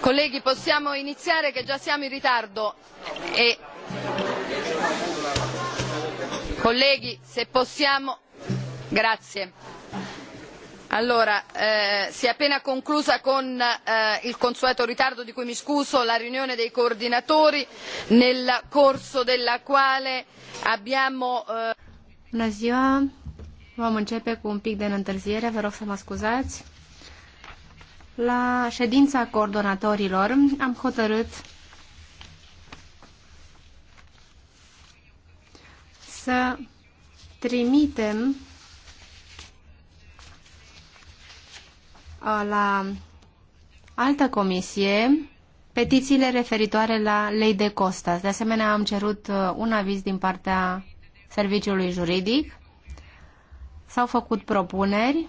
Colleghi, possiamo iniziare che già siamo in ritardo. E... Colleghi, se possiamo... Grazie. Allora, eh, si è appena conclusa con eh, il consueto ritardo di cui mi scuso la riunione dei coordinatori nel corso della quale abbiamo... Eh... Bună ziua, vom începe cu un pic de întârziere, vă rog să mă scuzați. La ședința coordonatorilor am hotărât să trimitem uh, la altă comisie petițiile referitoare la lei de Costas. De asemenea, am cerut uh, un aviz din partea serviciului juridic. S-au făcut propuneri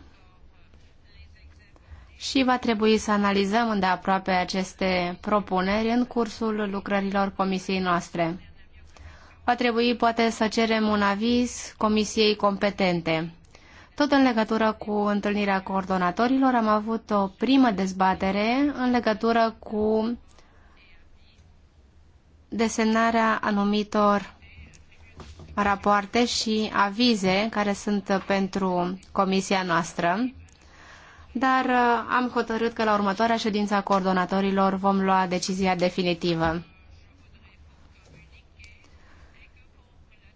și va trebui să analizăm îndeaproape aceste propuneri în cursul lucrărilor comisiei noastre. Va trebui poate să cerem un aviz comisiei competente. Tot în legătură cu întâlnirea coordonatorilor am avut o primă dezbatere în legătură cu desenarea anumitor rapoarte și avize care sunt pentru comisia noastră dar uh, am hotărât că la următoarea ședință a coordonatorilor vom lua decizia definitivă.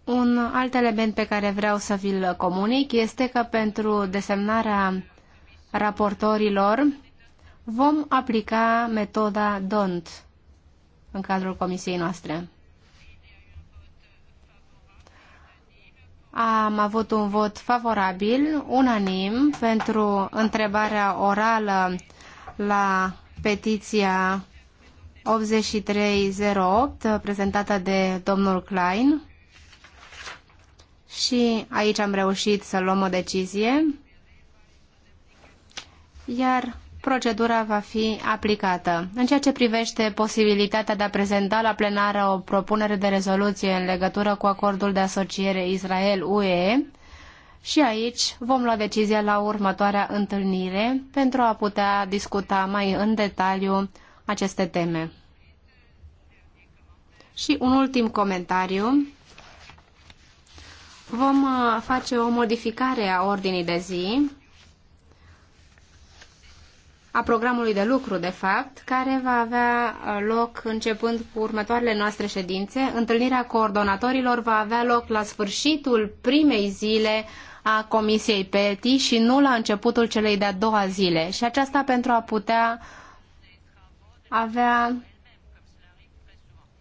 Un alt element pe care vreau să vi-l comunic este că pentru desemnarea raportorilor vom aplica metoda DONT în cadrul comisiei noastre. Am avut un vot favorabil, unanim, pentru întrebarea orală la petiția 8308 prezentată de domnul Klein și aici am reușit să luăm o decizie. Iar procedura va fi aplicată. În ceea ce privește posibilitatea de a prezenta la plenară o propunere de rezoluție în legătură cu acordul de asociere Israel-UE, și aici vom lua decizia la următoarea întâlnire pentru a putea discuta mai în detaliu aceste teme. Și un ultim comentariu. Vom uh, face o modificare a ordinii de zi a programului de lucru, de fapt, care va avea uh, loc începând cu următoarele noastre ședințe. Întâlnirea coordonatorilor va avea loc la sfârșitul primei zile a Comisiei PETI și nu la începutul celei de-a doua zile. Și aceasta pentru a putea avea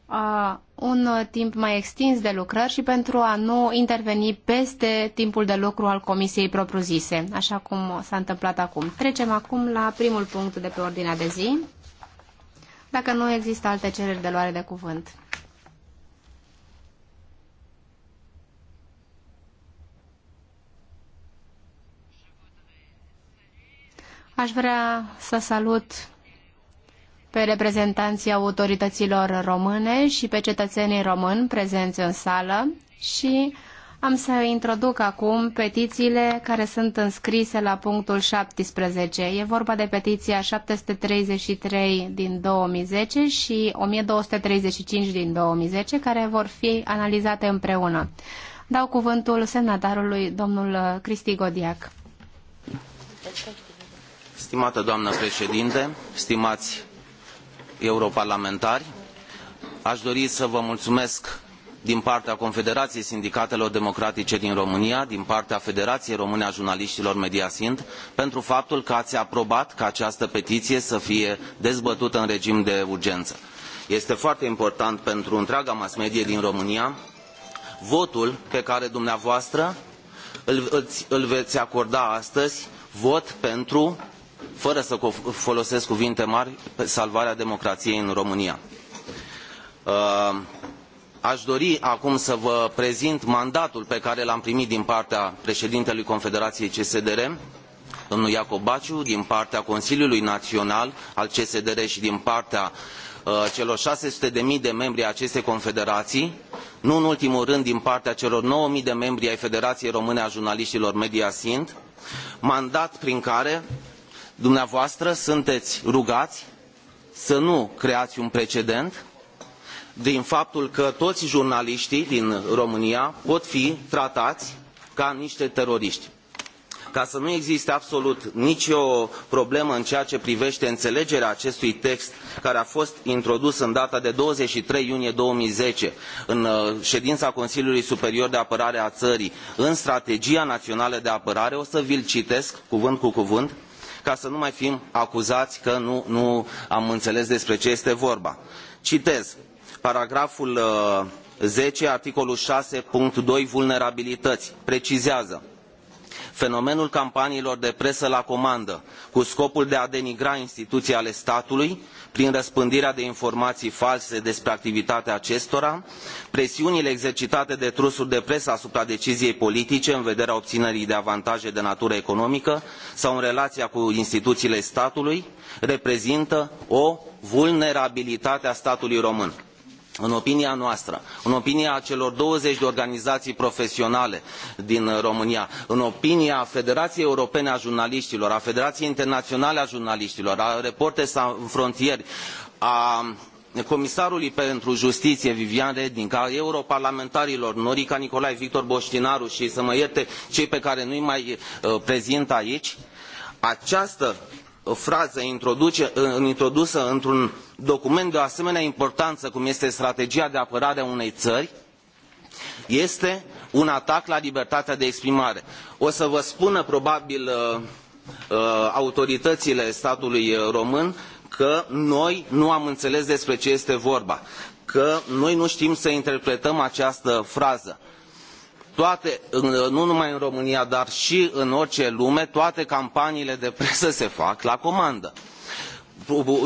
uh, un uh, timp mai extins de lucrări și pentru a nu interveni peste timpul de lucru al comisiei propriu-zise, așa cum s-a întâmplat acum. Trecem acum la primul punct de pe ordinea de zi, dacă nu există alte cereri de luare de cuvânt. Aș vrea să salut pe reprezentanții autorităților române și pe cetățenii români prezenți în sală și am să introduc acum petițiile care sunt înscrise la punctul 17. E vorba de petiția 733 din 2010 și 1235 din 2010, care vor fi analizate împreună. Dau cuvântul semnatarului, domnul Cristi Godiac. Stimată doamnă președinte, stimați europarlamentari, a dori să vă mulțumesc din partea Confederației Sindicatelor Democratice din România, din partea Federației Române a jurnalitilor mediasind pentru faptul că ați aprobat ca această petiție să fie dezbătută în regim de urgență. Este foarte important pentru întreaga mass media din România votul pe care dumneavoastră îl, îl, îl veți acorda astăzi, vot pentru fără să folosesc cuvinte mari, salvarea democrației în România. Uh, aș dori acum să vă prezint mandatul pe care l-am primit din partea președintelui Confederației CSDR, domnul Iacob Baciu, din partea Consiliului Național al CSDR și din partea uh, celor 600.000 de membri ai acestei confederații, nu în ultimul rând din partea celor 9.000 de membri ai Federației Române a Jurnaliștilor Media Sint, mandat prin care Dumneavoastră sunteți rugați să nu creați un precedent din faptul că toți jurnaliștii din România pot fi tratați ca niște teroriști. Ca să nu existe absolut nicio problemă în ceea ce privește înțelegerea acestui text care a fost introdus în data de 23 iunie 2010 în uh, ședința Consiliului Superior de Apărare a țării în Strategia Națională de Apărare, o să vi-l citesc cuvânt cu cuvânt, ca să nu mai fim acuzați că nu, nu am înțeles despre ce este vorba. Citez paragraful uh, zece, articolul 6.2 vulnerabilități precizează fenomenul campaniilor de presă la comandă cu scopul de a denigra instituții ale statului prin răspândirea de informații false despre activitatea acestora presiunile exercitate de trusuri de presă asupra deciziei politice în vederea obținerii de avantaje de natură economică sau în relația cu instituțiile statului reprezintă o vulnerabilitate a statului român în opinia noastră, în opinia celor 20 de organizații profesionale din uh, România, în opinia Federației Europene a Jurnaliștilor, a Federației Internaționale a Jurnaliștilor, a Reporters Sans Frontieri, a comisarului pentru justiție Vivian Reding, a europarlamentarilor Norica Nicolae, Victor Boștinaru și să mă ierte cei pe care nu-i mai uh, prezint aici, această frază introdusă într un document de o asemenea importanță cum este strategia de apărare a unei țări este un atac la libertatea de exprimare. O să vă spună probabil uh, uh, autoritățile statului român că noi nu am înțeles despre ce este vorba, că noi nu știm să interpretăm această frază nu numai în România, dar și în orice lume, toate campaniile de presă se fac la comandă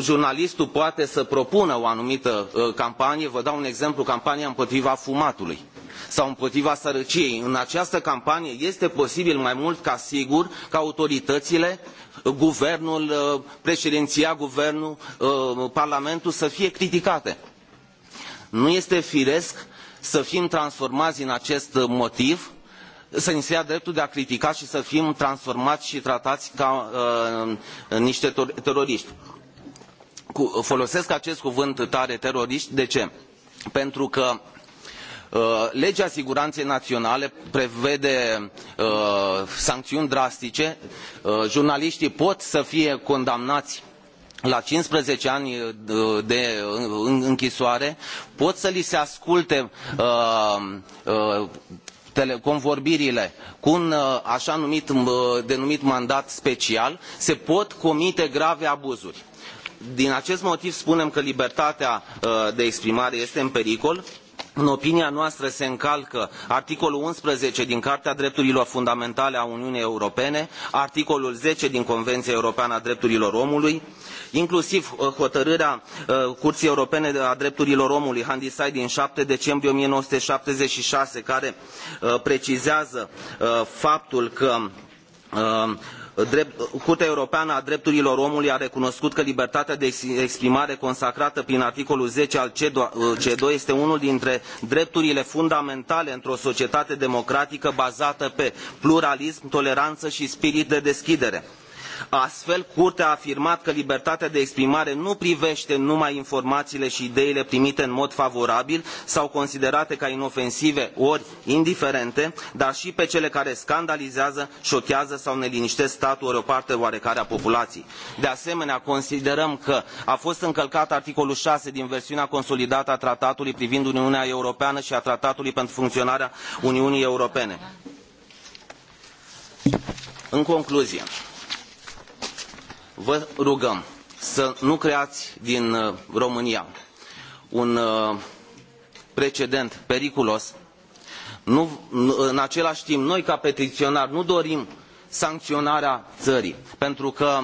jurnalistul poate să propună o anumită ă, campanie vă dau un exemplu campania împotriva fumatului sau împotriva sărăciei. În această campanie este posibil mai mult ca sigur ca autoritățile, ă, guvernul, ă, președinția, guvernul, parlamentul să fie criticate. Nu este firesc să fim transformați în acest motiv să ni se ia dreptul de a critica și să fim transformați și tratați ca uh, niște teroriști. Cu, folosesc acest cuvânt tare teroriști, de ce? Pentru că uh, legea siguranței naționale prevede uh, sancțiuni drastice, uh, jurnaliștii pot să fie condamnați la 15 ani uh, de uh, închisoare pot să li se asculte uh, uh convorbirile cu un așa numit, denumit mandat special, se pot comite grave abuzuri. Din acest motiv spunem că libertatea de exprimare este în pericol în opinia noastră se încalcă articolul unsprezece din carta drepturilor fundamentale a uniunii europene articolul zece din convenia europeană a drepturilor omului inclusiv uh, hotărârea uh, curii europene a drepturilor omului handicide din șapte decembrie o mie nouă sute șaptezeci și șase care uh, precizează faptul că Curtea Europeană a Drepturilor Omului a recunoscut că libertatea de exprimare consacrată prin articolul zece al C2 este unul dintre drepturile fundamentale într-o societate democratică bazată pe pluralism, toleranță și spirit de deschidere Astfel, Curtea a afirmat că libertatea de exprimare nu privește numai informațiile și ideile primite în mod favorabil sau considerate ca inofensive ori indiferente, dar și pe cele care scandalizează, șochează sau liniștesc statul ori o parte oarecare a populației. De asemenea, considerăm că a fost încălcat articolul 6 din versiunea consolidată a tratatului privind Uniunea Europeană și a tratatului pentru funcționarea Uniunii Europene. În concluzie, vă rugăm să nu creați din uh, România un uh, precedent periculos. Nu, în același timp, noi ca petiționari nu dorim sancționarea țării, pentru că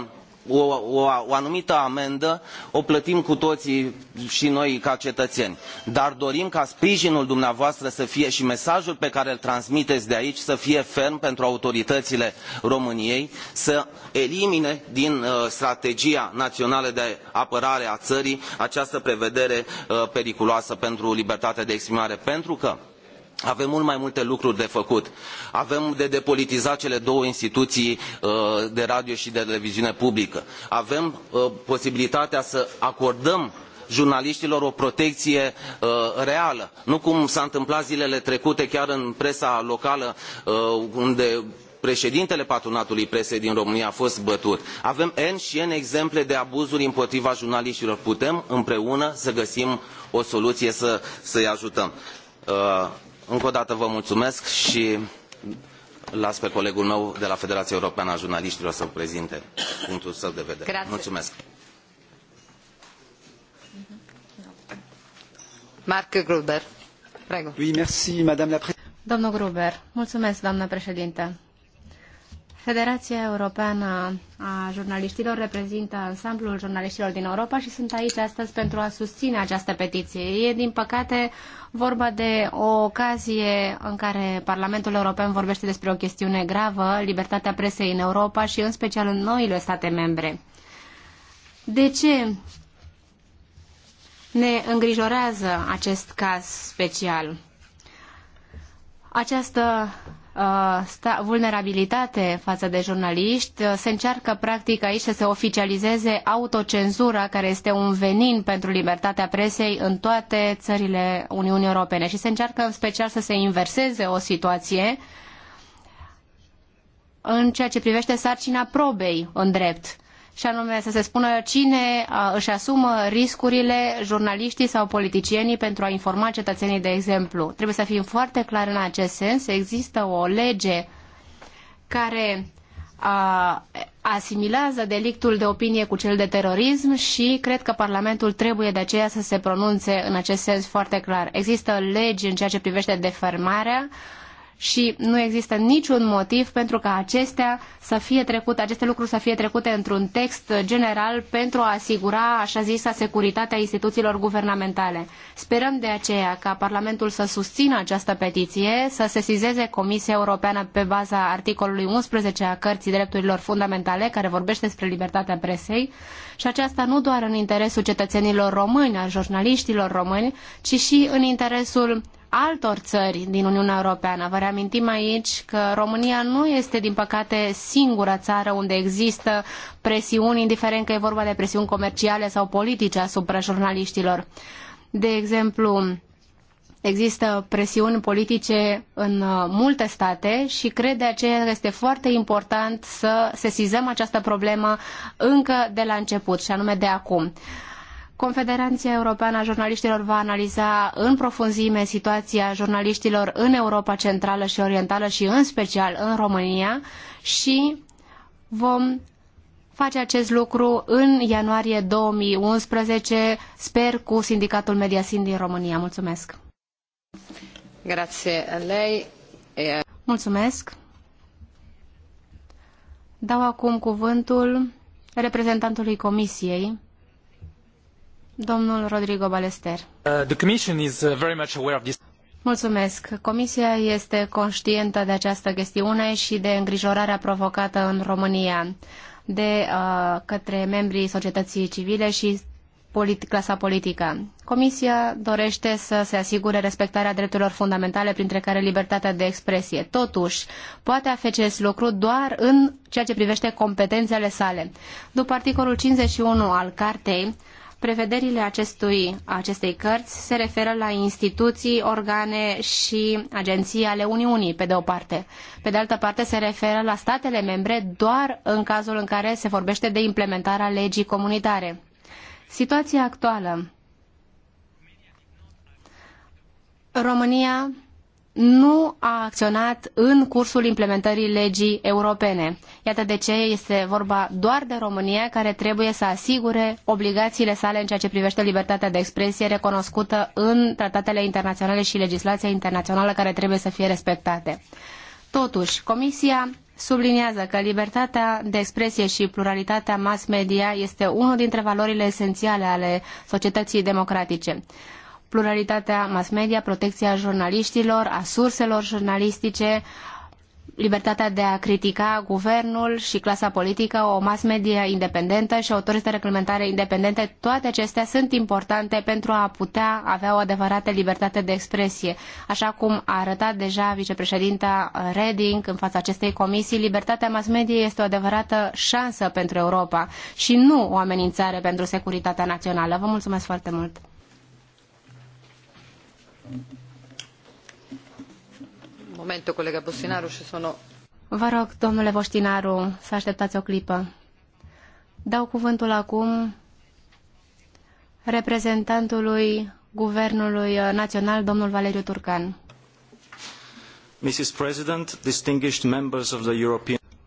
o, o, o anumită amendă o plătim cu toții și noi ca cetățeni. Dar dorim ca sprijinul dumneavoastră să fie și mesajul pe care îl transmiteți de aici să fie ferm pentru autoritățile României să elimine din uh, strategia națională de apărare a țării această prevedere uh, periculoasă pentru libertatea de exprimare. Pentru că avem mult mai multe lucruri de făcut avem de depolitizat cele două instituii uh, de radio i de televiziune publică avem uh, posibilitatea să acordăm jurnalitilor o protecie uh, reală nu cum s a întâmplat zilele trecute chiar în presa locală uh, unde preedintele patronatului presei din românia a fost bătut. avem n i n exemple de abuzuri împotriva jurnalitilor putem împreună să găsim o soluie să i ajutăm. Uh, încă o dată vă mulțumesc și las pe colegul meu de la Federația Europeană a Jurnaliștilor să prezinte punctul său de vedere. Grazie. Mulțumesc. Mark Gruber. Prego. Oui, merci, Madame la Domnul Gruber, mulțumesc, doamnă președinte. Federația Europeană a Jurnaliștilor reprezintă ansamblul jurnaliștilor din Europa și sunt aici astăzi pentru a susține această petiție. E, din păcate, vorba de o ocazie în care Parlamentul European vorbește despre o chestiune gravă, libertatea presei în Europa și, în special, în noile state membre. De ce ne îngrijorează acest caz special? Această Uh, sta, vulnerabilitate față de jurnaliști. Uh, se încearcă practic aici să se oficializeze autocenzura, care este un venin pentru libertatea presei în toate țările Uniunii Europene și se încearcă în special să se inverseze o situație în ceea ce privește sarcina probei în drept și anume să se spună cine își asumă riscurile jurnaliștii sau politicienii pentru a informa cetățenii, de exemplu. Trebuie să fim foarte clari în acest sens. Există o lege care asimilează delictul de opinie cu cel de terorism și cred că Parlamentul trebuie de aceea să se pronunțe în acest sens foarte clar. Există legi în ceea ce privește defermarea uh, și nu există niciun motiv pentru ca acestea să fie trecute, aceste lucruri să fie trecute într-un text general pentru a asigura, așa zisa, securitatea instituțiilor guvernamentale. Sperăm de aceea ca Parlamentul să susțină această petiție, să sesizeze Comisia Europeană pe baza articolului 11 a Cărții Drepturilor Fundamentale, care vorbește despre libertatea presei, și aceasta nu doar în interesul cetățenilor români, a jurnaliștilor români, ci și în interesul altor țări din Uniunea Europeană. Vă reamintim aici că România nu este, din păcate, singura țară unde există presiuni, indiferent că e vorba de presiuni comerciale sau politice asupra jurnaliștilor. De exemplu, Există presiuni politice în uh, multe state și cred de aceea că este foarte important să sesizăm această problemă încă de la început și anume de acum. Confederația Europeană a Jurnaliștilor va analiza în profunzime situația jurnaliștilor în Europa Centrală și Orientală și în special în România și vom face acest lucru în ianuarie 2011, sper, cu Sindicatul Mediasin din România. Mulțumesc! Grazie lei. Mulțumesc! Dau acum cuvântul reprezentantului Comisiei, Domnul Rodrigo Balester. Uh, the commission is uh, very much aware of this. Mulțumesc. Comisia este conștientă de această chestiune și de îngrijorarea provocată în România de uh, către membrii societății civile și polit- clasa politică. Comisia dorește să se asigure respectarea drepturilor fundamentale, printre care libertatea de expresie. Totuși, poate face acest lucru doar în ceea ce privește competențele sale. După articolul 51 al cartei, Prevederile acestui, acestei cărți se referă la instituții, organe și agenții ale Uniunii, pe de o parte. Pe de altă parte, se referă la statele membre doar în cazul în care se vorbește de implementarea legii comunitare. Situația actuală România nu a acționat în cursul implementării legii europene. Iată de ce este vorba doar de România care trebuie să asigure obligațiile sale în ceea ce privește libertatea de expresie recunoscută în tratatele internaționale și legislația internațională care trebuie să fie respectate. Totuși, Comisia subliniază că libertatea de expresie și pluralitatea mass media este unul dintre valorile esențiale ale societății democratice pluralitatea mass media, protecția jurnaliștilor, a surselor jurnalistice, libertatea de a critica guvernul și clasa politică, o mass media independentă și de reglementare independente, toate acestea sunt importante pentru a putea avea o adevărată libertate de expresie. Așa cum a arătat deja vicepreședinta Reding în fața acestei comisii, libertatea mass media este o adevărată șansă pentru Europa și nu o amenințare pentru securitatea națională. Vă mulțumesc foarte mult! Vă rog, domnule Boștinaru, să așteptați o clipă. Dau cuvântul acum reprezentantului Guvernului Național, domnul Valeriu Turcan.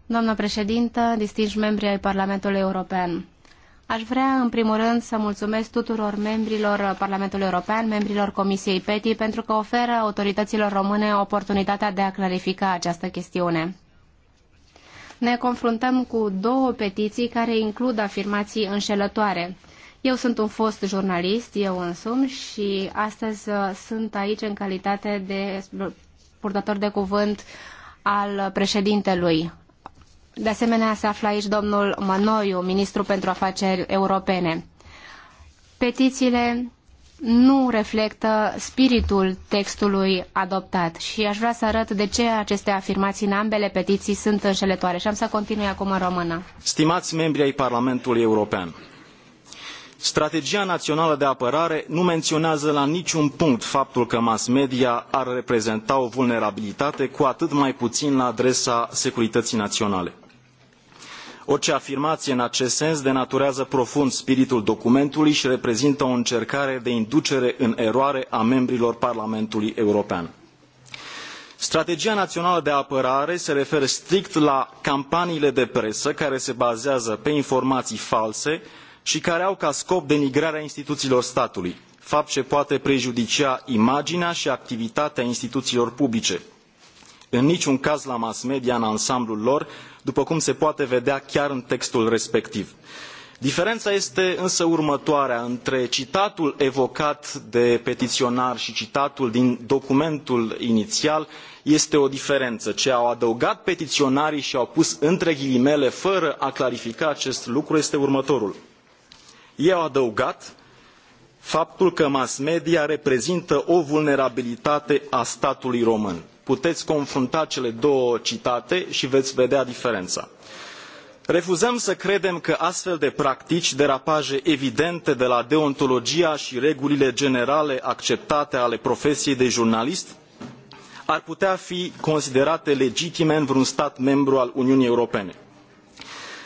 Doamnă președintă, distinși membri ai Parlamentului European. Aș vrea, în primul rând, să mulțumesc tuturor membrilor Parlamentului European, membrilor Comisiei PETI, pentru că oferă autorităților române oportunitatea de a clarifica această chestiune. Ne confruntăm cu două petiții care includ afirmații înșelătoare. Eu sunt un fost jurnalist, eu însumi, și astăzi uh, sunt aici în calitate de purtător de cuvânt al președintelui de asemenea, se află aici domnul Mănoiu, ministru pentru afaceri europene. Petițiile nu reflectă spiritul textului adoptat și aș vrea să arăt de ce aceste afirmații în ambele petiții sunt înșelătoare și am să continui acum în română. Stimați membri ai Parlamentului European, Strategia națională de apărare nu menționează la niciun punct faptul că mass media ar reprezenta o vulnerabilitate, cu atât mai puțin la adresa securității naționale Orice afirmaie în acest sens denaturează profund spiritul documentului și reprezintă o încercare de inducere în eroare a membrilor Parlamentului European. Strategia națională de apărare se referă strict la campaniile de presă care se bazează pe informații false și care au ca scop denigrarea instituțiilor statului, fapt ce poate prejudicia imaginea și activitatea instituțiilor publice. În niciun caz la mass media în ansamblul lor după cum se poate vedea chiar în textul respectiv. Diferența este însă următoarea între citatul evocat de petiționar și citatul din documentul inițial este o diferență. Ce au adăugat petiționarii și au pus între ghilimele fără a clarifica acest lucru este următorul. Ei au adăugat faptul că mass media reprezintă o vulnerabilitate a statului român. Puteți confrunta cele două citate și veți vedea diferența. Refuzăm să credem că astfel de practici, derapaje evidente de la deontologia și regulile generale acceptate ale profesiei de jurnalist, ar putea fi considerate legitime în vreun stat membru al Uniunii Europene.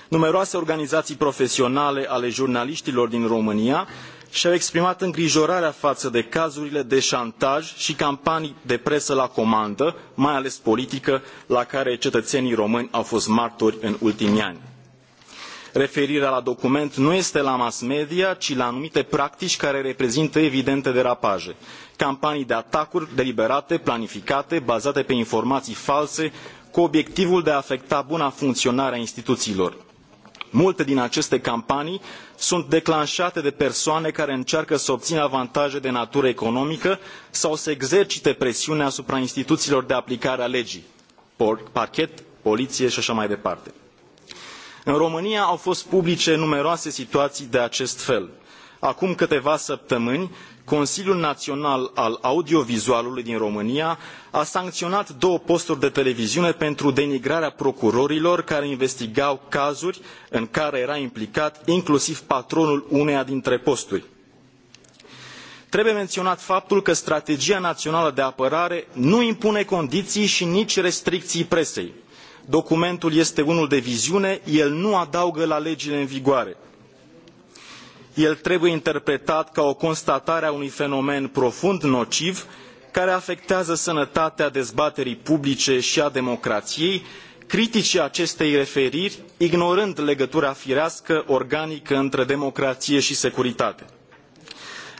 Numeroase organizații profesionale ale jurnaliștilor din România și-au exprimat îngrijorarea față de cazurile de șantaj și campanii de presă la comandă, mai ales politică, la care cetățenii români au fost martori în ultimii ani. Referirea la document nu este la mass media, ci la anumite practici care reprezintă evidente derapaje. Campanii de atacuri deliberate, planificate, bazate pe informații false, cu obiectivul de a afecta buna funcționare a instituțiilor Multe din aceste campanii sunt declanșate de persoane care încearcă să obțină avantaje de natură economică sau să exercite presiune asupra instituțiilor de aplicare a legii, parchet, poliție și așa mai departe. În România au fost publice numeroase situații de acest fel. Acum câteva săptămâni, Consiliul Național al Audiovizualului din România a sancționat două posturi de televiziune pentru denigrarea procurorilor care investigau cazuri în care era implicat inclusiv patronul uneia dintre posturi. Trebuie menționat faptul că strategia națională de apărare nu impune condiții și nici restricții presei. Documentul este unul de viziune, el nu adaugă la legile în vigoare el trebuie interpretat ca o constatare a unui fenomen profund nociv care afectează sănătatea dezbaterii publice și a democrației, criticii acestei referiri ignorând legătura firească, organică între democrație și securitate.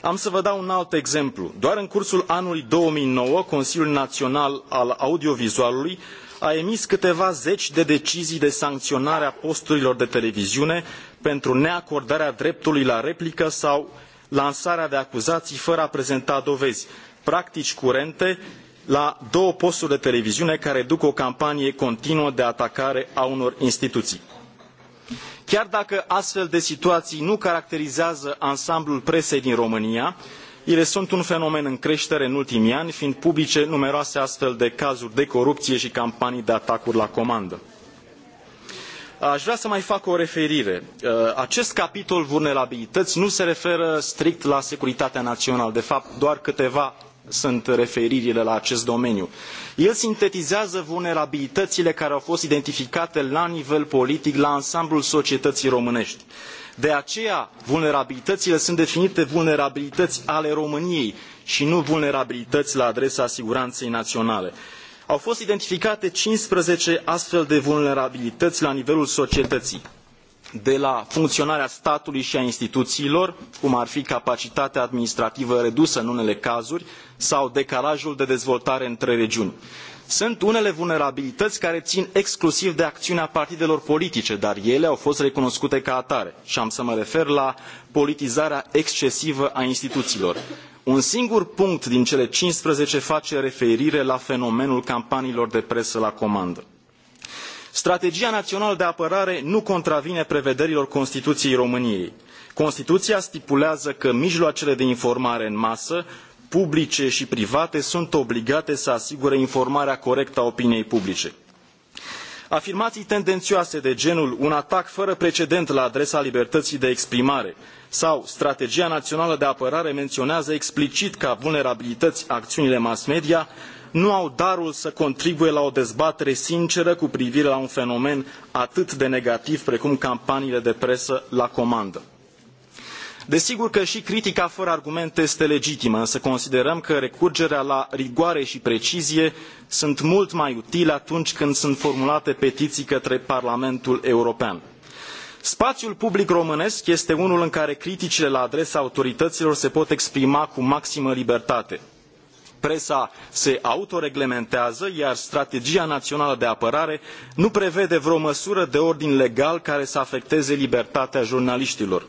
Am să vă dau un alt exemplu. Doar în cursul anului 2009, Consiliul Național al Audiovizualului a emis câteva zeci de decizii de sancționare a posturilor de televiziune pentru neacordarea dreptului la replică sau lansarea de acuzații fără a prezenta dovezi, practici curente la două posturi de televiziune care duc o campanie continuă de atacare a unor instituții. Chiar dacă astfel de situații nu caracterizează ansamblul presei din România, ele sunt un fenomen în creștere în ultimii ani, fiind publice numeroase astfel de cazuri de corupție și campanii de atacuri la comandă. Aș vrea să mai fac o referire. Uh, acest capitol vulnerabilități nu se referă strict la securitatea națională, de fapt doar câteva sunt referirile la acest domeniu. El sintetizează vulnerabilitățile care au fost identificate la nivel politic la ansamblul societății românești. De aceea, vulnerabilitățile sunt definite vulnerabilități ale României și nu vulnerabilități la adresa siguranței naționale au fost identificate 15 astfel de vulnerabilități la nivelul societății de la funcționarea statului și a instituțiilor, cum ar fi capacitatea administrativă redusă în unele cazuri sau decalajul de dezvoltare între regiuni. Sunt unele vulnerabilități care in exclusiv de acțiunea partidelor politice, dar ele au fost recunoscute ca atare și am să mă refer la politizarea excesivă a instituțiilor. Un singur punct din cele 15 face referire la fenomenul campaniilor de presă la comandă. Strategia națională de apărare nu contravine prevederilor Constituției României. Constituția stipulează că mijloacele de informare în masă, publice și private, sunt obligate să asigure informarea corectă a opiniei publice. Afirmații tendențioase de genul un atac fără precedent la adresa libertății de exprimare, sau strategia națională de apărare menționează explicit ca vulnerabilități acțiunile mass media nu au darul să contribuie la o dezbatere sinceră cu privire la un fenomen atât de negativ precum campaniile de presă la comandă. Desigur că și critica fără argumente este legitimă, însă considerăm că recurgerea la rigoare și precizie sunt mult mai utile atunci când sunt formulate petiții către Parlamentul European Spațiul public românesc este unul în care criticile la adresa autorităților se pot exprima cu maximă libertate. Presa se autoreglementează, iar strategia națională de apărare nu prevede vreo măsură de ordin legal care să afecteze libertatea jurnaliștilor.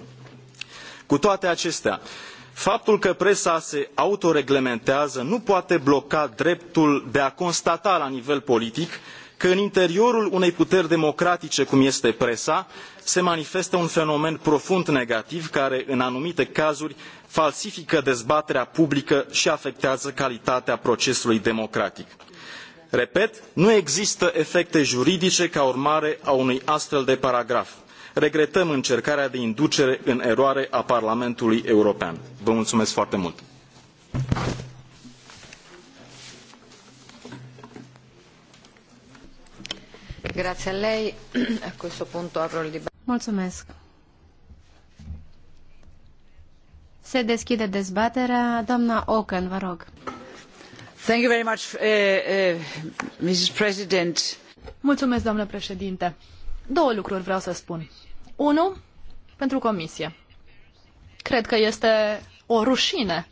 Cu toate acestea, faptul că presa se autoreglementează nu poate bloca dreptul de a constata la nivel politic că în interiorul unei puteri democratice cum este presa se manifestă un fenomen profund negativ care în anumite cazuri falsifică dezbaterea publică și afectează calitatea procesului democratic. Repet, nu există efecte juridice ca urmare a unui astfel de paragraf. Regretăm încercarea de inducere în eroare a Parlamentului European. Vă mulțumesc foarte mult! Mulțumesc. Se deschide dezbaterea. Doamna Oken, vă rog. Eh, eh, Mulțumesc, doamnă președinte. Două lucruri vreau să spun. Unu, pentru comisie. Cred că este o rușine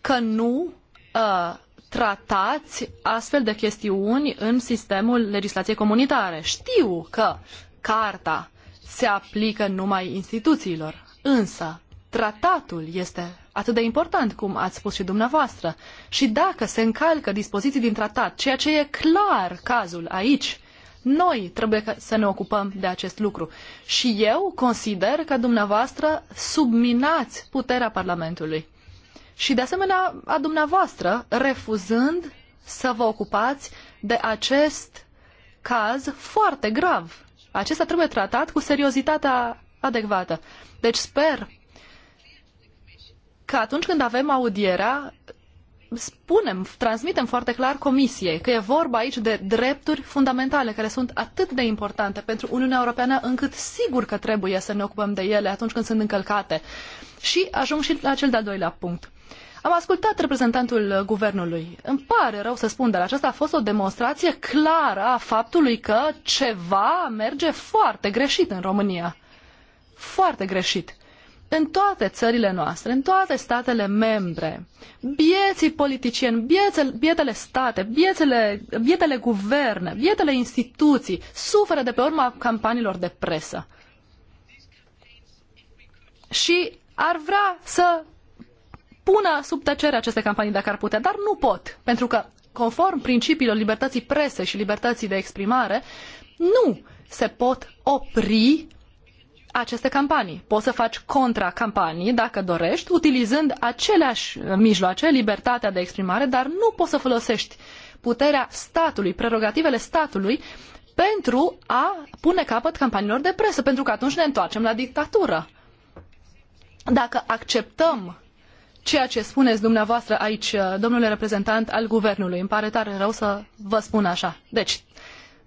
că nu uh, tratați astfel de chestiuni în sistemul legislației comunitare. Știu că carta se aplică numai instituțiilor, însă tratatul este atât de important cum ați spus și dumneavoastră. Și dacă se încalcă dispoziții din tratat, ceea ce e clar cazul aici, noi trebuie să ne ocupăm de acest lucru. Și eu consider că dumneavoastră subminați puterea Parlamentului și de asemenea a dumneavoastră, refuzând să vă ocupați de acest caz foarte grav. Acesta trebuie tratat cu seriozitatea adecvată. Deci sper că atunci când avem audierea, spunem, transmitem foarte clar Comisiei că e vorba aici de drepturi fundamentale care sunt atât de importante pentru Uniunea Europeană încât sigur că trebuie să ne ocupăm de ele atunci când sunt încălcate. Și ajung și la cel de-al doilea punct. Am ascultat reprezentantul guvernului. Îmi pare rău să spun, dar aceasta a fost o demonstrație clară a faptului că ceva merge foarte greșit în România. Foarte greșit. În toate țările noastre, în toate statele membre, bieții politicieni, biețele, bietele state, biețele, bietele guverne, bietele instituții suferă de pe urma campaniilor de presă. Și ar vrea să pună sub tăcere aceste campanii dacă ar putea, dar nu pot, pentru că conform principiilor libertății prese și libertății de exprimare, nu se pot opri aceste campanii. Poți să faci contracampanii, dacă dorești, utilizând aceleași mijloace, libertatea de exprimare, dar nu poți să folosești puterea statului, prerogativele statului, pentru a pune capăt campaniilor de presă, pentru că atunci ne întoarcem la dictatură. Dacă acceptăm ceea ce spuneți dumneavoastră aici, uh, domnule reprezentant al guvernului. Îmi pare tare rău să vă spun așa. Deci,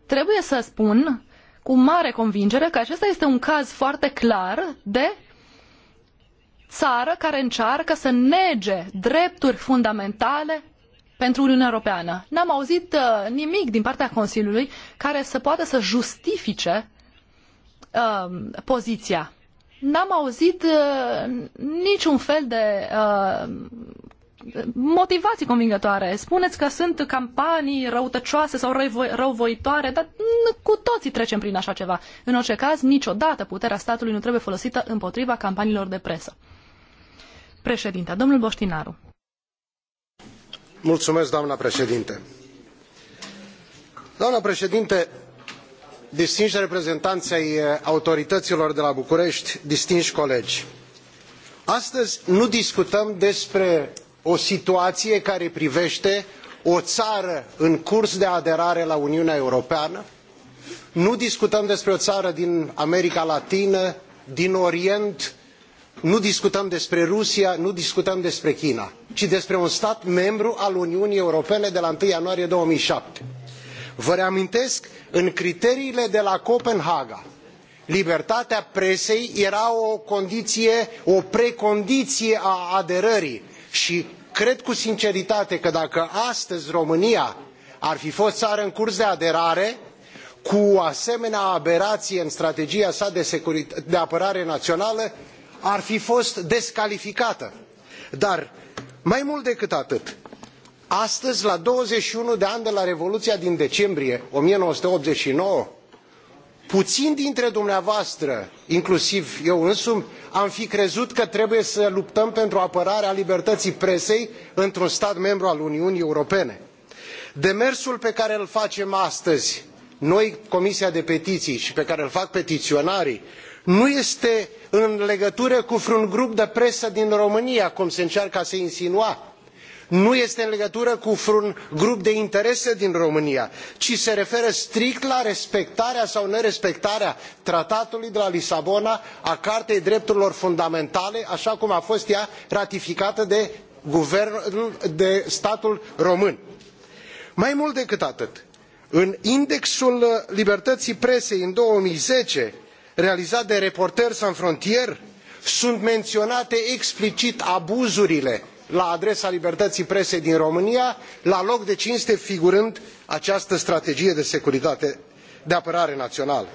trebuie să spun cu mare convingere că acesta este un caz foarte clar de țară care încearcă să nege drepturi fundamentale pentru Uniunea Europeană. N-am auzit uh, nimic din partea Consiliului care să poată să justifice uh, poziția n-am auzit uh, niciun fel de uh, motivații convingătoare. Spuneți că sunt campanii răutăcioase sau răuvoitoare, dar cu toții trecem prin așa ceva. În orice caz, niciodată puterea statului nu trebuie folosită împotriva campaniilor de presă. Președinte, domnul Boștinaru. Mulțumesc, doamna președinte. Doamna președinte, distini reprezentanți ai eh, autorităților de la București, distini colegi, astăzi nu discutăm despre o situație care privește o țară în curs de aderare la Uniunea Europeană, nu discutăm despre o țară din America Latină, din Orient, nu discutăm despre Rusia, nu discutăm despre China, ci despre un stat membru al Uniunii Europene de la unu ianuarie 2007 vă reamintesc în criteriile de la copenhaga libertatea presei era o condiie o precondiie a aderării i cred cu sinceritate că dacă astăzi românia ar fi fost ară în curs de aderare cu o asemenea aberaie în strategia sa de, de apărare naională ar fi fost descalificată. dar mai mult decât atât astăzi la douăzeci și unu de ani de la revoluția din decembrie o mie nouă sute optzeci și nouă puțini dintre dumneavoastră inclusiv eu însumi am fi crezut că trebuie să luptăm pentru apărarea libertății presei într un stat membru al uniunii europene. demersul pe care îl facem astăzi noi comisia pentru petiii i pe care îl fac petiionarii nu este în legătură cu vreun grup de presă din românia cum se încearcă a se insinua nu este în legătură cu vreun grup de interese din românia ci se referă strict la respectarea sau nerespectarea tratatului de la lisabona a cartei drepturilor fundamentale aa cum a fost ea ratificată de statul român. mai mult decât atât în indexul libertăii presei în două mii zece realizat de reporteri sans frontires sunt menionate explicit abuzurile la adresa libertăii presei din românia la loc de cinste figurând această strategie de securitate de apărare naională.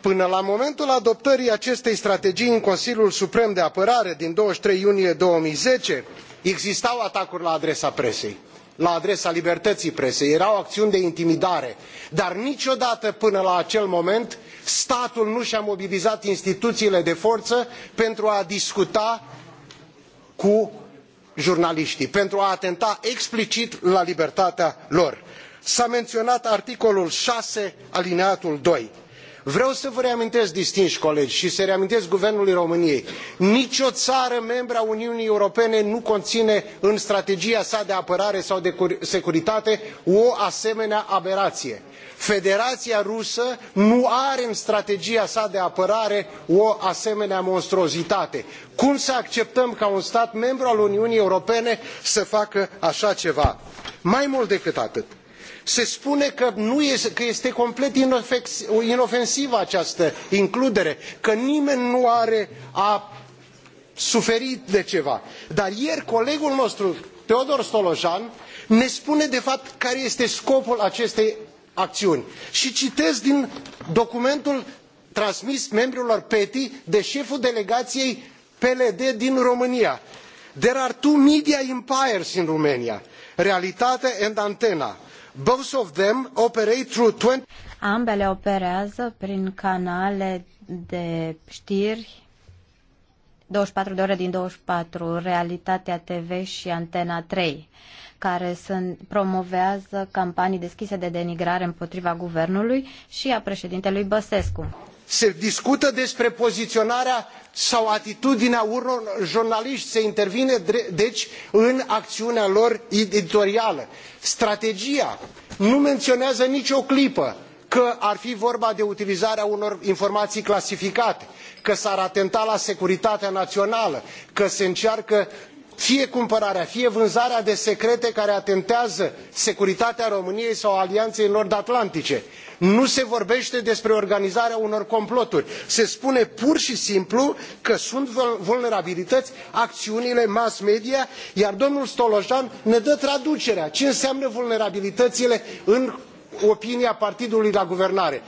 până la momentul adoptării acestei strategii în consiliul suprem de apărare din douăzeci și trei iunie două mii zece existau atacuri la adresa presei la adresa libertăii presei erau aciuni de intimidare dar niciodată până la acel moment statul nu i a mobilizat instituiile de foră pentru a discuta cu jurnalitii pentru a atenta explicit la libertatea lor. s a menționat articolul șase alineatul. doi vreau să vă reamintesc distini colegi și să reamintesc guvernului româniei nicio țară membră a uniunii europene nu conține în strategia sa de apărare sau de securitate o asemenea aberaie federaia rusă nu are în strategia sa de apărare o asemenea monstruozitate. cum să acceptăm ca un stat membru al uniunii europene să facă așa ceva? mai mult decât atât se spune că, nu este, că este complet inofensivă această includere că nimeni nu are a suferit de ceva dar ieri colegul nostru teodor stolojan ne spune de fapt care este scopul acestei acțiuni. Și citez din documentul transmis membrilor peti de șeful delegației pld din românia there are two media empires in romania realitate and Antena. both of them operate through 20 ambele operează prin canale de știri 24 de ore din 24 realitatea tv și antena 3 care sunt, promovează campanii deschise de denigrare împotriva guvernului și a președintelui Băsescu. Se discută despre poziționarea sau atitudinea unor jurnaliști, se intervine deci în acțiunea lor editorială. Strategia nu menționează nicio clipă că ar fi vorba de utilizarea unor informații clasificate că s ar atenta la securitatea națională că se încearcă fie cumpărarea fie vânzarea de secrete care atentează securitatea româniei sau a alianței nord atlantice. nu se vorbește despre organizarea unor comploturi se spune pur și simplu că sunt vulnerabilități acțiunile mass media iar domnul stolojan ne dă traducerea ce înseamnă vulnerabilitățile în opinia partidului la guvernare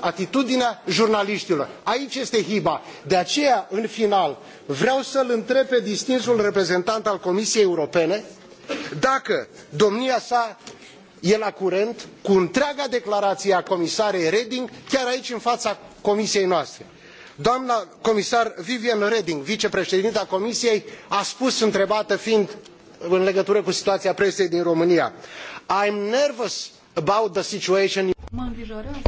atitudinea jurnaliștilor. Aici este hiba. De aceea, în final, vreau să-l întreb pe distinsul reprezentant al Comisiei Europene dacă domnia sa e la curent cu întreaga declarație a comisarei Reding, chiar aici în fața comisiei noastre. Doamna comisar Viviane Reding, vicepreședinta comisiei, a spus întrebată fiind în legătură cu situația presei din România. I'm nervous about the situation Mă îngrijorează.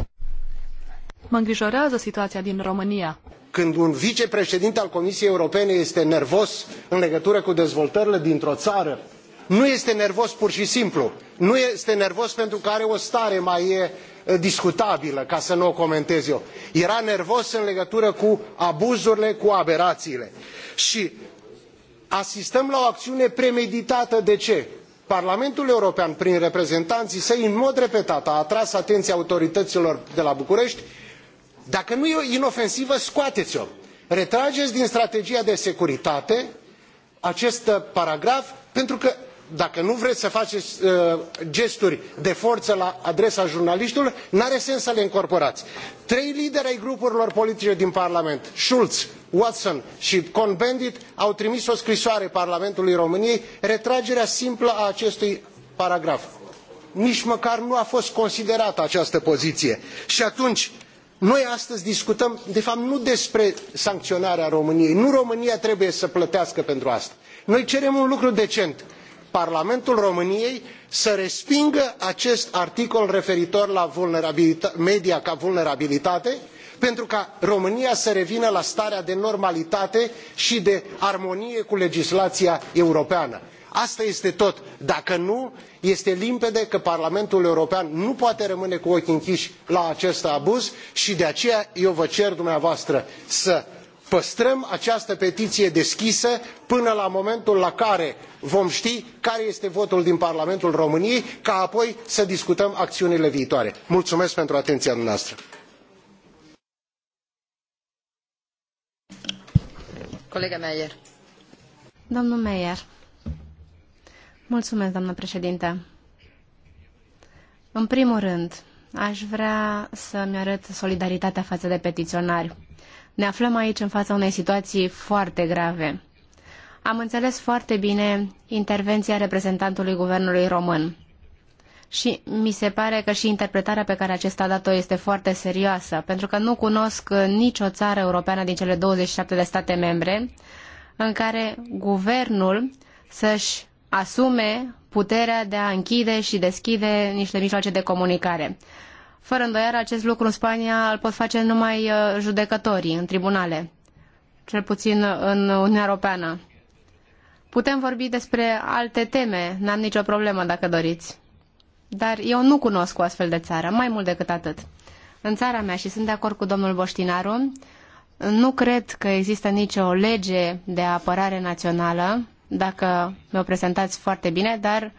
Mă îngrijorează situația din România. Când un vicepreședinte al Comisiei Europene este nervos în legătură cu dezvoltările dintr-o țară, nu este nervos pur și simplu. Nu este nervos pentru că are o stare mai discutabilă, ca să nu o comentez eu. Era nervos în legătură cu abuzurile, cu aberațiile. Și asistăm la o acțiune premeditată. De ce? parlamentul european prin reprezentanii săi în mod repetat a atras atenia autorităilor de la bucureti dacă nu e inofensivă scoatei o retragei din strategia de securitate acest uh, paragraf pentru că dacă nu vrei să faceți uh, gesturi de forță la adresa jurnaliștilor nu are sens să le încorporați. trei lideri ai grupurilor politice din parlament schulz watson și cohn bendit au trimis o scrisoare parlamentului româniei retragerea simplă a acestui paragraf. nici măcar nu a fost considerată această poziție. și atunci noi astăzi discutăm de fapt nu despre sancționarea româniei nu românia trebuie să plătească pentru asta noi cerem un lucru decent parlamentul româniei să respingă acest articol referitor la media ca vulnerabilitate pentru ca românia să revină la starea de normalitate i de armonie cu legislaia europeană. asta este tot dacă nu este limpede că parlamentul european nu poate rămâne cu ochii închii la acest abuz i de aceea eu vă cer dumneavoastră să păstrăm această petiie deschisă până la momentul la care vom ti care este votul din parlamentul româniei ca apoi să discutăm aciunile viitoare. mulumesc pentru atenia dumneavoastră. Colega Meyer. Domnul Meyer. Mulțumesc, doamnă președinte. În primul rând, aș vrea să-mi arăt solidaritatea față de petiționari ne aflăm aici în fața unei situații foarte grave. Am înțeles foarte bine intervenția reprezentantului guvernului român. Și mi se pare că și interpretarea pe care acesta a dat-o este foarte serioasă, pentru că nu cunosc nicio țară europeană din cele 27 de state membre în care guvernul să-și asume puterea de a închide și deschide niște mijloace de comunicare. Fără îndoială, acest lucru în Spania îl pot face numai uh, judecătorii în tribunale, cel puțin în Uniunea Europeană. Putem vorbi despre alte teme, n-am nicio problemă dacă doriți. Dar eu nu cunosc o astfel de țară, mai mult decât atât. În țara mea, și sunt de acord cu domnul Boștinaru, nu cred că există nicio lege de apărare națională, dacă mi-o prezentați foarte bine, dar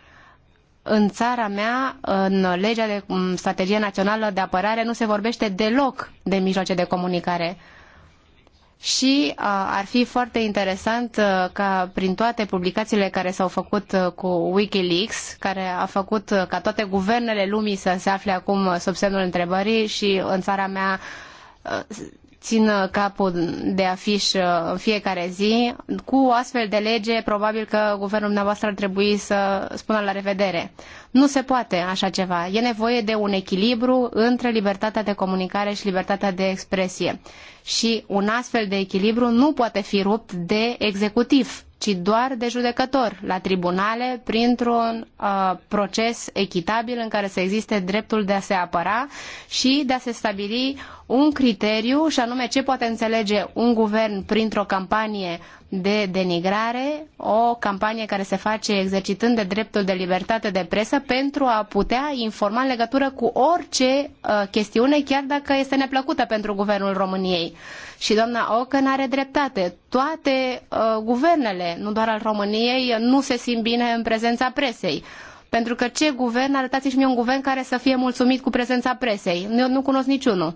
în țara mea, în legea de strategie națională de apărare, nu se vorbește deloc de mijloace de comunicare. Și ar fi foarte interesant ca prin toate publicațiile care s-au făcut cu Wikileaks, care a făcut ca toate guvernele lumii să se afle acum sub semnul întrebării și în țara mea țină capul de afiș uh, în fiecare zi. Cu o astfel de lege, probabil că guvernul dumneavoastră ar trebui să spună la revedere. Nu se poate așa ceva. E nevoie de un echilibru între libertatea de comunicare și libertatea de expresie. Și un astfel de echilibru nu poate fi rupt de executiv, ci doar de judecător la tribunale printr-un uh, proces echitabil în care să existe dreptul de a se apăra și de a se stabili un criteriu și anume ce poate înțelege un guvern printr-o campanie de denigrare, o campanie care se face exercitând de dreptul de libertate de presă pentru a putea informa în legătură cu orice uh, chestiune, chiar dacă este neplăcută pentru guvernul României. Și doamna Ocan are dreptate. Toate uh, guvernele, nu doar al României, nu se simt bine în prezența presei. Pentru că ce guvern, arătați-și mie un guvern care să fie mulțumit cu prezența presei. Eu nu cunosc niciunul.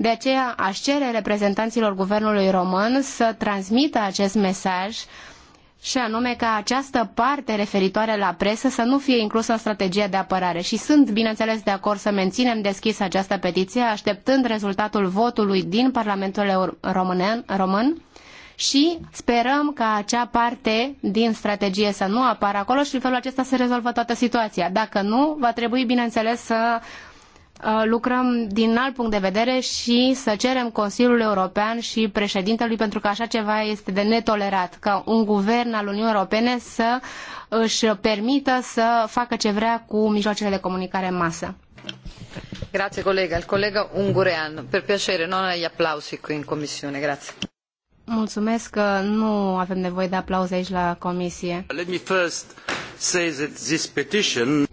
De aceea aș cere reprezentanților guvernului român să transmită acest mesaj și anume ca această parte referitoare la presă să nu fie inclusă în strategia de apărare. Și sunt, bineînțeles, de acord să menținem deschis această petiție, așteptând rezultatul votului din Parlamentul Român și sperăm ca acea parte din strategie să nu apară acolo și în felul acesta se rezolvă toată situația. Dacă nu, va trebui, bineînțeles, să Uh, lucrăm din alt punct de vedere și să cerem Consiliul European și președintelui, pentru că așa ceva este de netolerat, ca un guvern al Uniunii Europene să își permită să facă ce vrea cu mijloacele de comunicare în masă. Grazie colega. Il collega Ungurean, per piacere, non agli applausi qui in commissione. Grazie. Mulțumesc că nu avem nevoie de aplauze aici la comisie. Let me first say that this petition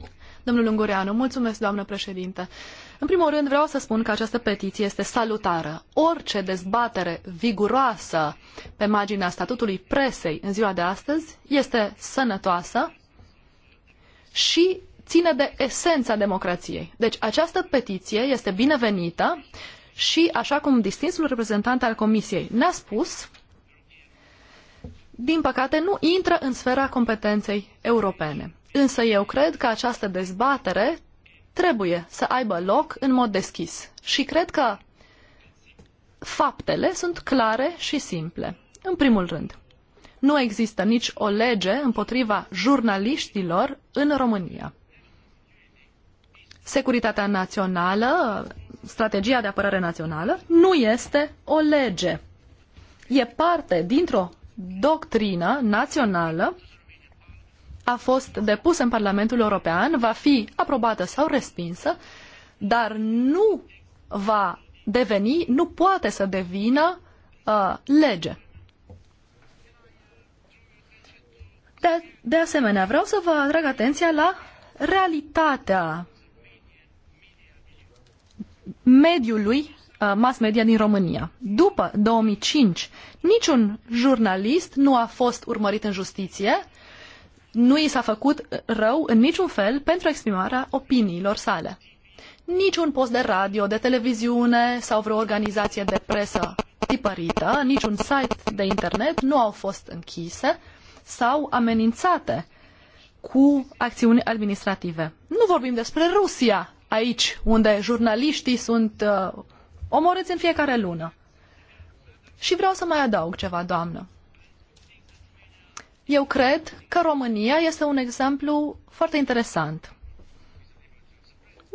Domnul Ungureanu, mulțumesc, doamnă președinte. În primul rând vreau să spun că această petiție este salutară. Orice dezbatere viguroasă pe marginea statutului presei în ziua de astăzi este sănătoasă și ține de esența democrației. Deci această petiție este binevenită și, așa cum distinsul reprezentant al Comisiei ne-a spus, din păcate nu intră în sfera competenței europene. Însă eu cred că această dezbatere trebuie să aibă loc în mod deschis și cred că faptele sunt clare și simple. În primul rând, nu există nici o lege împotriva jurnaliștilor în România. Securitatea națională, strategia de apărare națională, nu este o lege. E parte dintr-o doctrină națională a fost depusă în Parlamentul European, va fi aprobată sau respinsă, dar nu va deveni, nu poate să devină uh, lege. De, de asemenea, vreau să vă atrag atenția la realitatea mediului uh, mass media din România. După 2005, niciun jurnalist nu a fost urmărit în justiție nu i s-a făcut rău în niciun fel pentru exprimarea opiniilor sale. Niciun post de radio, de televiziune sau vreo organizație de presă tipărită, niciun site de internet nu au fost închise sau amenințate cu acțiuni administrative. Nu vorbim despre Rusia aici, unde jurnaliștii sunt uh, omorâți în fiecare lună. Și vreau să mai adaug ceva, doamnă. Eu cred că România este un exemplu foarte interesant.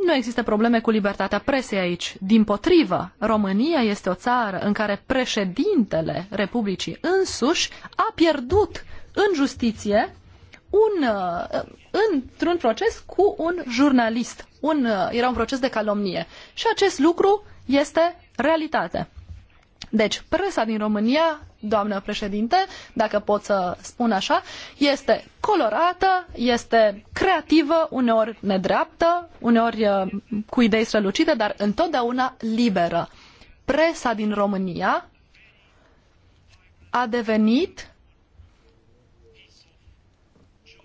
Nu există probleme cu libertatea presei aici. Din potrivă, România este o țară în care președintele Republicii însuși a pierdut în justiție un, uh, într-un proces cu un jurnalist. Un, uh, era un proces de calomnie. Și acest lucru este realitate. Deci, presa din România, doamnă președinte, dacă pot să spun așa, este colorată, este creativă, uneori nedreaptă, uneori uh, cu idei strălucite, dar întotdeauna liberă. Presa din România a devenit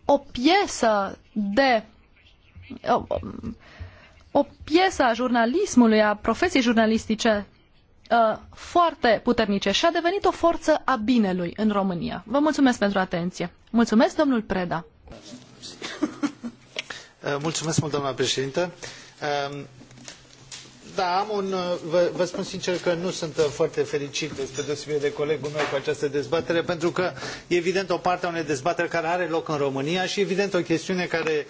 o piesă de o, o piesă a jurnalismului, a profesiei jurnalistice Uh, foarte puternice și a devenit o forță a binelui în România. Vă mulțumesc pentru atenție. Mulțumesc, domnul Preda. Uh, mulțumesc mult, doamna președintă. Um, da, am un, vă, vă spun sincer că nu sunt foarte fericit, spre deosebire de colegul meu, cu această dezbatere, pentru că e evident o parte a unei dezbateri care are loc în România și evident o chestiune care e,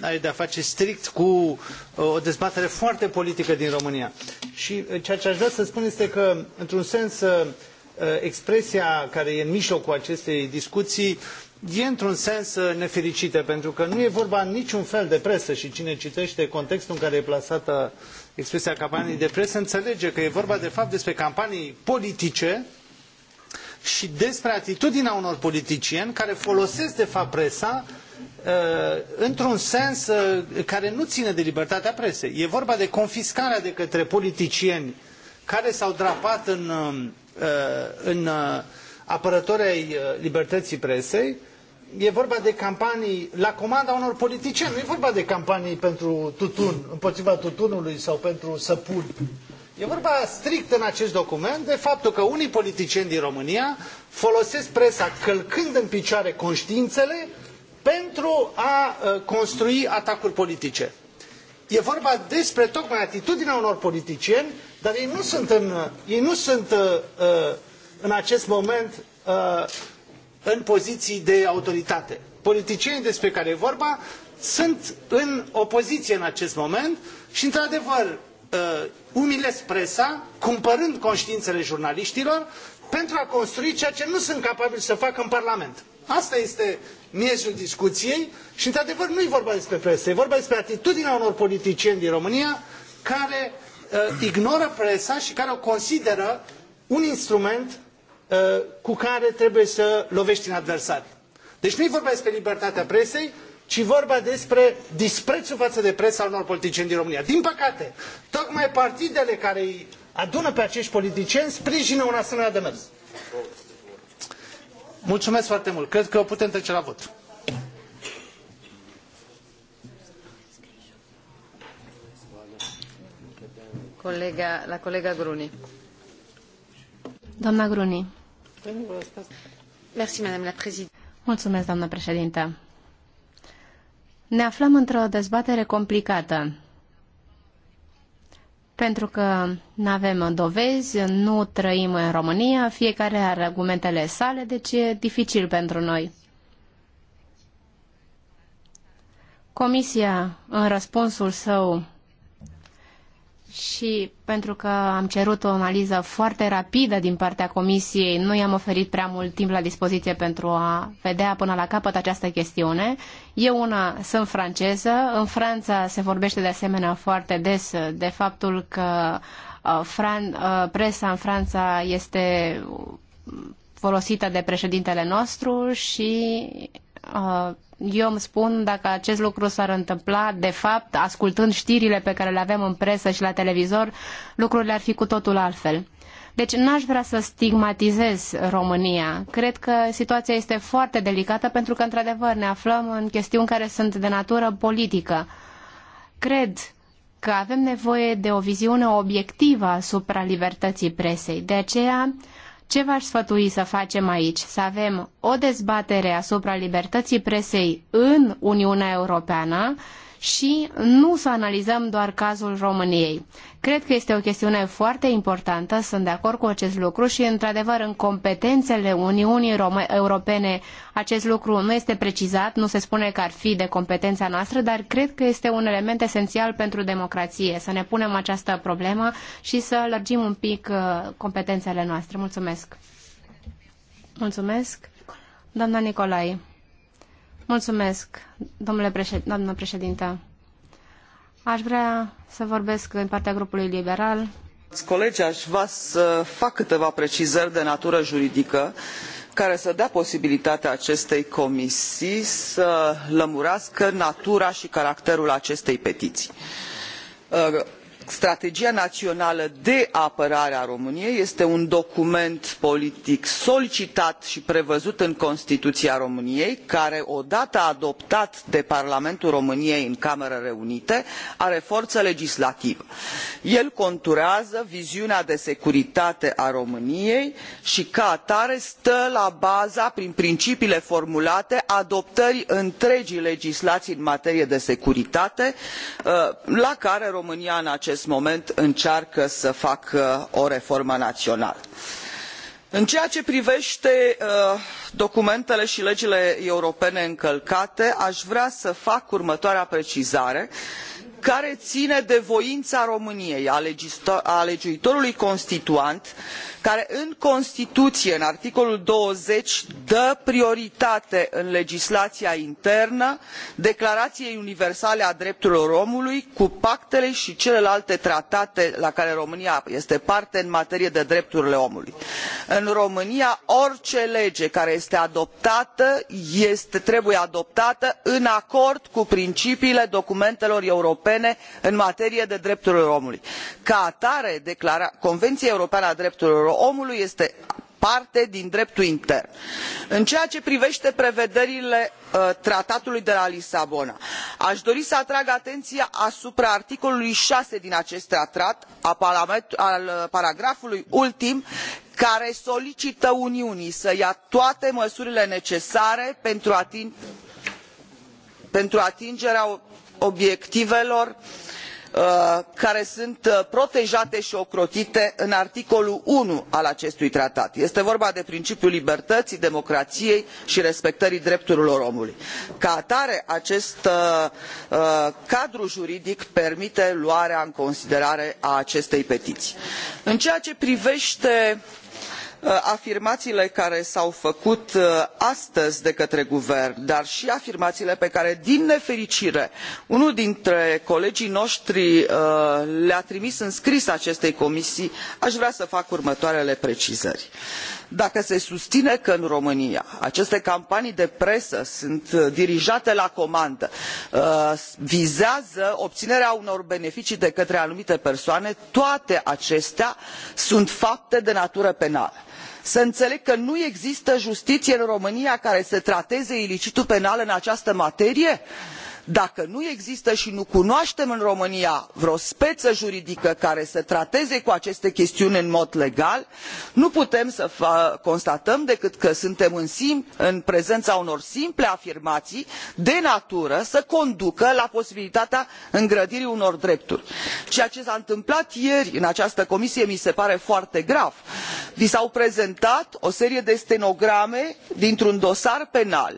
are de-a face strict cu o dezbatere foarte politică din România. Și ceea ce aș vrea să spun este că, într-un sens, expresia care e în mijlocul acestei discuții e într un sens nefericită pentru că nu e vorba în niciun fel de presă și cine citește contextul în care e plasată uh, expresia campanii de presă, înțelege că e vorba de fapt despre campanii politice și despre atitudinea unor politicieni care folosesc de fapt presa uh, într-un sens uh, care nu ține de libertatea presei. E vorba de confiscarea de către politicieni care s-au drapat în, uh, în apărători ai libertății presei e vorba de campanii la comanda unor politicieni, nu e vorba de campanii pentru tutun, împotriva tutunului sau pentru săpun. E vorba strict în acest document de faptul că unii politicieni din România folosesc presa călcând în picioare conștiințele pentru a uh, construi atacuri politice. E vorba despre tocmai atitudinea unor politicieni, dar ei nu sunt în, ei nu sunt, uh, uh în acest moment uh, în poziții de autoritate. Politicienii despre care e vorba sunt în opoziție în acest moment și, într-adevăr, uh, umilesc presa, cumpărând conștiințele jurnaliștilor, pentru a construi ceea ce nu sunt capabili să facă în Parlament. Asta este miezul discuției și, într-adevăr, nu e vorba despre presă, e vorba despre atitudinea unor politicieni din România care uh, ignoră presa și care o consideră un instrument Uh, cu care trebuie să lovești în adversari. Deci nu e vorba despre libertatea presei, ci vorba despre disprețul față de presa al unor politicieni din România. Din păcate, tocmai partidele care îi adună pe acești politicieni sprijină un asemenea demers. Mulțumesc foarte mult. Cred că putem trece la vot. Colega, la colega Gruni. Doamna Gruni. Mulțumesc, doamnă președintă. Ne aflăm într-o dezbatere complicată pentru că nu avem dovezi, nu trăim în România, fiecare are argumentele sale, deci e dificil pentru noi. Comisia, în răspunsul său și pentru că am cerut o analiză foarte rapidă din partea Comisiei, nu i-am oferit prea mult timp la dispoziție pentru a vedea până la capăt această chestiune. Eu una sunt franceză, în Franța se vorbește de asemenea foarte des de faptul că uh, Fran uh, presa în Franța este folosită de președintele nostru și uh, eu îmi spun dacă acest lucru s-ar întâmpla, de fapt, ascultând știrile pe care le avem în presă și la televizor, lucrurile ar fi cu totul altfel. Deci n-aș vrea să stigmatizez România. Cred că situația este foarte delicată pentru că, într-adevăr, ne aflăm în chestiuni care sunt de natură politică. Cred că avem nevoie de o viziune obiectivă asupra libertății presei. De aceea, ce v-aș sfătui să facem aici? Să avem o dezbatere asupra libertății presei în Uniunea Europeană și nu să analizăm doar cazul României. Cred că este o chestiune foarte importantă, sunt de acord cu acest lucru și, într-adevăr, în competențele Uniunii Europene acest lucru nu este precizat, nu se spune că ar fi de competența noastră, dar cred că este un element esențial pentru democrație, să ne punem această problemă și să lărgim un pic uh, competențele noastre. Mulțumesc! Mulțumesc! Doamna Nicolae. Mulțumesc, domnule președ... doamnă Aș vrea să vorbesc în partea grupului liberal. Colegi, aș vrea să fac câteva precizări de natură juridică care să dea posibilitatea acestei comisii să lămurească natura și caracterul acestei petiții uh, strategia naională de apărare a româniei este un document politic solicitat i prevăzut în constituia româniei care odată adoptat de parlamentul româniei în Camera reunite are foră legislativă. el conturează viziunea de securitate a româniei i ca atare stă la baza prin principiile formulate adoptării întregii legislaii în materie de securitate uh, la care românia în acest acest moment încearcă să facă o reformă națională. în ceea ce privește uh, documentele și legile europene încălcate aș vrea să fac următoarea precizare care ine de voința României, a legiuitorului constituant, care în Constituție, în articolul douăzeci dă prioritate în legislația internă Declarației Universale a Drepturilor Omului cu pactele și celelalte tratate la care România este parte în materie de ale omului. În România, orice lege care este adoptată trebuie adoptată în acord cu principiile documentelor europene europene în materie de drepturi omului. ca atare convenia europeană a drepturilor omului este parte din dreptul intern. în ceea ce privete prevederile uh, tratatului de la lisabona a dori să atrag atenia asupra articolului șase din acest tratat al uh, paragrafului ultim care solicită uniunii să ia toate măsurile necesare pentru atingerea obiectivelor uh, care sunt uh, protejate i ocrotite în articolul unu al acestui tratat este vorba de principiul libertăii democraiei i respectării drepturilor omului. ca atare acest uh, cadru juridic permite luarea în considerare a acestei petiii. în ceea ce privete Uh, afirmaiile care s au făcut uh, astăzi de către guvern dar i afirmaiile pe care din nefericire unul dintre colegii notri uh, le a trimis în scris acestei comisii a vrea să fac următoarele precizări dacă se susine că în românia aceste campanii de presă sunt dirijate la comandă vizează obinerea unor beneficii de către anumite persoane toate acestea sunt fapte de natură penală să îneleg că nu există justiție în românia care să trateze ilicitul penal în această materie? dacă nu există i nu cunoatem în românia vreo speă juridică care să trateze cu aceste chestiuni în mod legal nu putem să constatăm decât că suntem în, în prezena unor simple afirmaii de natură să conducă la posibilitatea îngrădirii unor drepturi. ceea ce s a întâmplat ieri în această comisie mi se pare foarte grav vi s au prezentat o serie de stenograme dintr un dosar penal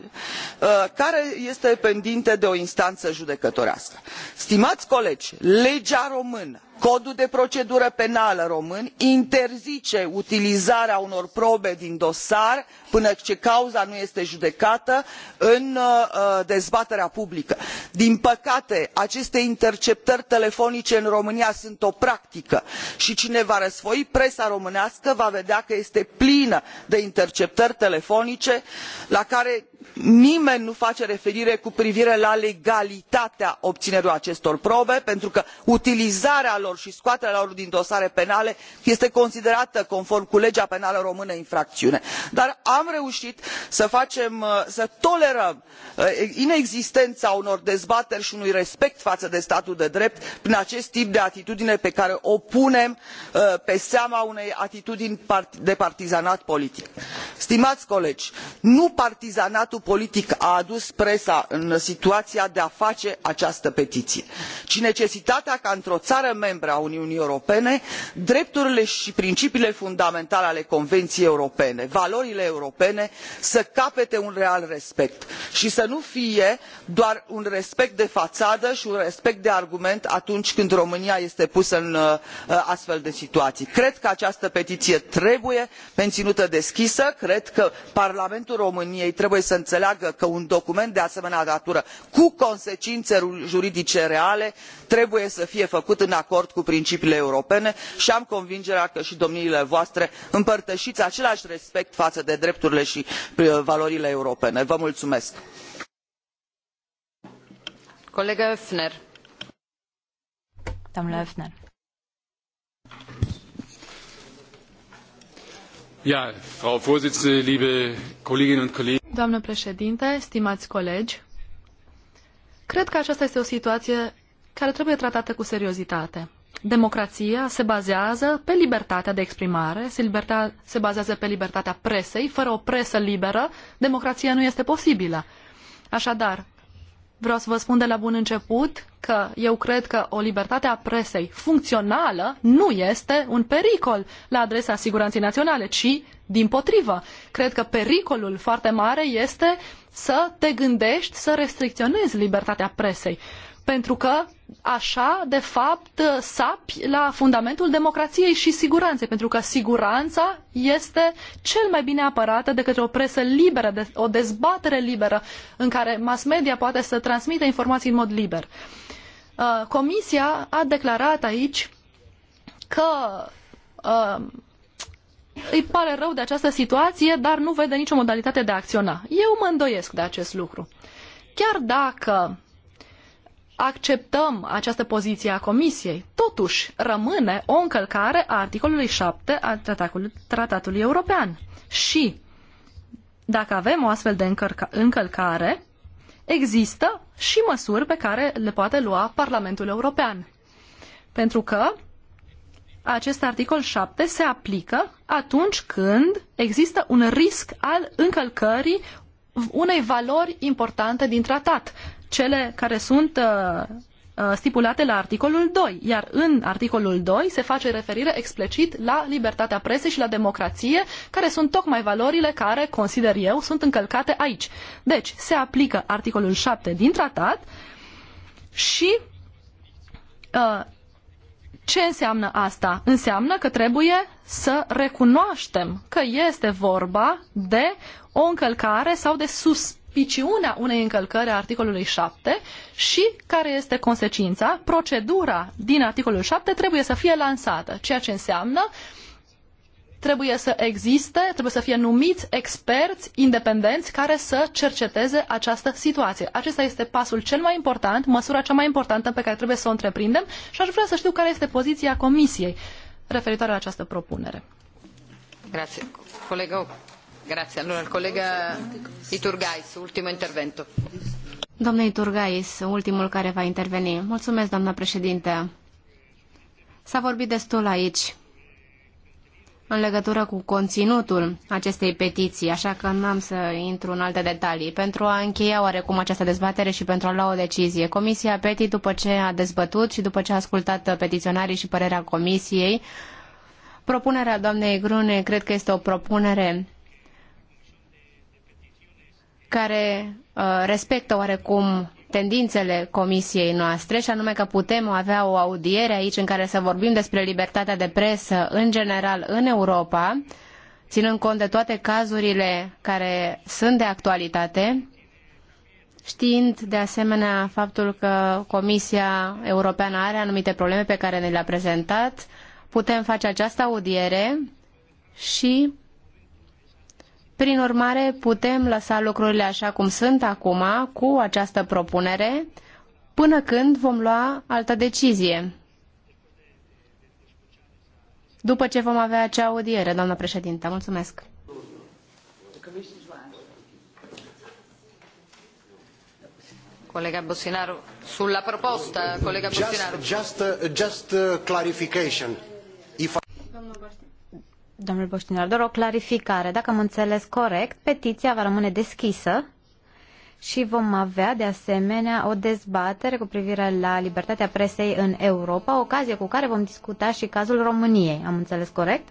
uh, care este pendinte de o instană judecătorească. stimai colegi legea română codul de procedură penală român interzice utilizarea unor probe din dosar până ce cauza nu este judecată în uh, uh, dezbaterea publică. din păcate aceste interceptări telefonice în românia sunt o practică i cine va răsfoi presa românească va vedea că este plină de interceptări telefonice la care nimeni nu face referire cu privire la legalitatea obinerii acestor probe pentru că utilizarea lor dosarelor și scoaterea lor din dosare penale este considerată conform cu legea penală română infracțiune dar am reușit să, facem, uh, să tolerăm uh, inexistența unor dezbateri și unui respect față de statul de drept prin acest tip de atitudine pe care o punem uh, pe seama unei atitudini de partizanat politic stimai colegi nu partizanatul politic a adus presa în situaia de a face această petiie ci necesitatea ca într o ară membră a uniunii europene drepturile i principiile fundamentale ale conveniei europene valorile europene să capete un real respect i să nu fie doar un respect de faadă i un respect de argument atunci când românia este pusă în uh, astfel de situaii. cred că această petiie trebuie meninută deschisă cred că parlamentul româniei trebuie să îneleagă că un document de asemenea natură cu consecine juridice reale trebuie să fie făcut în acord cu principiile europene i am convingerea că i domniile voastre împărtăii acelai respect faă de drepturile i uh, valorile europene. vă Doamnă președinte, stimați colegi, cred că aceasta este o situație care trebuie tratată cu seriozitate. Democrația se bazează pe libertatea de exprimare, se, liberta, se bazează pe libertatea presei. Fără o presă liberă, democrația nu este posibilă. Așadar, Vreau să vă spun de la bun început că eu cred că o libertate a presei funcțională nu este un pericol la adresa siguranței naționale, ci din potrivă. Cred că pericolul foarte mare este să te gândești să restricționezi libertatea presei. Pentru că așa, de fapt, sapi la fundamentul democrației și siguranței, pentru că siguranța este cel mai bine apărată de către o presă liberă, o dezbatere liberă, în care mass media poate să transmită informații în mod liber. Uh, comisia a declarat aici că uh, îi pare rău de această situație, dar nu vede nicio modalitate de a acționa. Eu mă îndoiesc de acest lucru. Chiar dacă acceptăm această poziție a Comisiei. Totuși, rămâne o încălcare a articolului 7 al tratatului, tratatului european. Și dacă avem o astfel de încărca, încălcare, există și măsuri pe care le poate lua Parlamentul European. Pentru că acest articol 7 se aplică atunci când există un risc al încălcării unei valori importante din tratat, cele care sunt uh, uh, stipulate la articolul 2, iar în articolul 2 se face referire explicit la libertatea presei și la democrație, care sunt tocmai valorile care, consider eu, sunt încălcate aici. Deci, se aplică articolul 7 din tratat și uh, ce înseamnă asta? Înseamnă că trebuie să recunoaștem că este vorba de o încălcare sau de suspendare suspiciunea unei încălcări a articolului 7 și care este consecința. Procedura din articolul 7 trebuie să fie lansată, ceea ce înseamnă trebuie să existe, trebuie să fie numiți experți independenți care să cerceteze această situație. Acesta este pasul cel mai important, măsura cea mai importantă pe care trebuie să o întreprindem și aș vrea să știu care este poziția Comisiei referitoare la această propunere. Grazie. Colegă Grazie. Allora il collega Iturgais, ultimo intervento. Domnul Iturgais, ultimul care va interveni. Mulțumesc, doamna președinte. S-a vorbit destul aici în legătură cu conținutul acestei petiții, așa că nu am să intru în alte detalii. Pentru a încheia oarecum această dezbatere și pentru a lua o decizie, Comisia PETI, după ce a dezbătut și după ce a ascultat petiționarii și părerea Comisiei, propunerea doamnei Grune cred că este o propunere care uh, respectă oarecum tendințele comisiei noastre și anume că putem avea o audiere aici în care să vorbim despre libertatea de presă în general în Europa, ținând cont de toate cazurile care sunt de actualitate, știind de asemenea faptul că Comisia Europeană are anumite probleme pe care ne le-a prezentat, putem face această audiere și prin urmare, putem lăsa lucrurile așa cum sunt acum cu această propunere până când vom lua altă decizie. După ce vom avea acea audiere, doamnă președintă. Mulțumesc. Colega Bostinaru, sulla proposta, colega Just, just, just uh, clarification. If I... Domnule Boștinar, doar o clarificare. Dacă am înțeles corect, petiția va rămâne deschisă și vom avea de asemenea o dezbatere cu privire la libertatea presei în Europa, ocazie cu care vom discuta și cazul României. Am înțeles corect?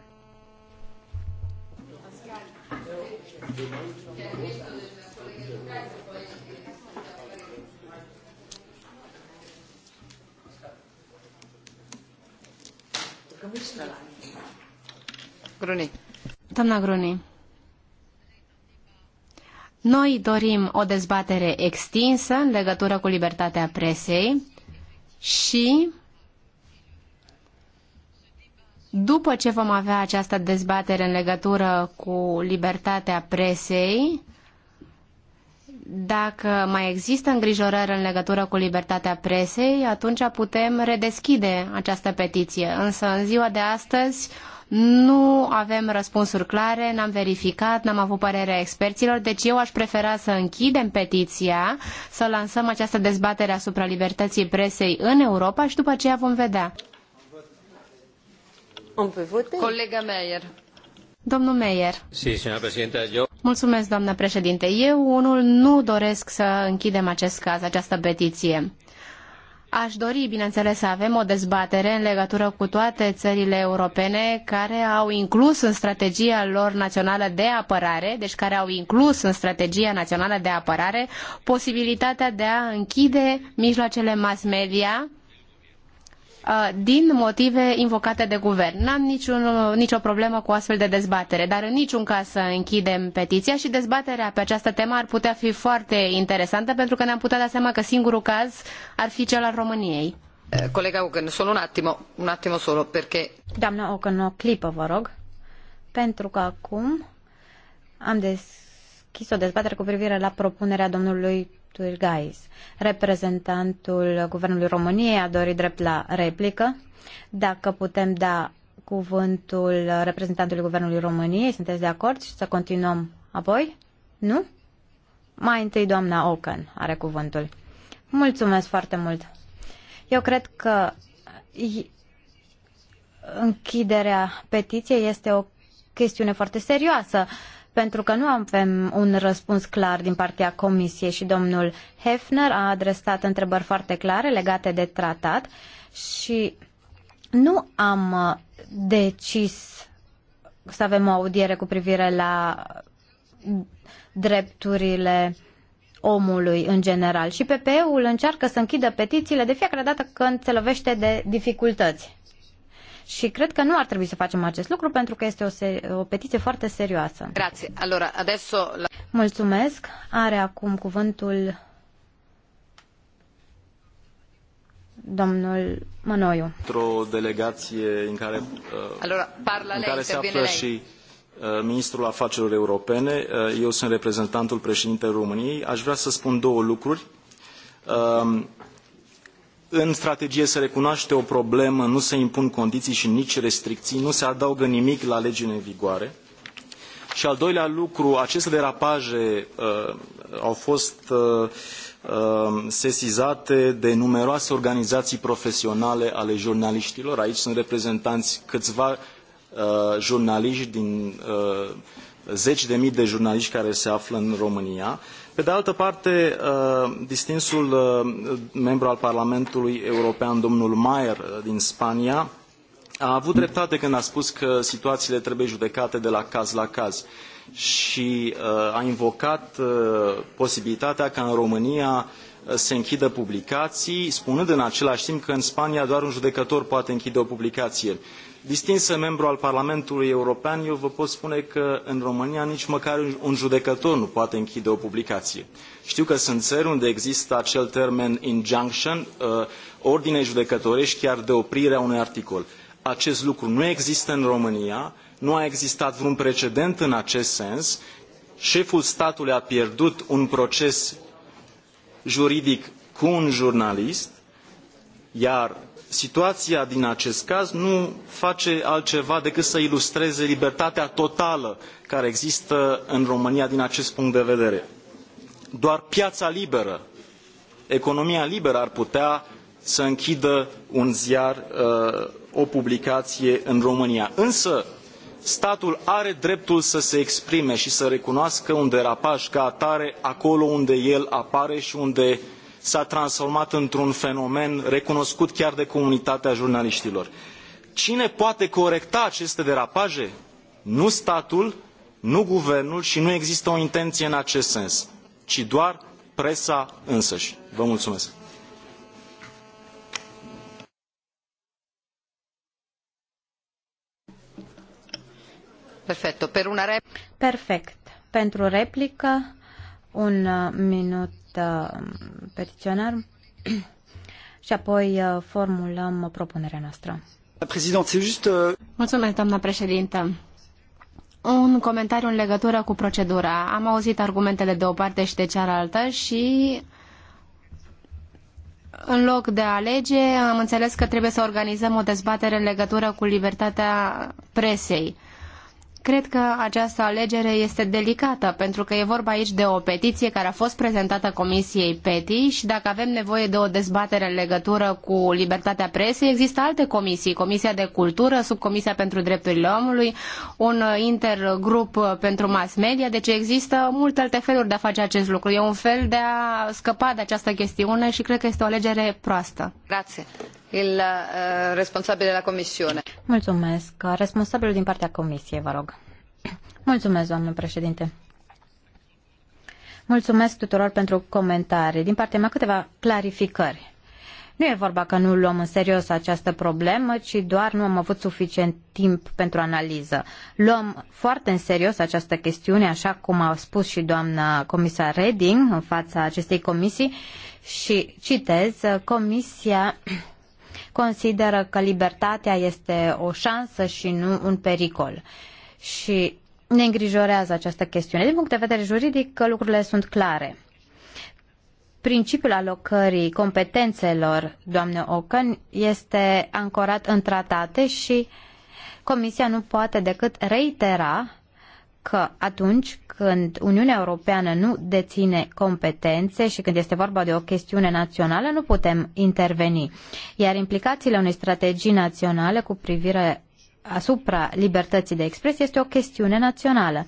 Commissioner noi dorim o dezbatere extinsă în legătură cu libertatea presei și după ce vom avea această dezbatere în legătură cu libertatea presei, dacă mai există îngrijorări în legătură cu libertatea presei, atunci putem redeschide această petiție. Însă, în ziua de astăzi, nu avem răspunsuri clare, n-am verificat, n-am avut părerea experților, deci eu aș prefera să închidem petiția, să lansăm această dezbatere asupra libertății presei în Europa și după aceea vom vedea. Colega Meyer. Domnul Meyer. eu... Mulțumesc, doamnă președinte. Eu, unul, nu doresc să închidem acest caz, această petiție. Aș dori, bineînțeles, să avem o dezbatere în legătură cu toate țările europene care au inclus în strategia lor națională de apărare, deci care au inclus în strategia națională de apărare posibilitatea de a închide mijloacele mass media Uh, din motive invocate de guvern. N-am niciun, nicio problemă cu astfel de dezbatere, dar în niciun caz să închidem petiția și dezbaterea pe această temă ar putea fi foarte interesantă pentru că ne-am putea da seama că singurul caz ar fi cel al României. Eh, colega Ocan, solo un attimo, un attimo solo, perché... Doamna o clipă, vă rog, pentru că acum am deschis o dezbatere cu privire la propunerea domnului Gais. Reprezentantul Guvernului României a dorit drept la replică. Dacă putem da cuvântul reprezentantului Guvernului României, sunteți de acord și să continuăm apoi? Nu? Mai întâi doamna Ocan are cuvântul. Mulțumesc foarte mult. Eu cred că închiderea petiției este o chestiune foarte serioasă. Uh, pentru că nu avem un răspuns clar din partea Comisiei și domnul Hefner a adresat întrebări foarte clare legate de tratat și nu am uh, decis să avem o audiere cu privire la drepturile omului în general. Și PPE-ul încearcă să închidă petițiile de fiecare dată când se lovește de dificultăți. Și cred că nu ar trebui să facem acest lucru pentru că este o, o petiție foarte serioasă. Grazie. Allora, adesso... Mulțumesc. Are acum cuvântul domnul Mănoiu. Într-o delegație în care, uh, allora, parla în care se află lei. și uh, ministrul afacerilor europene, uh, eu sunt reprezentantul președintei României. Aș vrea să spun două lucruri. Um, în strategie se recunoaște o problemă, nu se impun condiții și nici restricții, nu se adaugă nimic la legile în vigoare. Și al doilea lucru, aceste derapaje uh, au fost uh, uh, sesizate de numeroase organizații profesionale ale jurnaliștilor. Aici sunt reprezentanți câțiva uh, jurnaliști din uh, zeci de mii de jurnaliști care se află în România. Uh, pe de altă parte, uh, distinsul uh, membru al Parlamentului European, domnul Mayer uh, din Spania, a avut dreptate când a spus că situațiile trebuie judecate de la caz la caz și a invocat posibilitatea ca în România Uh, se închidă publicații, spunând în același timp că în Spania doar un judecător poate închide o publicație. Distinsă membru al Parlamentului European, eu vă pot spune că în România nici măcar un judecător nu poate închide o publicație. Știu că sunt țări unde există acel termen injunction, uh, ordine judecătorești chiar de oprire a unui articol. Acest lucru nu există în România, nu a existat vreun precedent în acest sens, șeful statului a pierdut un proces juridic cu un jurnalist, iar situația din acest caz nu face altceva decât să ilustreze libertatea totală care există în România din acest punct de vedere. Doar piața liberă, economia liberă ar putea să închidă un ziar, uh, o publicație în România. Însă, statul are dreptul să se exprime și să recunoască un derapaj ca atare acolo unde el apare și unde s-a transformat într-un fenomen recunoscut chiar de comunitatea jurnaliștilor. Cine poate corecta aceste derapaje? Nu statul, nu guvernul și nu există o intenție în acest sens, ci doar presa însăși. Vă mulțumesc. Perfect. Per una rep- Perfect. Pentru replică, un uh, minut uh, petiționar și apoi uh, formulăm propunerea noastră. Just... Mulțumesc, doamna președintă. Un comentariu în legătură cu procedura. Am auzit argumentele de o parte și de cealaltă și în loc de a alege, am înțeles că trebuie să organizăm o dezbatere în legătură cu libertatea presei. Cred că această alegere este delicată, pentru că e vorba aici de o petiție care a fost prezentată Comisiei PETI și dacă avem nevoie de o dezbatere în legătură cu libertatea presei, există alte comisii, Comisia de Cultură, Subcomisia pentru Drepturile Omului, un intergrup pentru mass media, deci există multe alte feluri de a face acest lucru. E un fel de a scăpa de această chestiune și cred că este o alegere proastă. Grazie il eh, responsabile della Commissione. Mulțumesc. Responsabilul din partea Comisiei, vă rog. Mulțumesc, doamnă președinte. Mulțumesc tuturor pentru comentarii. Din partea mea câteva clarificări. Nu e vorba că nu luăm în serios această problemă, ci doar nu am avut suficient timp pentru analiză. Luăm foarte în serios această chestiune, așa cum a spus și doamna comisar Reding în fața acestei comisii și citez, comisia consideră că libertatea este o șansă și nu un pericol. Și ne îngrijorează această chestiune. Din punct de vedere juridic, lucrurile sunt clare. Principiul alocării competențelor, doamne Ocan, este ancorat în tratate și Comisia nu poate decât reitera că atunci când Uniunea Europeană nu deține competențe și când este vorba de o chestiune națională, nu putem interveni. Iar implicațiile unei strategii naționale cu privire asupra libertății de expresie este o chestiune națională.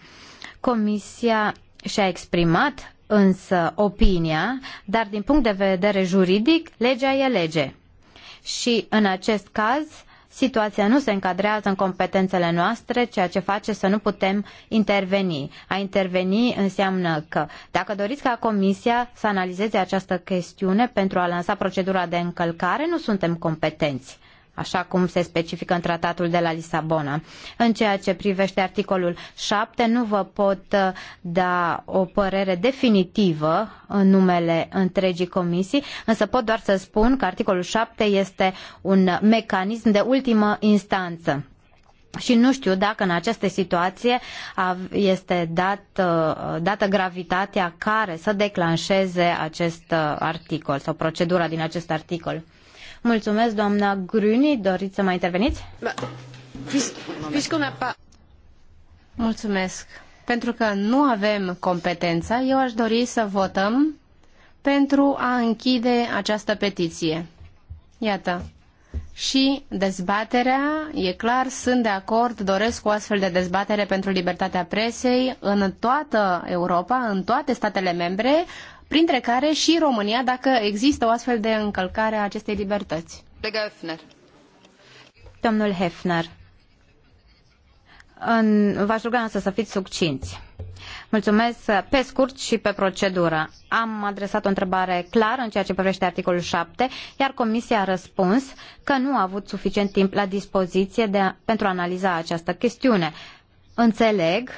Comisia și-a exprimat însă opinia, dar din punct de vedere juridic, legea e lege. Și în acest caz, situația nu se încadrează în competențele noastre, ceea ce face să nu putem interveni. A interveni înseamnă că dacă doriți ca Comisia să analizeze această chestiune pentru a lansa procedura de încălcare, nu suntem competenți așa cum se specifică în tratatul de la Lisabona. În ceea ce privește articolul 7, nu vă pot uh, da o părere definitivă în numele întregii comisii, însă pot doar să spun că articolul 7 este un mecanism de ultimă instanță. Și nu știu dacă în această situație este dat, uh, dată gravitatea care să declanșeze acest uh, articol sau procedura din acest articol. Mulțumesc, doamna Gruni. Doriți să mai interveniți? Mulțumesc. Pentru că nu avem competența, eu aș dori să votăm pentru a închide această petiție. Iată. Și dezbaterea, e clar, sunt de acord, doresc o astfel de dezbatere pentru libertatea presei în toată Europa, în toate statele membre, printre care și România, dacă există o astfel de încălcare a acestei libertăți. Domnul Hefner, în... v-aș ruga însă să fiți succinți. Mulțumesc. Pe scurt și pe procedură. Am adresat o întrebare clară în ceea ce privește articolul 7, iar Comisia a răspuns că nu a avut suficient timp la dispoziție de a, pentru a analiza această chestiune. Înțeleg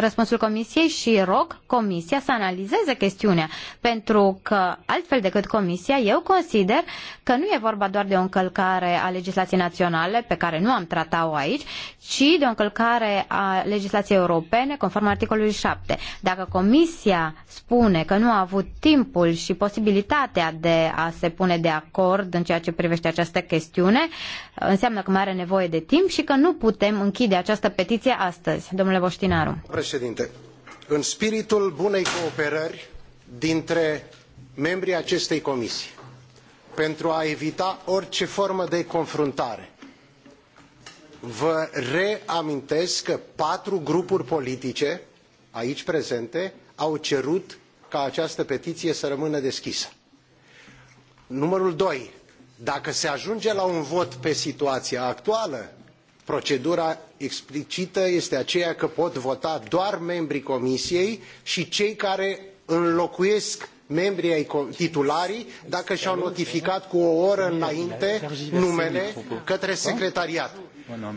răspunsul comisiei și rog comisia să analizeze chestiunea, pentru că altfel decât comisia, eu consider că nu e vorba doar de o încălcare a legislației naționale, pe care nu am tratat-o aici, ci de o încălcare a legislației europene, conform articolului 7. Dacă comisia spune că nu a avut timpul și posibilitatea de a se pune de acord în ceea ce privește această chestiune, înseamnă că mai are nevoie de timp și că nu putem închide această petiție astăzi. Domnule Boștinaru în spiritul bunei cooperări dintre membrii acestei comisii pentru a evita orice formă de confruntare vă reamintesc că patru grupuri politice aici prezente au cerut ca această petiie să rămână deschisă. numărul doi dacă se ajunge la un vot pe situaia actuală procedura explicită este aceea că pot vota doar membrii comisiei și cei care înlocuiesc membrii ai titularii dacă i au notificat cu o oră înainte numele către secretariat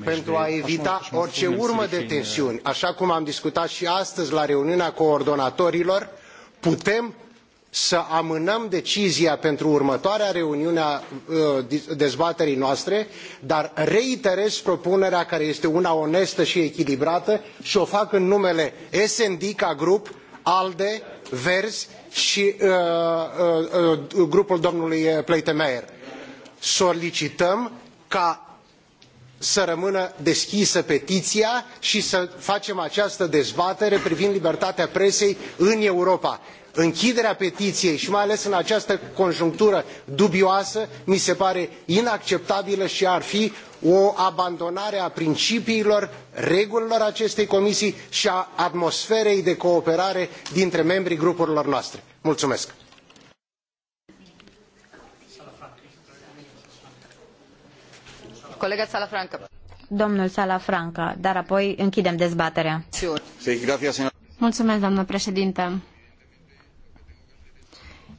pentru a evita orice urmă de tensiuni. Așa cum am discutat și astăzi la reuniunea coordonatorilor, putem să amânăm decizia pentru următoarea reuniune a ă, dezbaterii noastre dar reiterez propunerea care este una onestă i echilibrată i o fac în numele sd ca grup alde verzi i uh, uh, grupul domnului Mayer. solicităm ca să rămână deschisă petiia i să facem această dezbatere privind libertatea presei în europa. închiderea petiiei i mai ales în această conjunctură dubioasă mi se pare inacceptabilă i ar fi o abandonare a principiilor regulilor acestei comisii i a atmosferei de cooperare dintre membrii grupurilor noastre. Mulțumesc. Colega Salafranca. Domnul Salafranca, dar apoi închidem dezbaterea. Mulțumesc, doamnă Președinte.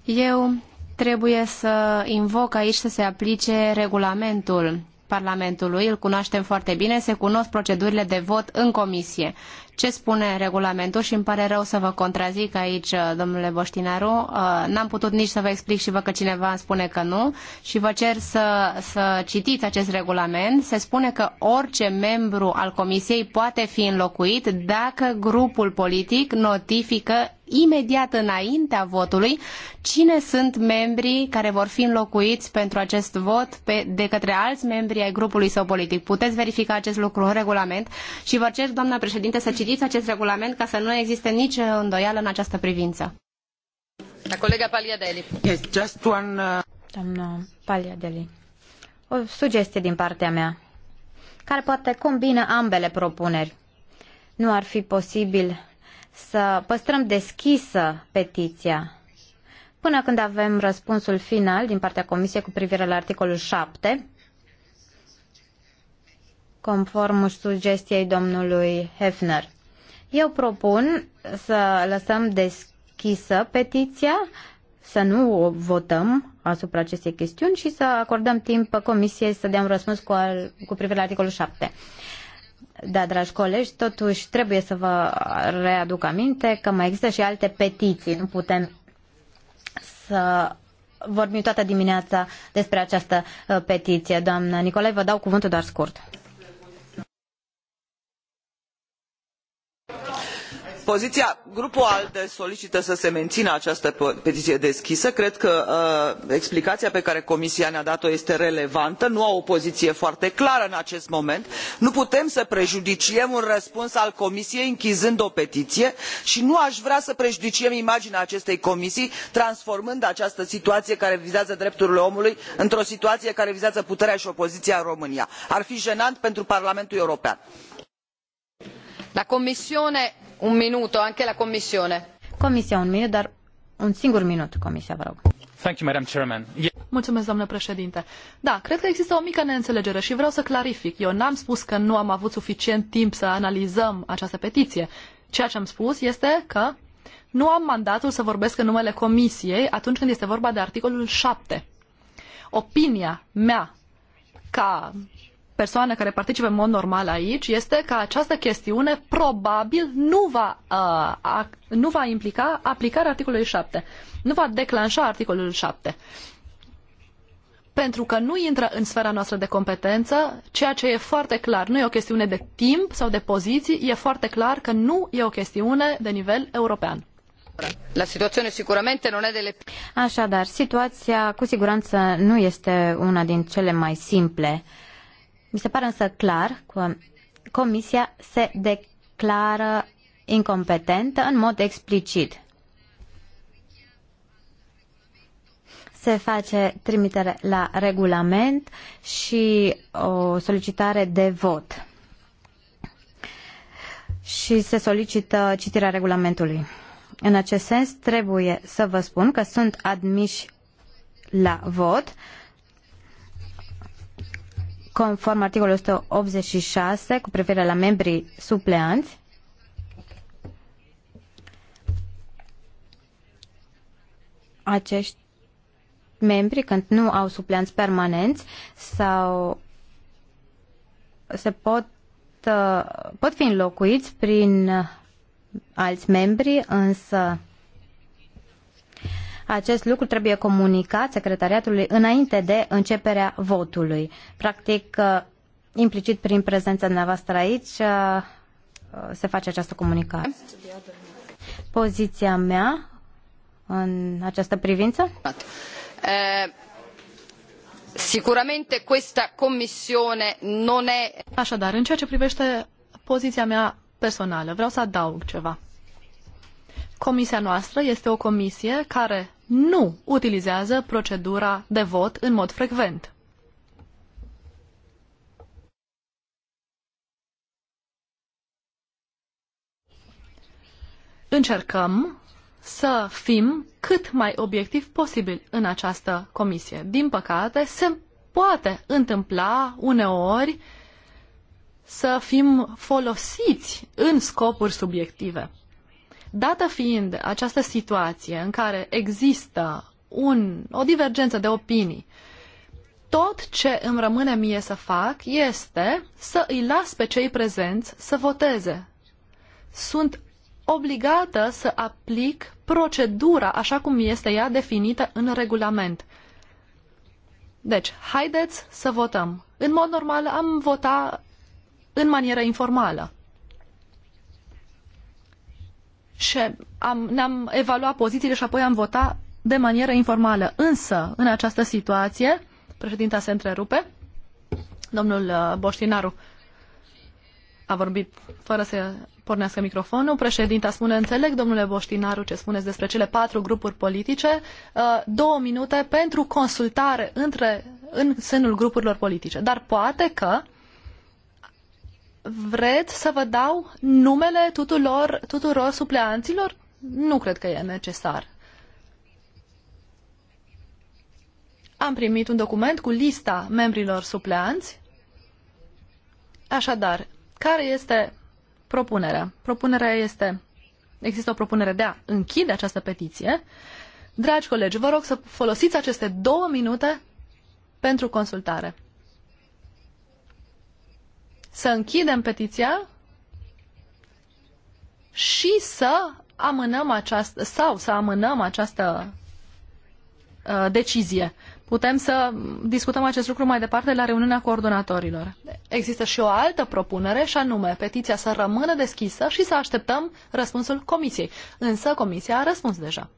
Eu trebuie să invoc aici să se aplice regulamentul Parlamentului, îl cunoaștem foarte bine, se cunosc procedurile de vot în comisie. Ce spune regulamentul și îmi pare rău să vă contrazic aici, uh, domnule Boștinaru, uh, n-am putut nici să vă explic și vă că cineva îmi spune că nu și vă cer să, să citiți acest regulament. Se spune că orice membru al comisiei poate fi înlocuit dacă grupul politic notifică imediat înaintea votului cine sunt membrii care vor fi înlocuiți pentru acest vot pe, de către alți membri ai grupului său politic. Puteți verifica acest lucru în regulament și vă cer, doamna președinte, să citiți acest regulament ca să nu existe nicio îndoială în această privință. La colega Paliadeli. Yes, just one, uh... Doamna Paliadeli, o sugestie din partea mea, care poate combină ambele propuneri. Nu ar fi posibil să păstrăm deschisă petiția până când avem răspunsul final din partea Comisiei cu privire la articolul 7, conform sugestiei domnului Hefner. Eu propun să lăsăm deschisă petiția, să nu o votăm asupra acestei chestiuni și să acordăm timp Comisiei să dea un răspuns cu, al, cu privire la articolul 7. Da, dragi colegi, totuși trebuie să vă readuc aminte că mai există și alte petiții. Nu putem să vorbim toată dimineața despre această uh, petiție. Doamna Nicolae, vă dau cuvântul doar scurt. poziia grupul alde solicită să se mențină această petiție deschisă cred că explicaia uh, explicația pe care comisia ne a dat o este relevantă nu au o poziie foarte clară în acest moment nu putem să prejudiciem un răspuns al comisiei închizând o petiție și nu aș vrea să prejudiciem imaginea acestei comisii transformând această situație care vizează drepturile omului într o situație care vizează puterea și opoziția în românia ar fi jenant pentru parlamentul european. la comisiune un minut, anche la Commissione. Comisia un minut, dar un singur minut, Comisia, vă rog. Thank you, Madam Chairman. Mulțumesc, doamnă președinte. Da, cred că există o mică neînțelegere și vreau să clarific. Eu n-am spus că nu am avut suficient timp să analizăm această petiție. Ceea ce am spus este că nu am mandatul să vorbesc în numele Comisiei atunci când este vorba de articolul 7. Opinia mea ca persoană care participă în mod normal aici este că această chestiune probabil nu va, uh, a, nu va implica aplicarea articolului 7. Nu va declanșa articolul 7. Pentru că nu intră în sfera noastră de competență, ceea ce e foarte clar, nu e o chestiune de timp sau de poziții, e foarte clar că nu e o chestiune de nivel european. La situație sicuramente nu e le... Așadar, situația cu siguranță nu este una din cele mai simple mi se pare însă clar că Comisia se declară incompetentă în mod explicit. Se face trimitere la regulament și o solicitare de vot. Și se solicită citirea regulamentului. În acest sens, trebuie să vă spun că sunt admiși la vot conform articolului 186 cu privire la membrii supleanți. Acești membri, când nu au supleanți permanenți sau se pot, uh, pot fi înlocuiți prin alți membri, însă acest lucru trebuie comunicat secretariatului înainte de începerea votului. Practic, uh, implicit prin prezența dumneavoastră aici, uh, uh, se face această comunicare. Poziția mea în această privință? Eh, sicuramente questa commissione non è... Așadar, în ceea ce privește poziția mea personală, vreau să adaug ceva. Comisia noastră este o comisie care nu utilizează procedura de vot în mod frecvent. Încercăm să fim cât mai obiectiv posibil în această comisie. Din păcate, se poate întâmpla uneori să fim folosiți în scopuri subiective. Dată fiind această situație în care există un, o divergență de opinii, tot ce îmi rămâne mie să fac este să îi las pe cei prezenți să voteze. Sunt obligată să aplic procedura așa cum este ea definită în regulament. Deci, haideți să votăm. În mod normal am vota în manieră informală ce am, ne-am evaluat pozițiile și apoi am votat de manieră informală. Însă, în această situație, președinta se întrerupe, domnul uh, Boștinaru a vorbit fără să pornească microfonul. Președinta spune, înțeleg, domnule Boștinaru, ce spuneți despre cele patru grupuri politice. Uh, două minute pentru consultare între, în sânul grupurilor politice. Dar poate că Vreți să vă dau numele tuturor, tuturor supleanților? Nu cred că e necesar. Am primit un document cu lista membrilor supleanți. Așadar, care este propunerea? Propunerea este, există o propunere de a închide această petiție. Dragi colegi, vă rog să folosiți aceste două minute pentru consultare să închidem petiția și să amânăm această sau să amânăm această uh, decizie. Putem să discutăm acest lucru mai departe la reuniunea coordonatorilor. Există și o altă propunere și anume petiția să rămână deschisă și să așteptăm răspunsul comisiei. Însă comisia a răspuns deja.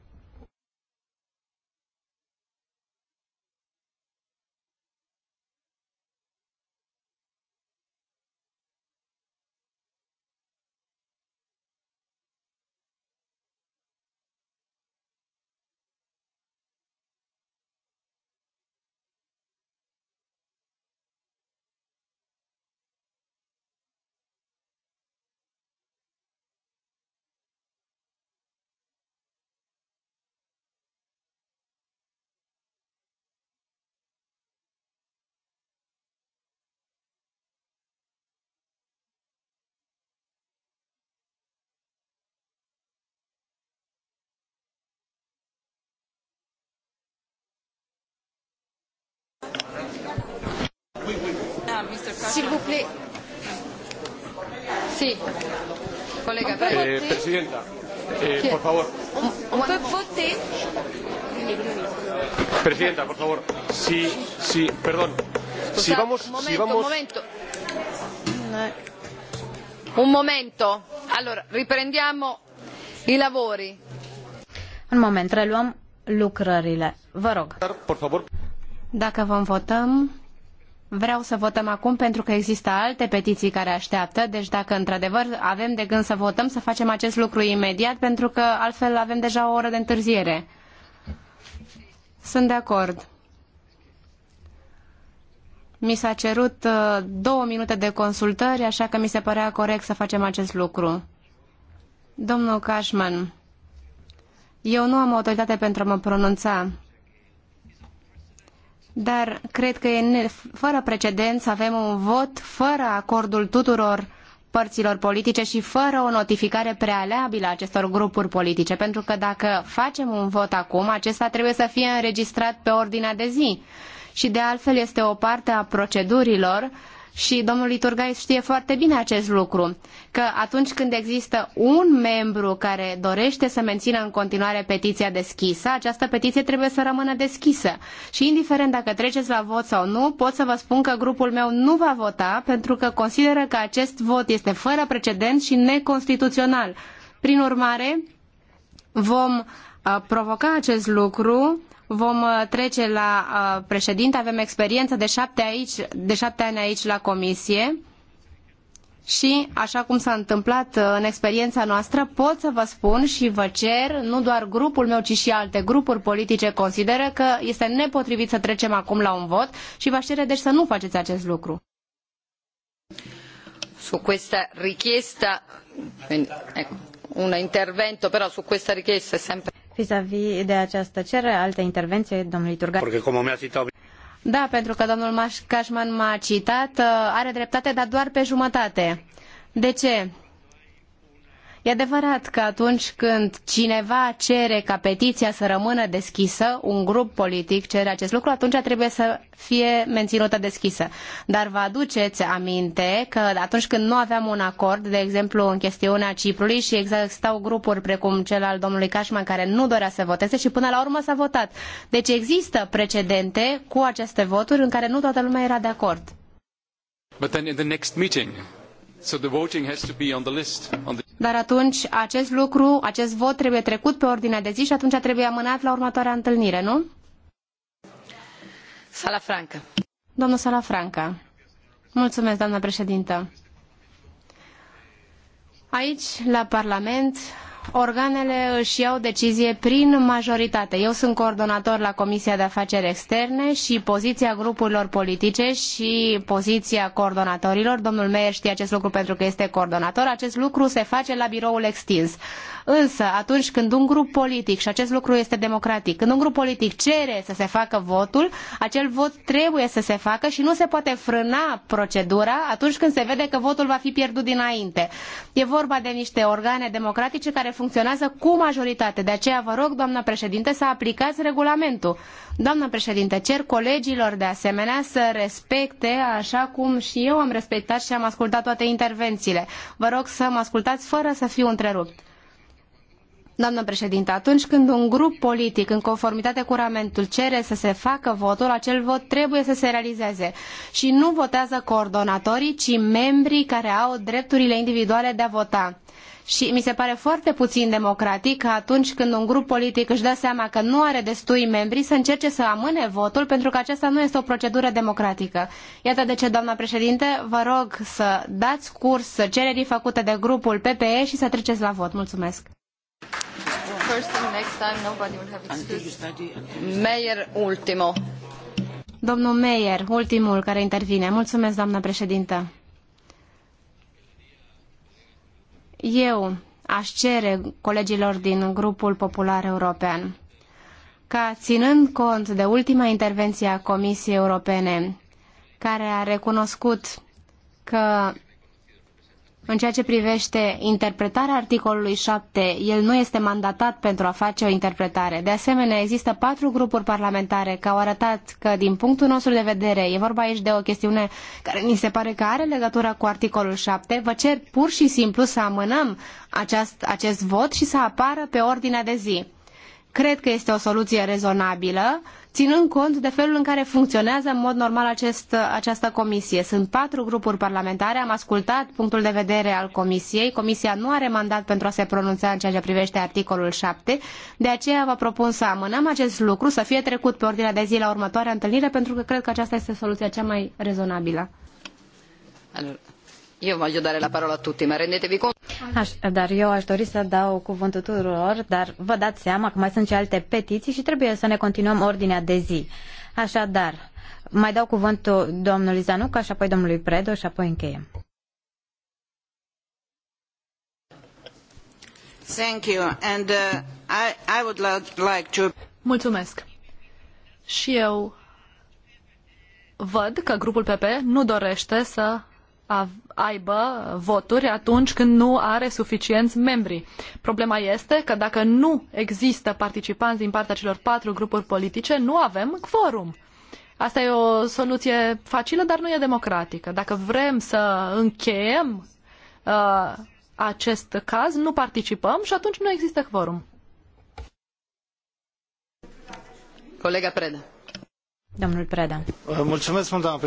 S'il vous plaît. Sí. Colega, eh, Presidenta, eh, por favor. On peut voter. Presidenta, por favor. Sí, sí, perdón. Si vamos, momento, si vamos... momento. Un momento. Allora, riprendiamo i lavori. Un moment, reluăm lucrările. Vă rog. Por favor. Dacă vom votăm, vreau să votăm acum pentru că există alte petiții care așteaptă, deci dacă într-adevăr avem de gând să votăm, să facem acest lucru imediat pentru că altfel avem deja o oră de întârziere. Sunt de acord. Mi s-a cerut uh, două minute de consultări, așa că mi se părea corect să facem acest lucru. Domnul Cashman, eu nu am autoritate pentru a mă pronunța dar cred că e fără precedent să avem un vot fără acordul tuturor părților politice și fără o notificare prealabilă a acestor grupuri politice, pentru că dacă facem un vot acum, acesta trebuie să fie înregistrat pe ordinea de zi. Și de altfel este o parte a procedurilor uh, și domnul Iturgais știe foarte bine acest lucru, că atunci când există un membru care dorește să mențină în continuare petiția deschisă, această petiție trebuie să rămână deschisă. Și indiferent dacă treceți la vot sau nu, pot să vă spun că grupul meu nu va vota pentru că consideră că acest vot este fără precedent și neconstituțional. Prin urmare, vom uh, provoca acest lucru vom uh, trece la uh, președinte. Avem experiență de șapte, aici, de șapte ani aici la comisie și, așa cum s-a întâmplat uh, în experiența noastră, pot să vă spun și vă cer, nu doar grupul meu, ci și alte grupuri politice consideră că este nepotrivit să trecem acum la un vot și vă cere deci să nu faceți acest lucru. Su questa richiesta, eh, ecco, un intervento però su questa richiesta è sempre vis-a-vis -vis de această cerere, alte intervenții domnului Turgai. Da, pentru că domnul Cașman m-a citat, uh, are dreptate, dar doar pe jumătate. De ce? E adevărat că atunci când cineva cere ca petiția să rămână deschisă, un grup politic cere acest lucru, atunci trebuie să fie menținută deschisă. Dar vă aduceți aminte că atunci când nu aveam un acord, de exemplu în chestiunea Ciprului și existau grupuri precum cel al domnului Cașman care nu dorea să voteze și până la urmă s-a votat. Deci există precedente cu aceste voturi în care nu toată lumea era de acord. But then in the next meeting, dar atunci acest lucru, acest vot trebuie trecut pe ordinea de zi și atunci trebuie amânat la următoarea întâlnire, nu? Doamnă Domnul Salafranca. Mulțumesc, doamnă președintă. Aici, la Parlament, organele își iau decizie prin majoritate. Eu sunt coordonator la Comisia de Afaceri Externe și poziția grupurilor politice și poziția coordonatorilor, domnul Meier știe acest lucru pentru că este coordonator, acest lucru se face la biroul extins. Însă, atunci când un grup politic, și acest lucru este democratic, când un grup politic cere să se facă votul, acel vot trebuie să se facă și nu se poate frâna procedura atunci când se vede că votul va fi pierdut dinainte. E vorba de niște organe democratice care funcționează cu majoritate. De aceea vă rog, doamnă președinte, să aplicați regulamentul. Doamnă președinte, cer colegilor de asemenea să respecte, așa cum și eu am respectat și am ascultat toate intervențiile. Vă rog să mă ascultați fără să fiu întrerupt. Doamnă președinte, atunci când un grup politic, în conformitate cu ramentul, cere să se facă votul, acel vot trebuie să se realizeze. Și nu votează coordonatorii, ci membrii care au drepturile individuale de a vota. Și mi se pare foarte puțin democratic că atunci când un grup politic își dă seama că nu are destui membri să încerce să amâne votul pentru că aceasta nu este o procedură democratică. Iată de ce, doamna președinte, vă rog să dați curs cererii făcute de grupul PPE și să treceți la vot. Mulțumesc. Meyer ultimo. Domnul Meyer, ultimul care intervine. Mulțumesc, doamna președintă. eu aș cere colegilor din grupul popular european ca, ținând cont de ultima intervenție a Comisiei Europene, care a recunoscut că în ceea ce privește interpretarea articolului 7, el nu este mandatat pentru a face o interpretare. De asemenea, există patru grupuri parlamentare care au arătat că, din punctul nostru de vedere, e vorba aici de o chestiune care ni se pare că are legătură cu articolul 7. Vă cer pur și simplu să amânăm aceast, acest vot și să apară pe ordinea de zi. Cred că este o soluție rezonabilă ținând cont de felul în care funcționează în mod normal acest, această comisie. Sunt patru grupuri parlamentare, am ascultat punctul de vedere al comisiei. Comisia nu are mandat pentru a se pronunța în ceea ce privește articolul 7, de aceea vă propun să amânăm acest lucru, să fie trecut pe ordinea de zi la următoarea întâlnire, pentru că cred că aceasta este soluția cea mai rezonabilă. Alors. Eu voglio dare la parola a tutti, ma rendetevi conto. Aș, dar eu aș dori să dau cuvântul tuturor, dar vă dați seama că mai sunt și alte petiții și trebuie să ne continuăm ordinea de zi. Așadar, mai dau cuvântul domnului Zanuca și apoi domnului Predo și apoi încheiem. Thank you. And, uh, I, I would like to... Mulțumesc. Și eu văd că grupul PP nu dorește să aibă voturi atunci când nu are suficienți membri. Problema este că dacă nu există participanți din partea celor patru grupuri politice, nu avem quorum. Asta e o soluție facilă, dar nu e democratică. Dacă vrem să încheiem uh, acest caz, nu participăm și atunci nu există quorum. Colega Preda. Domnul Preda. Mulțumesc doamna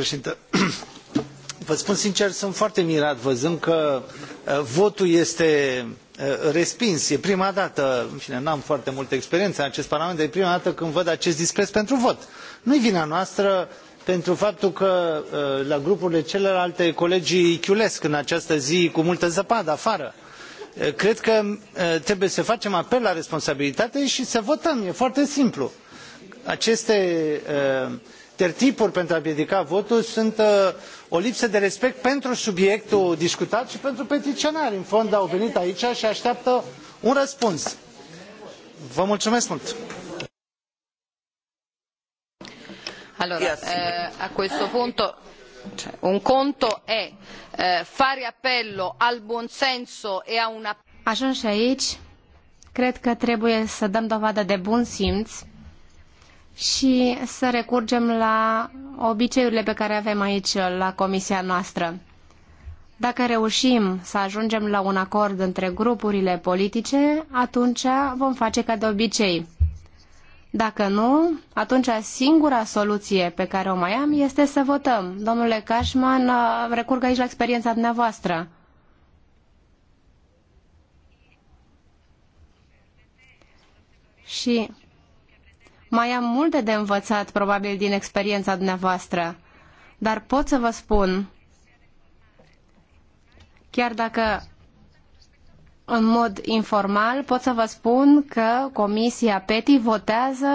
vă spun sincer, sunt foarte mirat văzând că uh, votul este uh, respins. E prima dată, în fine, n-am foarte multă experiență în acest Parlament, dar e prima dată când văd acest dispreț pentru vot. Nu-i vina noastră pentru faptul că uh, la grupurile celelalte colegii chiulesc în această zi cu multă zăpadă afară. Cred că trebuie să facem apel la responsabilitate și să votăm. E foarte simplu. Aceste uh, tertipuri pentru a împiedica votul sunt uh, o lipsă de respect pentru subiectul discutat și pentru petiionari. În fond au venit aici și ateaptă un răspuns. Vă mulțumesc mult! Allora, eh, a questo punto un conto è eh, fare appello al buonsenso e a una... Ajuns aici, cred că trebuie să dăm dovadă de bun simț și să recurgem la obiceiurile pe care avem aici la comisia noastră. Dacă reușim să ajungem la un acord între grupurile politice, atunci vom face ca de obicei. Dacă nu, atunci singura soluție pe care o mai am este să votăm. Domnule Cașman, recurg aici la experiența dumneavoastră. Și mai am multe de învățat, probabil, din experiența dumneavoastră, dar pot să vă spun, chiar dacă în mod informal, pot să vă spun că Comisia PETI votează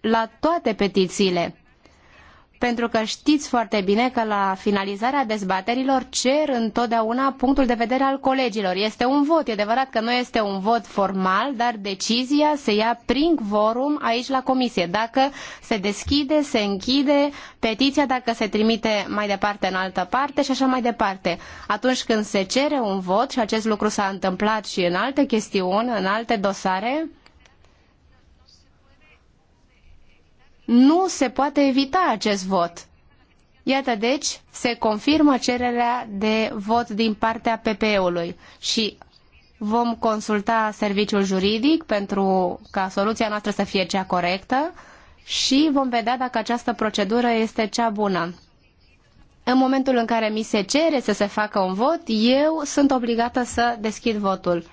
la toate petițiile pentru că știți foarte bine că la finalizarea dezbaterilor cer întotdeauna punctul de vedere al colegilor. Este un vot, e adevărat că nu este un vot formal, dar decizia se ia prin vorum aici la comisie. Dacă se deschide, se închide petiția, dacă se trimite mai departe în altă parte și așa mai departe. Atunci când se cere un vot, și acest lucru s-a întâmplat și în alte chestiuni, în alte dosare, nu se poate evita acest vot. Iată deci, se confirmă cererea de vot din partea PPE-ului și vom consulta serviciul juridic pentru ca soluția noastră să fie cea corectă și vom vedea dacă această procedură este cea bună. În momentul în care mi se cere să se facă un vot, eu sunt obligată să deschid votul.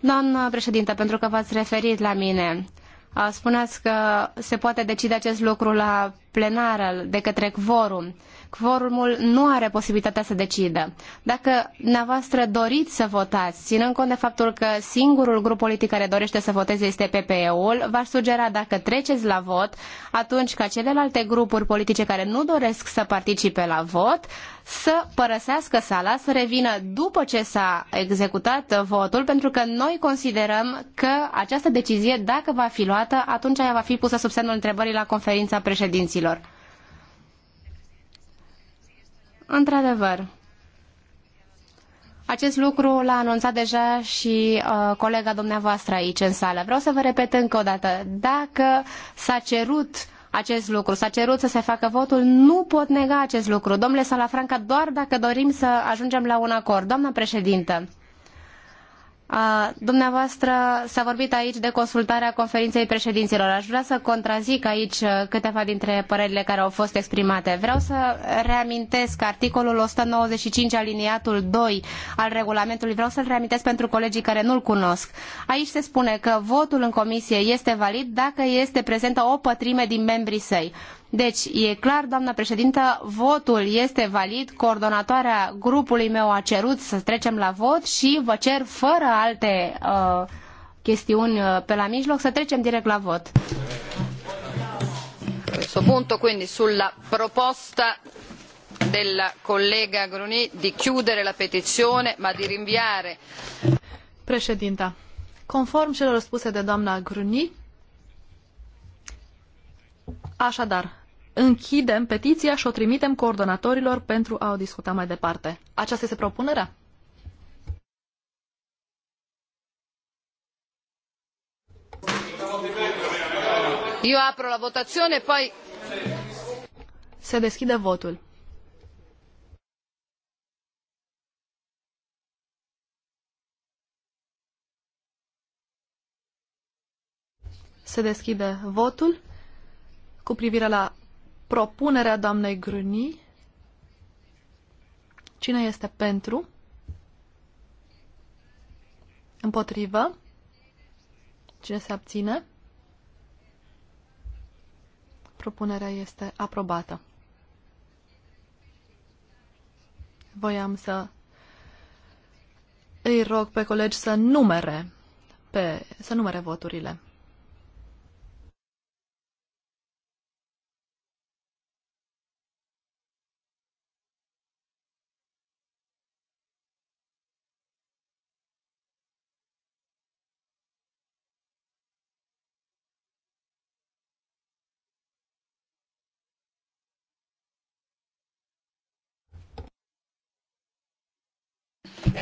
Doamnă președintă, pentru că v-ați referit la mine, Spuneați că se poate decide acest lucru la plenară de către quorum. Quorumul nu are posibilitatea să decidă. Dacă dumneavoastră doriți să votați, ținând cont de faptul că singurul grup politic care dorește să voteze este PPE-ul, v-aș sugera dacă treceți la vot, atunci ca celelalte grupuri politice care nu doresc să participe la vot, să părăsească sala, să revină după ce s-a executat votul, pentru că noi considerăm că această decizie, dacă va fi luată, atunci ea va fi pusă sub semnul întrebării la conferința președinților într-adevăr, acest lucru l-a anunțat deja și uh, colega dumneavoastră aici în sală. Vreau să vă repet încă o dată. Dacă s-a cerut acest lucru, s-a cerut să se facă votul, nu pot nega acest lucru. Domnule Salafranca, doar dacă dorim să ajungem la un acord. Doamna președintă, dumneavoastră s-a vorbit aici de consultarea conferinței președinților. Aș vrea să contrazic aici uh, câteva dintre părerile care au fost exprimate. Vreau să reamintesc articolul 195 aliniatul 2 al regulamentului. Vreau să-l reamintesc pentru colegii care nu-l cunosc. Aici se spune că votul în comisie este valid dacă este prezentă o pătrime din membrii săi. Deci, e clar, doamna președintă, votul este valid, coordonatoarea grupului meu a cerut să trecem la vot și vă cer, fără alte uh, chestiuni uh, pe la mijloc, să trecem direct la vot. Questo punto quindi sulla proposta della collega Gruny di chiudere la petizione ma di rinviare. Președinta, conform celor spuse de doamna Gruny, Așadar, închidem petiția și o trimitem coordonatorilor pentru a o discuta mai departe. Aceasta este propunerea? Eu apro la votazione, poi... Se deschide votul. Se deschide votul cu privire la propunerea doamnei Grâni. Cine este pentru? Împotrivă? Cine se abține? Propunerea este aprobată. Voiam să îi rog pe colegi să numere, pe, să numere voturile.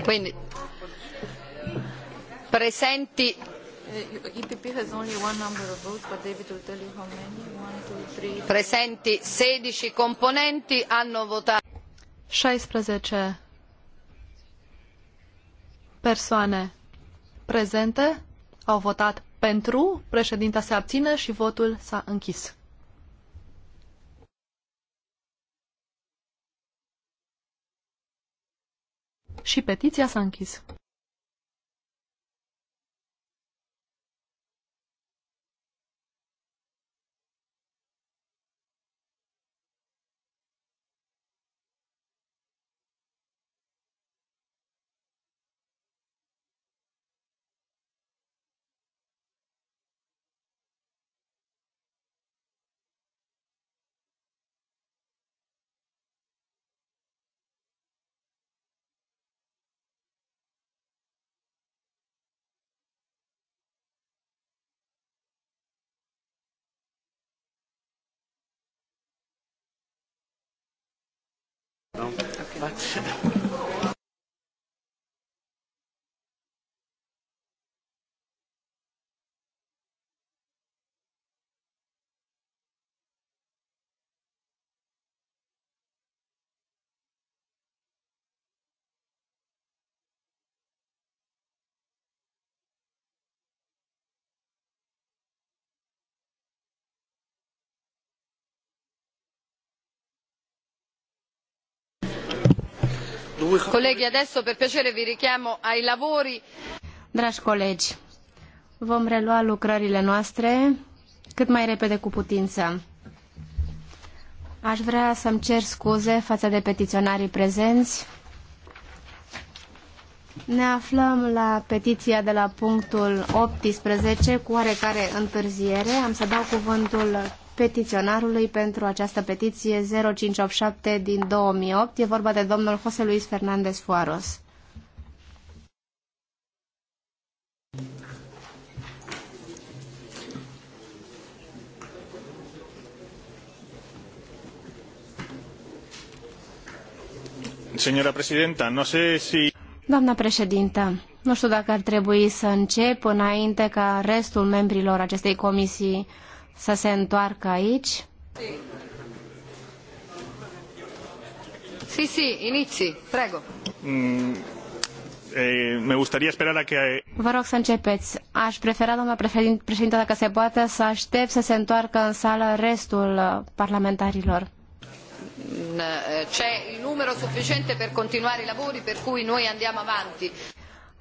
Quindi, presenti. Eh, presenti 16 componenti hanno votato. 16 persoane prezente au votat pentru, președinta se abține și votul s-a închis. și petiția s-a închis. Nu. Da? Okay. Da? vi Dragi colegi, vom relua lucrările noastre cât mai repede cu putință. Aș vrea să-mi cer scuze față de petiționarii prezenți. Ne aflăm la petiția de la punctul optsprezece cu oarecare întârziere. Am să dau cuvântul petiționarului pentru această petiție 0587 din 2008. E vorba de domnul José Luis Fernández Fuaros. Señora presidenta, no sé si... Doamna președintă, nu știu dacă ar trebui să încep înainte ca restul membrilor acestei comisii să se întoarcă aici. Sí, sí, iniții, prego. Mm, eh, me esperar a que... Eh, Vă rog să începeți. Aș prefera, doamna președinte, dacă se poate, să aștept să se întoarcă în sală restul uh, parlamentarilor eh, c'è il numero sufficiente per continuare i lavori per cui noi andiamo avanti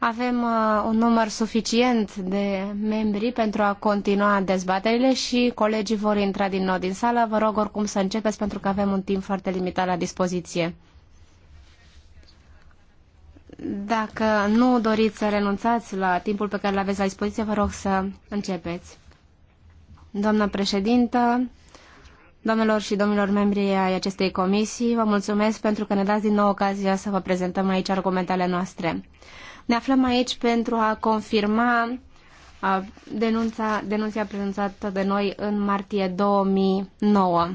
avem uh, un număr suficient de membri pentru a continua dezbaterile și colegii vor intra din nou din sală. Vă rog oricum să începeți pentru că avem un timp foarte limitat la dispoziție. Dacă nu doriți să renunțați la timpul pe care îl aveți la dispoziție, vă rog să începeți. Doamna președintă, Doamnelor și domnilor membri ai acestei comisii, vă mulțumesc pentru că ne dați din nou ocazia să vă prezentăm aici argumentele noastre. Ne aflăm aici pentru a confirma denunța, denunția prezentată de noi în martie 2009.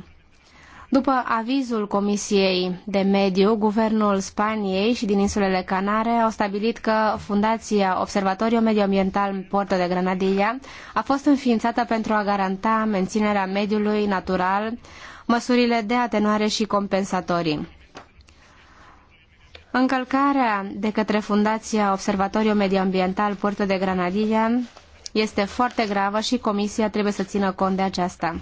După avizul Comisiei de Mediu, Guvernul Spaniei și din insulele Canare au stabilit că Fundația Observatoriu Medioambiental Porto de Granadilla a fost înființată pentru a garanta menținerea mediului natural, măsurile de atenuare și compensatorii. Încălcarea de către Fundația Observatoriu Medioambiental Puerto de Granadilla este foarte gravă și Comisia trebuie să țină cont de aceasta.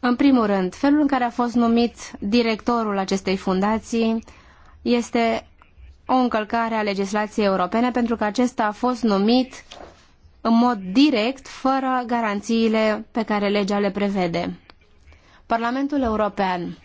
În primul rând, felul în care a fost numit directorul acestei fundații este o încălcare a legislației europene pentru că acesta a fost numit în mod direct, fără garanțiile pe care legea le prevede. Parlamentul European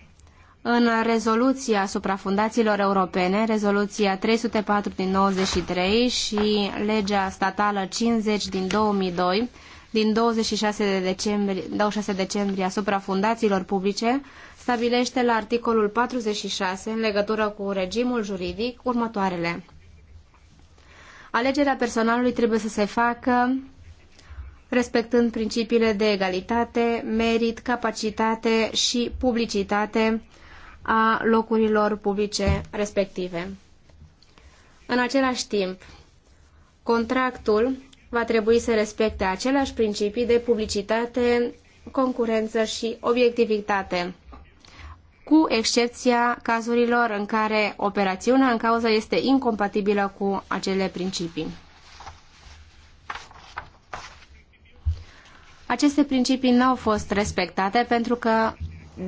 în rezoluția asupra fundațiilor europene, rezoluția 304 din 93 și legea statală 50 din 2002, din 26 de decembrie, 26 decembrie asupra fundațiilor publice, stabilește la articolul 46, în legătură cu regimul juridic, următoarele. Alegerea personalului trebuie să se facă respectând principiile de egalitate, merit, capacitate și publicitate a locurilor publice respective. În același timp, contractul va trebui să respecte aceleași principii de publicitate, concurență și obiectivitate, cu excepția cazurilor în care operațiunea în cauză este incompatibilă cu acele principii. Aceste principii nu au fost respectate pentru că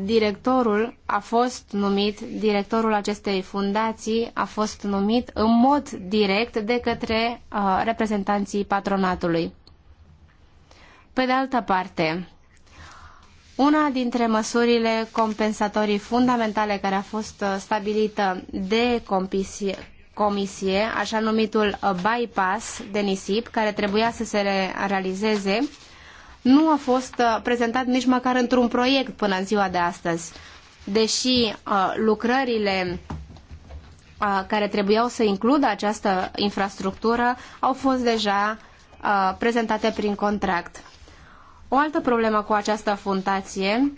directorul a fost numit, directorul acestei fundații a fost numit în mod direct de către uh, reprezentanții patronatului. Pe de altă parte, una dintre măsurile compensatorii fundamentale care a fost uh, stabilită de comisie, comisie așa numitul uh, bypass de nisip, care trebuia să se realizeze, nu a fost uh, prezentat nici măcar într-un proiect până în ziua de astăzi. Deși uh, lucrările uh, care trebuiau să includă această infrastructură au fost deja prezentate prin contract. O altă problemă cu această fundație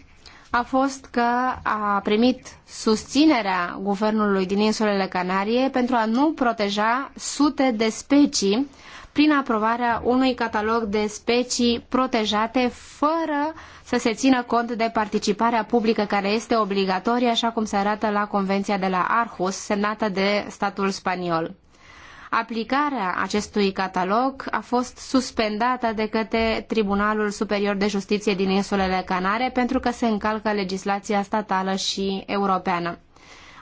a fost că a primit susținerea guvernului din insulele Canarie pentru a nu proteja sute de specii prin aprobarea unui catalog de specii protejate fără să se țină cont de participarea publică care este obligatorie, așa cum se arată la Convenția de la Arhus, semnată de statul spaniol. Aplicarea acestui catalog a fost suspendată de către Tribunalul Superior de Justiție din insulele Canare pentru că se încalcă legislația statală și europeană.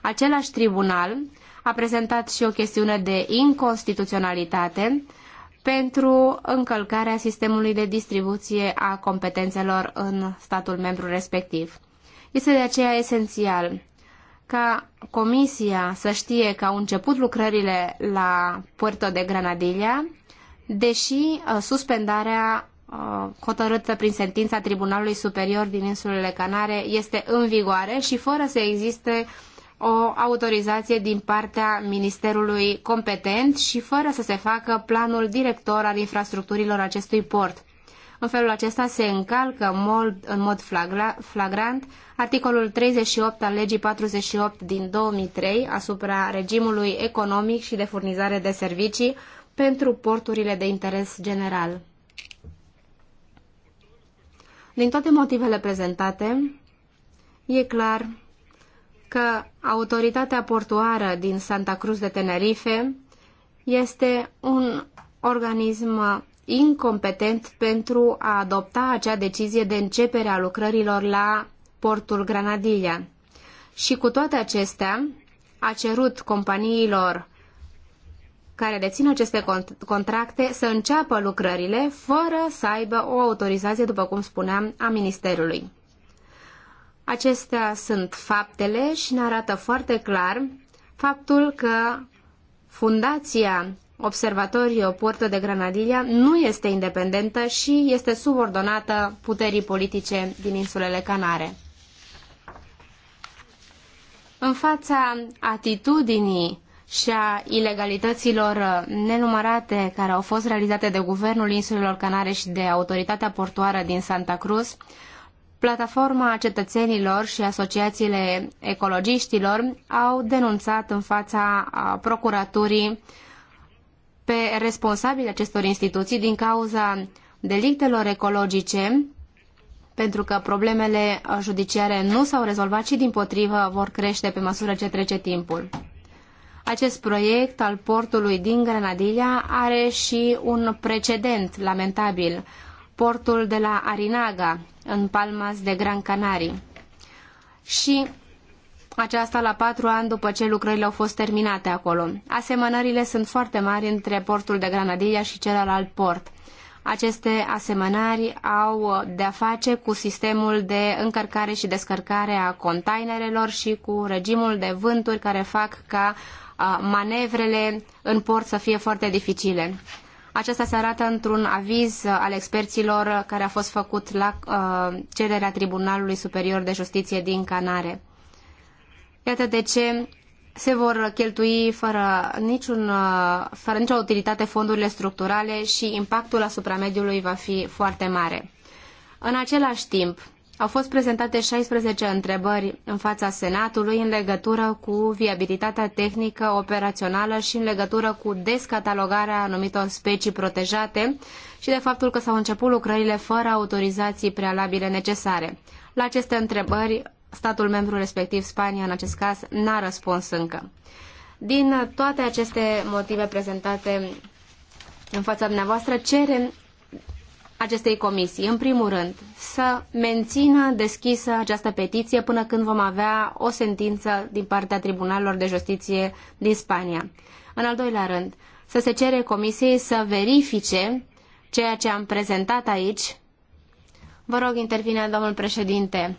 Același tribunal a prezentat și o chestiune de inconstituționalitate pentru încălcarea sistemului de distribuție a competențelor în statul membru respectiv. Este de aceea esențial ca Comisia să știe că au început lucrările la Puerto de Granadilla, deși uh, suspendarea uh, hotărâtă prin sentința Tribunalului Superior din insulele Canare este în vigoare și fără să existe o autorizație din partea ministerului competent și fără să se facă planul director al infrastructurilor acestui port. În felul acesta se încalcă mod, în mod flagra, flagrant articolul 38 al legii 48 din 2003 asupra regimului economic și de furnizare de servicii pentru porturile de interes general. Din toate motivele prezentate, e clar că autoritatea portuară din Santa Cruz de Tenerife este un organism incompetent pentru a adopta acea decizie de începere a lucrărilor la portul Granadilla. Și cu toate acestea, a cerut companiilor care dețin aceste contracte să înceapă lucrările fără să aibă o autorizație, după cum spuneam, a Ministerului. Acestea sunt faptele și ne arată foarte clar faptul că fundația Observatorio Porto de Granadilla nu este independentă și este subordonată puterii politice din insulele Canare. În fața atitudinii și a ilegalităților nenumărate care au fost realizate de Guvernul Insulelor Canare și de Autoritatea Portoară din Santa Cruz, Plataforma cetățenilor și asociațiile ecologiștilor au denunțat în fața procuraturii pe responsabilii acestor instituții din cauza delictelor ecologice, pentru că problemele judiciare nu s-au rezolvat și din potrivă vor crește pe măsură ce trece timpul. Acest proiect al portului din Grenadilla are și un precedent lamentabil portul de la Arinaga, în Palmas de Gran Canaria. Și aceasta la patru ani după ce lucrările au fost terminate acolo. Asemănările sunt foarte mari între portul de Granadilla și celălalt port. Aceste asemănări au de-a face cu sistemul de încărcare și descărcare a containerelor și cu regimul de vânturi care fac ca manevrele în port să fie foarte dificile. Aceasta se arată într-un aviz al experților care a fost făcut la uh, cererea Tribunalului Superior de Justiție din Canare. Iată de ce se vor cheltui fără, niciun, uh, fără nicio utilitate fondurile structurale și impactul asupra mediului va fi foarte mare. În același timp, au fost prezentate 16 întrebări în fața Senatului în legătură cu viabilitatea tehnică, operațională și în legătură cu descatalogarea anumitor specii protejate și de faptul că s-au început lucrările fără autorizații prealabile necesare. La aceste întrebări, statul membru respectiv Spania, în acest caz, n-a răspuns încă. Din toate aceste motive prezentate în fața dumneavoastră, cerem acestei comisii. În primul rând, să mențină deschisă această petiție până când vom avea o sentință din partea Tribunalelor de Justiție din Spania. În al doilea rând, să se cere comisiei să verifice ceea ce am prezentat aici. Vă rog, intervine domnul președinte.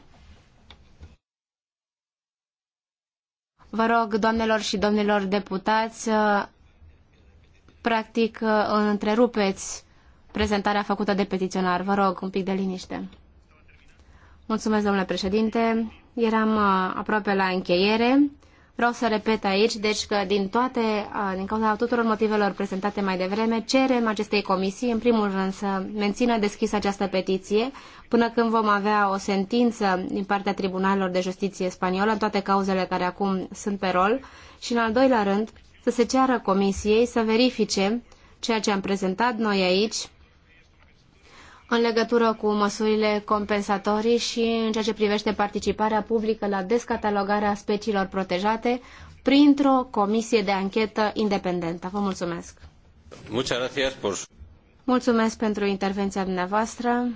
Vă rog, doamnelor și domnilor deputați, practic întrerupeți prezentarea făcută de petiționar. Vă rog, un pic de liniște. Mulțumesc, domnule președinte. Eram uh, aproape la încheiere. Vreau să repet aici, deci că din toate, uh, din cauza tuturor motivelor prezentate mai devreme, cerem acestei comisii, în primul rând, să mențină deschisă această petiție până când vom avea o sentință din partea tribunalelor de justiție spaniolă în toate cauzele care acum sunt pe rol și, în al doilea rând, să se ceară comisiei să verifice ceea ce am prezentat noi aici în legătură cu măsurile compensatorii și în ceea ce privește participarea publică la descatalogarea speciilor protejate printr-o comisie de anchetă independentă. Vă mulțumesc! Mulțumesc pentru intervenția dumneavoastră.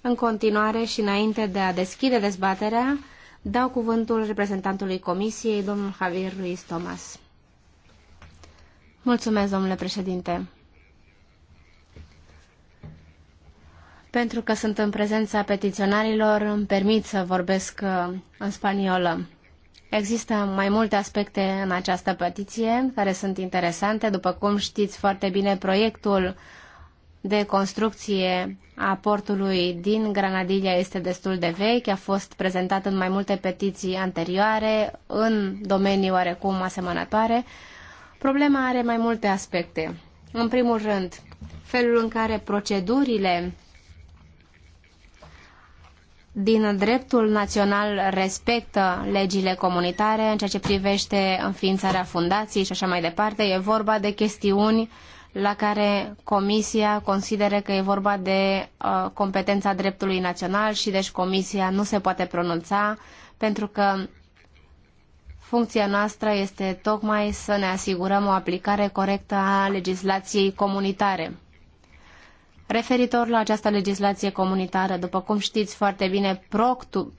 În continuare și înainte de a deschide dezbaterea, dau cuvântul reprezentantului Comisiei, domnul Javier Ruiz Tomas. Mulțumesc, domnule președinte. Pentru că sunt în prezența petiționarilor, îmi permit să vorbesc uh, în spaniolă. Există mai multe aspecte în această petiție care sunt interesante. După cum știți foarte bine, proiectul de construcție a portului din Granadilla este destul de vechi, a fost prezentat în mai multe petiții anterioare, în domenii oarecum asemănătoare. Problema are mai multe aspecte. În primul rând, felul în care procedurile din dreptul național respectă legile comunitare în ceea ce privește înființarea fundației și așa mai departe. E vorba de chestiuni la care Comisia consideră că e vorba de uh, competența dreptului național și deci Comisia nu se poate pronunța pentru că funcția noastră este tocmai să ne asigurăm o aplicare corectă a legislației comunitare. Referitor la această legislație comunitară, după cum știți foarte bine,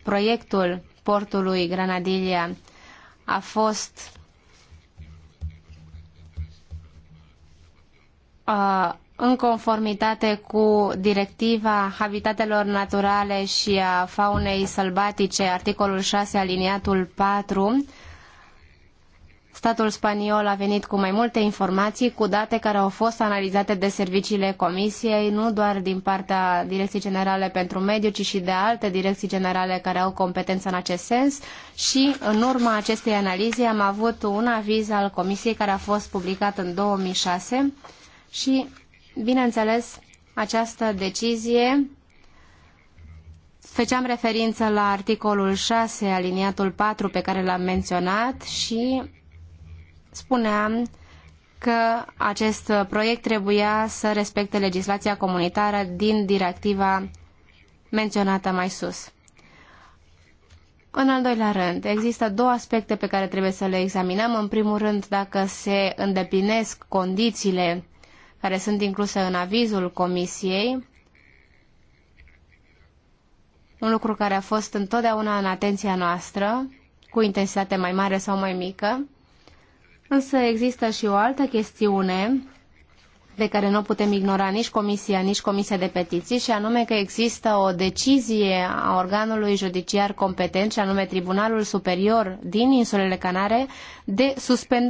proiectul portului Granadilia a fost în conformitate cu directiva habitatelor naturale și a faunei sălbatice, articolul 6, aliniatul 4, Statul spaniol a venit cu mai multe informații, cu date care au fost analizate de serviciile Comisiei, nu doar din partea Direcției Generale pentru Mediu, ci și de alte direcții generale care au competență în acest sens. Și în urma acestei analize am avut un aviz al Comisiei care a fost publicat în 2006 și, bineînțeles, această decizie Făceam referință la articolul 6, aliniatul 4 pe care l-am menționat și spuneam că acest proiect trebuia să respecte legislația comunitară din directiva menționată mai sus. În al doilea rând, există două aspecte pe care trebuie să le examinăm. În primul rând, dacă se îndeplinesc condițiile care sunt incluse în avizul Comisiei, un lucru care a fost întotdeauna în atenția noastră, cu intensitate mai mare sau mai mică, Însă există și o altă chestiune pe care nu putem ignora nici Comisia, nici Comisia de Petiții, și anume că există o decizie a organului judiciar competent, și anume Tribunalul Superior din insulele Canare, de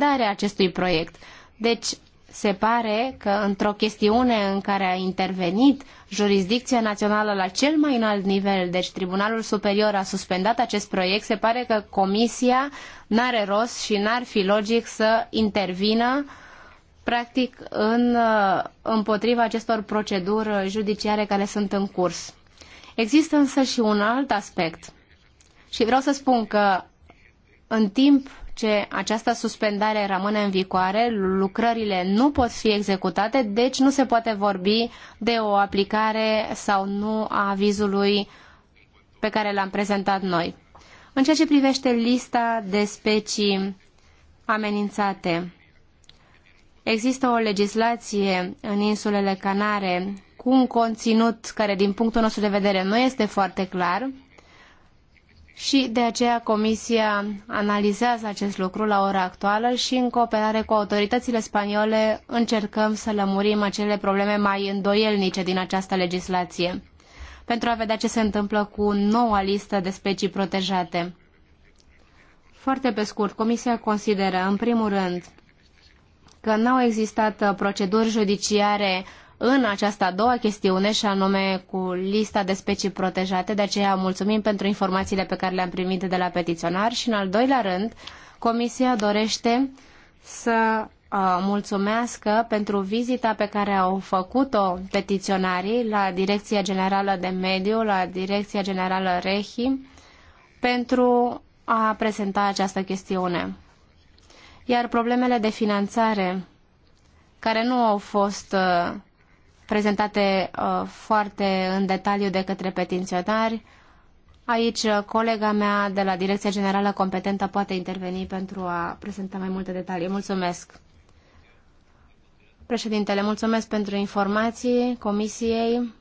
a acestui proiect. Deci, se pare că într-o chestiune în care a intervenit jurisdicția națională la cel mai înalt nivel, deci Tribunalul Superior a suspendat acest proiect, se pare că Comisia n-are rost și n-ar fi logic să intervină practic în, împotriva acestor proceduri judiciare care sunt în curs. Există însă și un alt aspect. Și vreau să spun că în timp ce această suspendare rămâne în vigoare, lucrările nu pot fi executate, deci nu se poate vorbi de o aplicare sau nu a avizului pe care l-am prezentat noi. În ceea ce privește lista de specii amenințate, există o legislație în insulele Canare cu un conținut care, din punctul nostru de vedere, nu este foarte clar, și de aceea Comisia analizează acest lucru la ora actuală și în cooperare cu autoritățile spaniole încercăm să lămurim acele probleme mai îndoielnice din această legislație pentru a vedea ce se întâmplă cu noua listă de specii protejate. Foarte pe scurt, Comisia consideră, în primul rând, că n-au existat proceduri judiciare în această a doua chestiune și anume cu lista de specii protejate, de aceea mulțumim pentru informațiile pe care le-am primit de la petiționar și în al doilea rând Comisia dorește să uh, mulțumească pentru vizita pe care au făcut-o petiționarii la Direcția Generală de Mediu, la Direcția Generală Rehi, pentru a prezenta această chestiune. Iar problemele de finanțare care nu au fost uh, prezentate uh, foarte în detaliu de către petiționari. Aici uh, colega mea de la Direcția Generală Competentă poate interveni pentru a prezenta mai multe detalii. Mulțumesc! Președintele, mulțumesc pentru informații comisiei.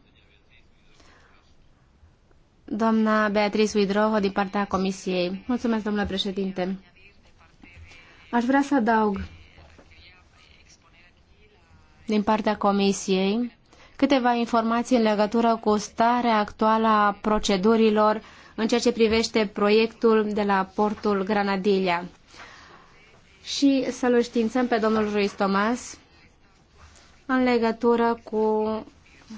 Doamna Beatrice Uidroho din partea comisiei. Mulțumesc, domnule președinte. Aș vrea să adaug din partea comisiei câteva informații în legătură cu starea actuală a procedurilor în ceea ce privește proiectul de la portul Granadilla. Și să-l științăm pe domnul Ruiz Tomas în legătură cu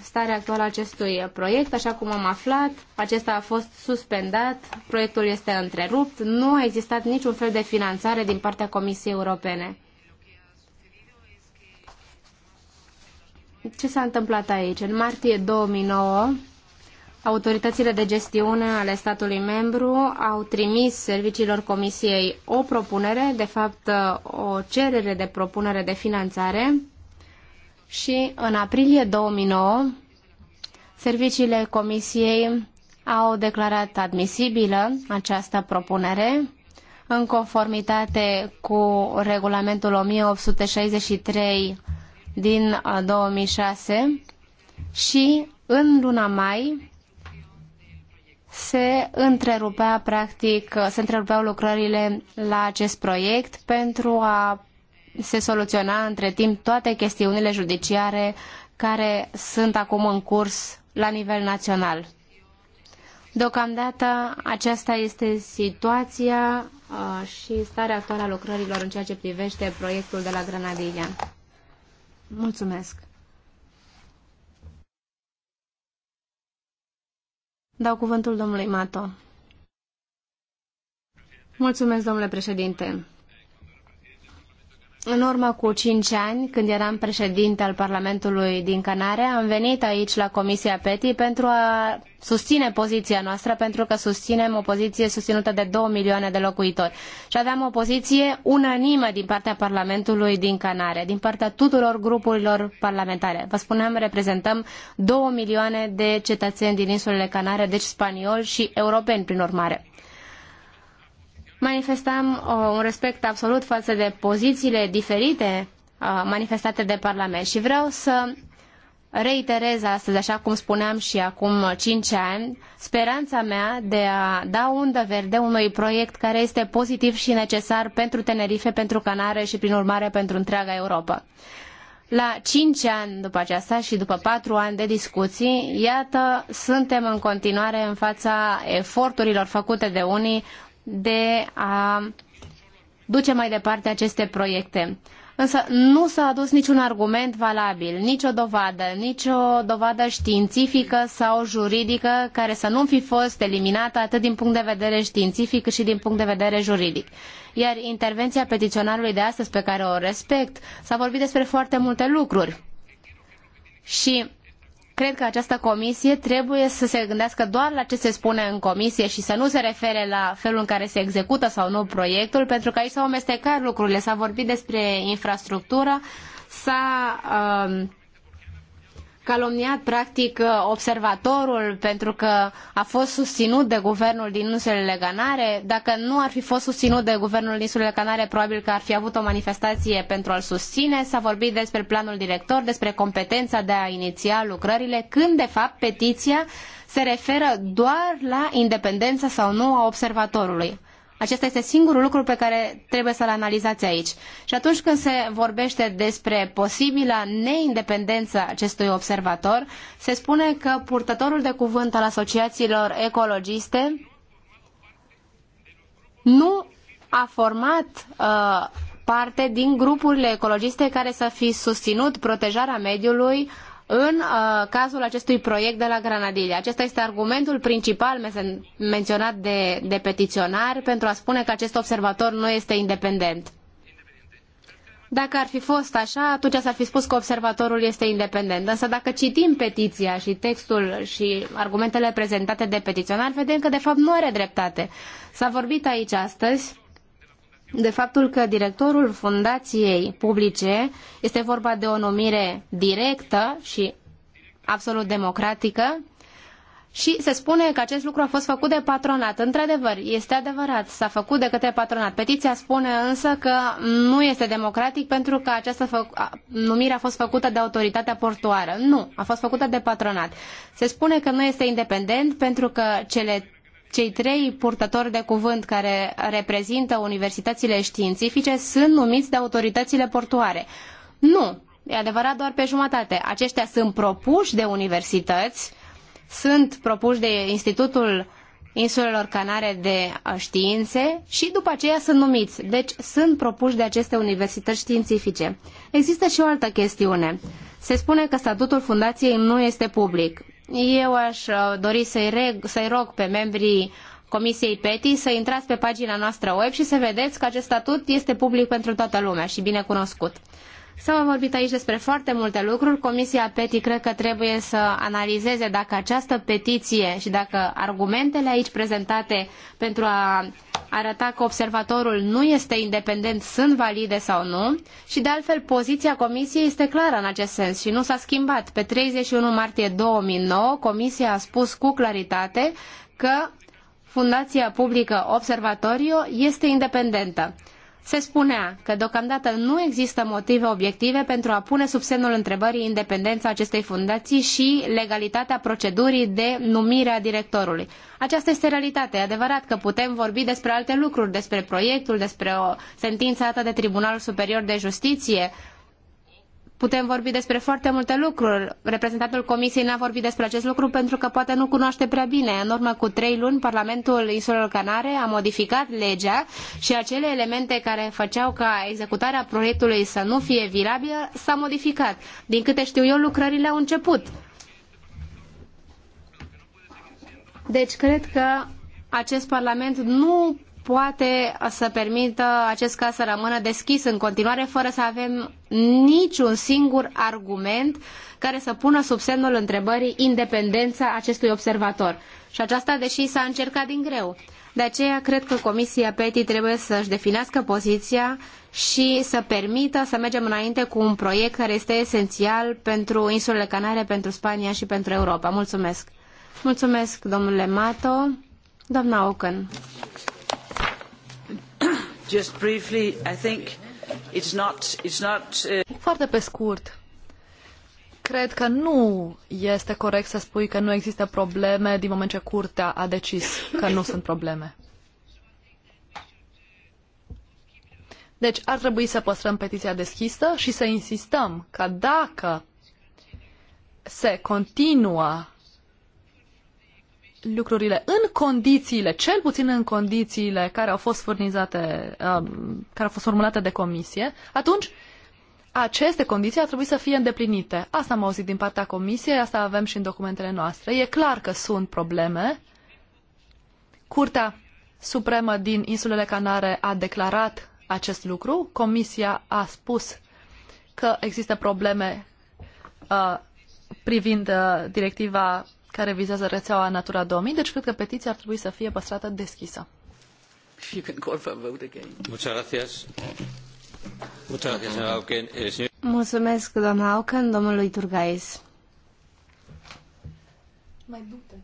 starea actuală a acestui proiect. Așa cum am aflat, acesta a fost suspendat, proiectul este întrerupt, nu a existat niciun fel de finanțare din partea Comisiei Europene. Ce s-a întâmplat aici? În martie 2009, autoritățile de gestiune ale statului membru au trimis serviciilor Comisiei o propunere, de fapt o cerere de propunere de finanțare și în aprilie 2009 serviciile Comisiei au declarat admisibilă această propunere în conformitate cu regulamentul 1863 din 2006 și în luna mai se întrerupea practic, se întrerupeau lucrările la acest proiect pentru a se soluționa între timp toate chestiunile judiciare care sunt acum în curs la nivel național. Deocamdată aceasta este situația și starea actuală a lucrărilor în ceea ce privește proiectul de la Granadilla. Mulțumesc. Dau cuvântul domnului Mato. Mulțumesc, domnule președinte. În urmă cu cinci ani, când eram președinte al Parlamentului din Canare, am venit aici la Comisia PETI pentru a susține poziția noastră, pentru că susținem o poziție susținută de 2 milioane de locuitori. Și aveam o poziție unanimă din partea Parlamentului din Canare, din partea tuturor grupurilor parlamentare. Vă spuneam, reprezentăm 2 milioane de cetățeni din insulele Canare, deci spanioli și europeni, prin urmare manifestam uh, un respect absolut față de pozițiile diferite uh, manifestate de Parlament și vreau să reiterez astăzi, așa cum spuneam și acum cinci ani, speranța mea de a da undă verde unui proiect care este pozitiv și necesar pentru Tenerife, pentru Canare și, prin urmare, pentru întreaga Europa. La cinci ani după aceasta și după patru ani de discuții, iată, suntem în continuare în fața eforturilor făcute de unii de a duce mai departe aceste proiecte. Însă nu s-a adus niciun argument valabil, nicio dovadă, nicio dovadă științifică sau juridică care să nu fi fost eliminată atât din punct de vedere științific cât și din punct de vedere juridic. Iar intervenția petiționarului de astăzi, pe care o respect, s-a vorbit despre foarte multe lucruri. Și cred că această comisie trebuie să se gândească doar la ce se spune în comisie și să nu se refere la felul în care se execută sau nu proiectul, pentru că aici s-au amestecat lucrurile. S-a vorbit despre infrastructură, s-a um, calomniat practic uh, observatorul pentru că a fost susținut de guvernul din insulele Canare. Dacă nu ar fi fost susținut de guvernul din insulele Canare, probabil că ar fi avut o manifestație pentru a-l susține. S-a vorbit despre planul director, despre competența de a iniția lucrările, când de fapt petiția se referă doar la independența sau nu a observatorului. Acesta este singurul lucru pe care trebuie să-l analizați aici. Și atunci când se vorbește despre posibila neindependență acestui observator, se spune că purtătorul de cuvânt al asociațiilor ecologiste nu a format uh, parte din grupurile ecologiste care să fi susținut protejarea mediului uh, în uh, cazul acestui proiect de la Granadilla. Acesta este argumentul principal menționat de, de petiționar pentru a spune că acest observator nu este independent. Dacă ar fi fost așa, atunci s-ar fi spus că observatorul este independent. Însă dacă citim petiția și textul și argumentele prezentate de petiționar, vedem că de fapt nu are dreptate. S-a vorbit aici astăzi de faptul că directorul fundației publice este vorba de o numire directă și absolut democratică și se spune că acest lucru a fost făcut de patronat. Într-adevăr, este adevărat, s-a făcut de către patronat. Petiția spune însă că nu este democratic pentru că această numire a fost făcută de autoritatea portoară. Nu, a fost făcută de patronat. Se spune că nu este independent pentru că cele cei trei purtători de cuvânt care reprezintă universitățile științifice sunt numiți de autoritățile portuare. Nu, e adevărat doar pe jumătate. Aceștia sunt propuși de universități, sunt propuși de Institutul Insulelor Canare de Științe și după aceea sunt numiți. Deci sunt propuși de aceste universități științifice. Există și o altă chestiune. Se spune că statutul fundației nu este public. Eu aș uh, dori să-i, reg, să rog pe membrii Comisiei PETI să intrați pe pagina noastră web și să vedeți că acest statut este public pentru toată lumea și bine cunoscut. S-au vorbit aici despre foarte multe lucruri. Comisia PETI cred că trebuie să analizeze dacă această petiție și dacă argumentele aici prezentate pentru a arăta că observatorul nu este independent, sunt valide sau nu și de altfel poziția comisiei este clară în acest sens și nu s-a schimbat. Pe 31 martie 2009 comisia a spus cu claritate că Fundația Publică Observatorio este independentă se spunea că deocamdată nu există motive obiective pentru a pune sub semnul întrebării independența acestei fundații și legalitatea procedurii de numire a directorului. Aceasta este realitatea. E adevărat că putem vorbi despre alte lucruri, despre proiectul, despre o sentință dată de Tribunalul Superior de Justiție, Putem vorbi despre foarte multe lucruri. Reprezentantul Comisiei n-a vorbit despre acest lucru pentru că poate nu cunoaște prea bine. În urmă cu trei luni, Parlamentul Insulelor Canare a modificat legea și acele elemente care făceau ca executarea proiectului să nu fie virabilă s-a modificat. Din câte știu eu, lucrările au început. Deci cred că acest Parlament nu poate să permită acest caz să rămână deschis în continuare fără să avem niciun singur argument care să pună sub semnul întrebării independența acestui observator. Și aceasta deși s-a încercat din greu. De aceea cred că Comisia PETI trebuie să-și definească poziția și să permită să mergem înainte cu un proiect care este esențial pentru insulele Canare, pentru Spania și pentru Europa. Mulțumesc! Mulțumesc, domnule Mato. Doamna Ocan. Just briefly, I think it's not, it's not, uh... Foarte pe scurt, cred că nu este corect să spui că nu există probleme din moment ce curtea a decis că nu sunt probleme. Deci ar trebui să păstrăm petiția deschisă și să insistăm că dacă se continuă lucrurile în condițiile, cel puțin în condițiile care au fost furnizate, um, care au fost formulate de comisie, atunci aceste condiții ar trebui să fie îndeplinite. Asta am auzit din partea comisiei, asta avem și în documentele noastre. E clar că sunt probleme. Curtea Supremă din insulele Canare a declarat acest lucru. Comisia a spus că există probleme uh, privind uh, directiva care vizează rețeaua Natura 2000, deci cred că petiția ar trebui să fie păstrată deschisă. Eh, Mulțumesc, doamna Auken, domnului Turgais. Mai după.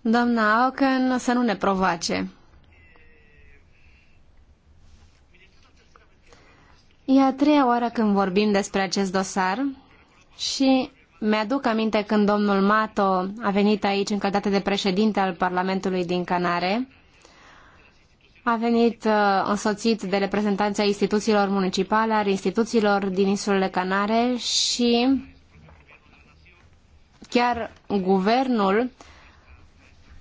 Doamna Auken, să nu ne provoace. E a treia oară când vorbim despre acest dosar și mi-aduc aminte când domnul Mato a venit aici în calitate de președinte al Parlamentului din Canare. A venit uh, însoțit de reprezentanții instituțiilor municipale, al instituțiilor din insulele Canare și chiar guvernul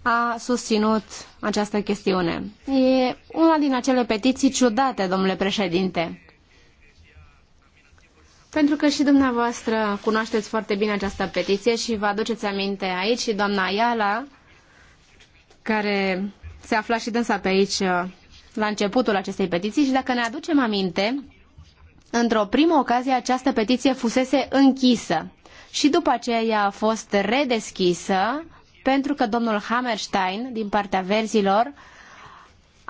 a susținut această chestiune. E una din acele petiții ciudate, domnule președinte. Pentru că și dumneavoastră cunoașteți foarte bine această petiție și vă aduceți aminte aici și doamna Iala, care se afla și dânsa pe aici uh, la începutul acestei petiții și dacă ne aducem aminte, într-o primă ocazie această petiție fusese închisă și după aceea ea a fost redeschisă pentru că domnul Hammerstein din partea verzilor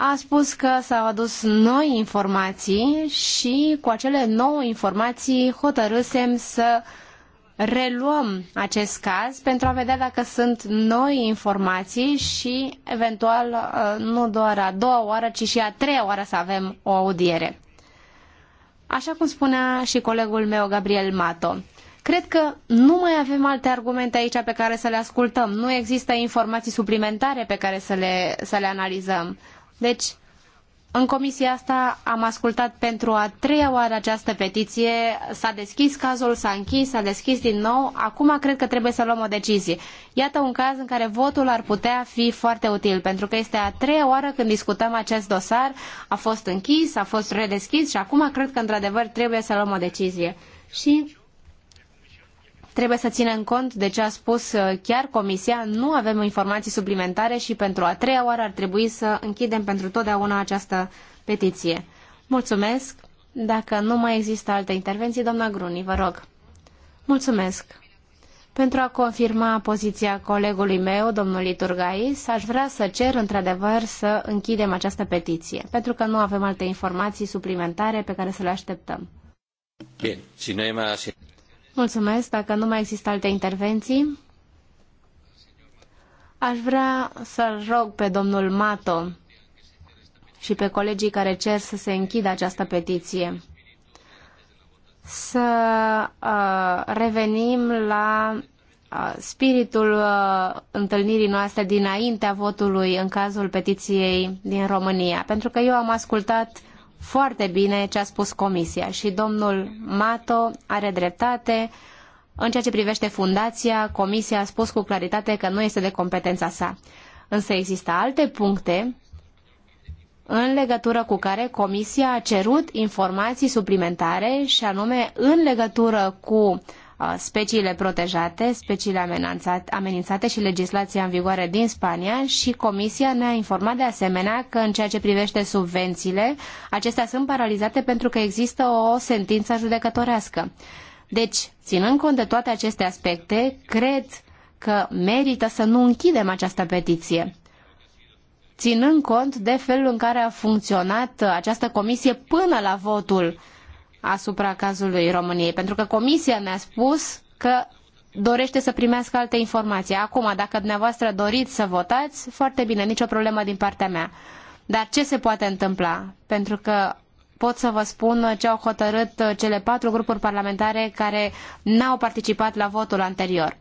a spus că s-au adus noi informații și cu acele nouă informații hotărâsem să reluăm acest caz pentru a vedea dacă sunt noi informații și eventual uh, nu doar a doua oară, ci și a treia oară să avem o audiere. Așa cum spunea și colegul meu Gabriel Mato, cred că nu mai avem alte argumente aici pe care să le ascultăm. Nu există informații suplimentare pe care să le, să le analizăm. Deci, în comisia asta am ascultat pentru a treia oară această petiție, s-a deschis cazul, s-a închis, s-a deschis din nou, acum cred că trebuie să luăm o decizie. Iată un caz în care votul ar putea fi foarte util, pentru că este a treia oară când discutăm acest dosar, a fost închis, a fost redeschis și acum cred că într-adevăr trebuie să luăm o decizie. Și Trebuie să ținem cont de ce a spus uh, chiar Comisia, nu avem informații suplimentare și pentru a treia oară ar trebui să închidem pentru totdeauna această petiție. Mulțumesc! Dacă nu mai există alte intervenții, doamna Gruni, vă rog. Mulțumesc! Pentru a confirma poziția colegului meu, domnului Turgais, aș vrea să cer într-adevăr să închidem această petiție, pentru că nu avem alte informații suplimentare pe care să le așteptăm. Bine, și noi mai Mulțumesc. Dacă nu mai există alte intervenții, aș vrea să-l rog pe domnul Mato și pe colegii care cer să se închidă această petiție să uh, revenim la uh, spiritul uh, întâlnirii noastre dinaintea votului în cazul petiției din România. Pentru că eu am ascultat foarte bine ce a spus Comisia și domnul Mato are dreptate. În ceea ce privește fundația, Comisia a spus cu claritate că nu este de competența sa. Însă există alte puncte în legătură cu care Comisia a cerut informații suplimentare și anume în legătură cu speciile protejate, speciile amenințate și legislația în vigoare din Spania și Comisia ne-a informat de asemenea că în ceea ce privește subvențiile, acestea sunt paralizate pentru că există o sentință judecătorească. Deci, ținând cont de toate aceste aspecte, cred că merită să nu închidem această petiție ținând cont de felul în care a funcționat această comisie până la votul asupra cazului României, pentru că comisia ne a spus că dorește să primească alte informații. Acum, dacă dumneavoastră doriți să votați, foarte bine, nicio problemă din partea mea. Dar ce se poate întâmpla? Pentru că pot să vă spun ce au hotărât cele patru grupuri parlamentare care n-au participat la votul anterior.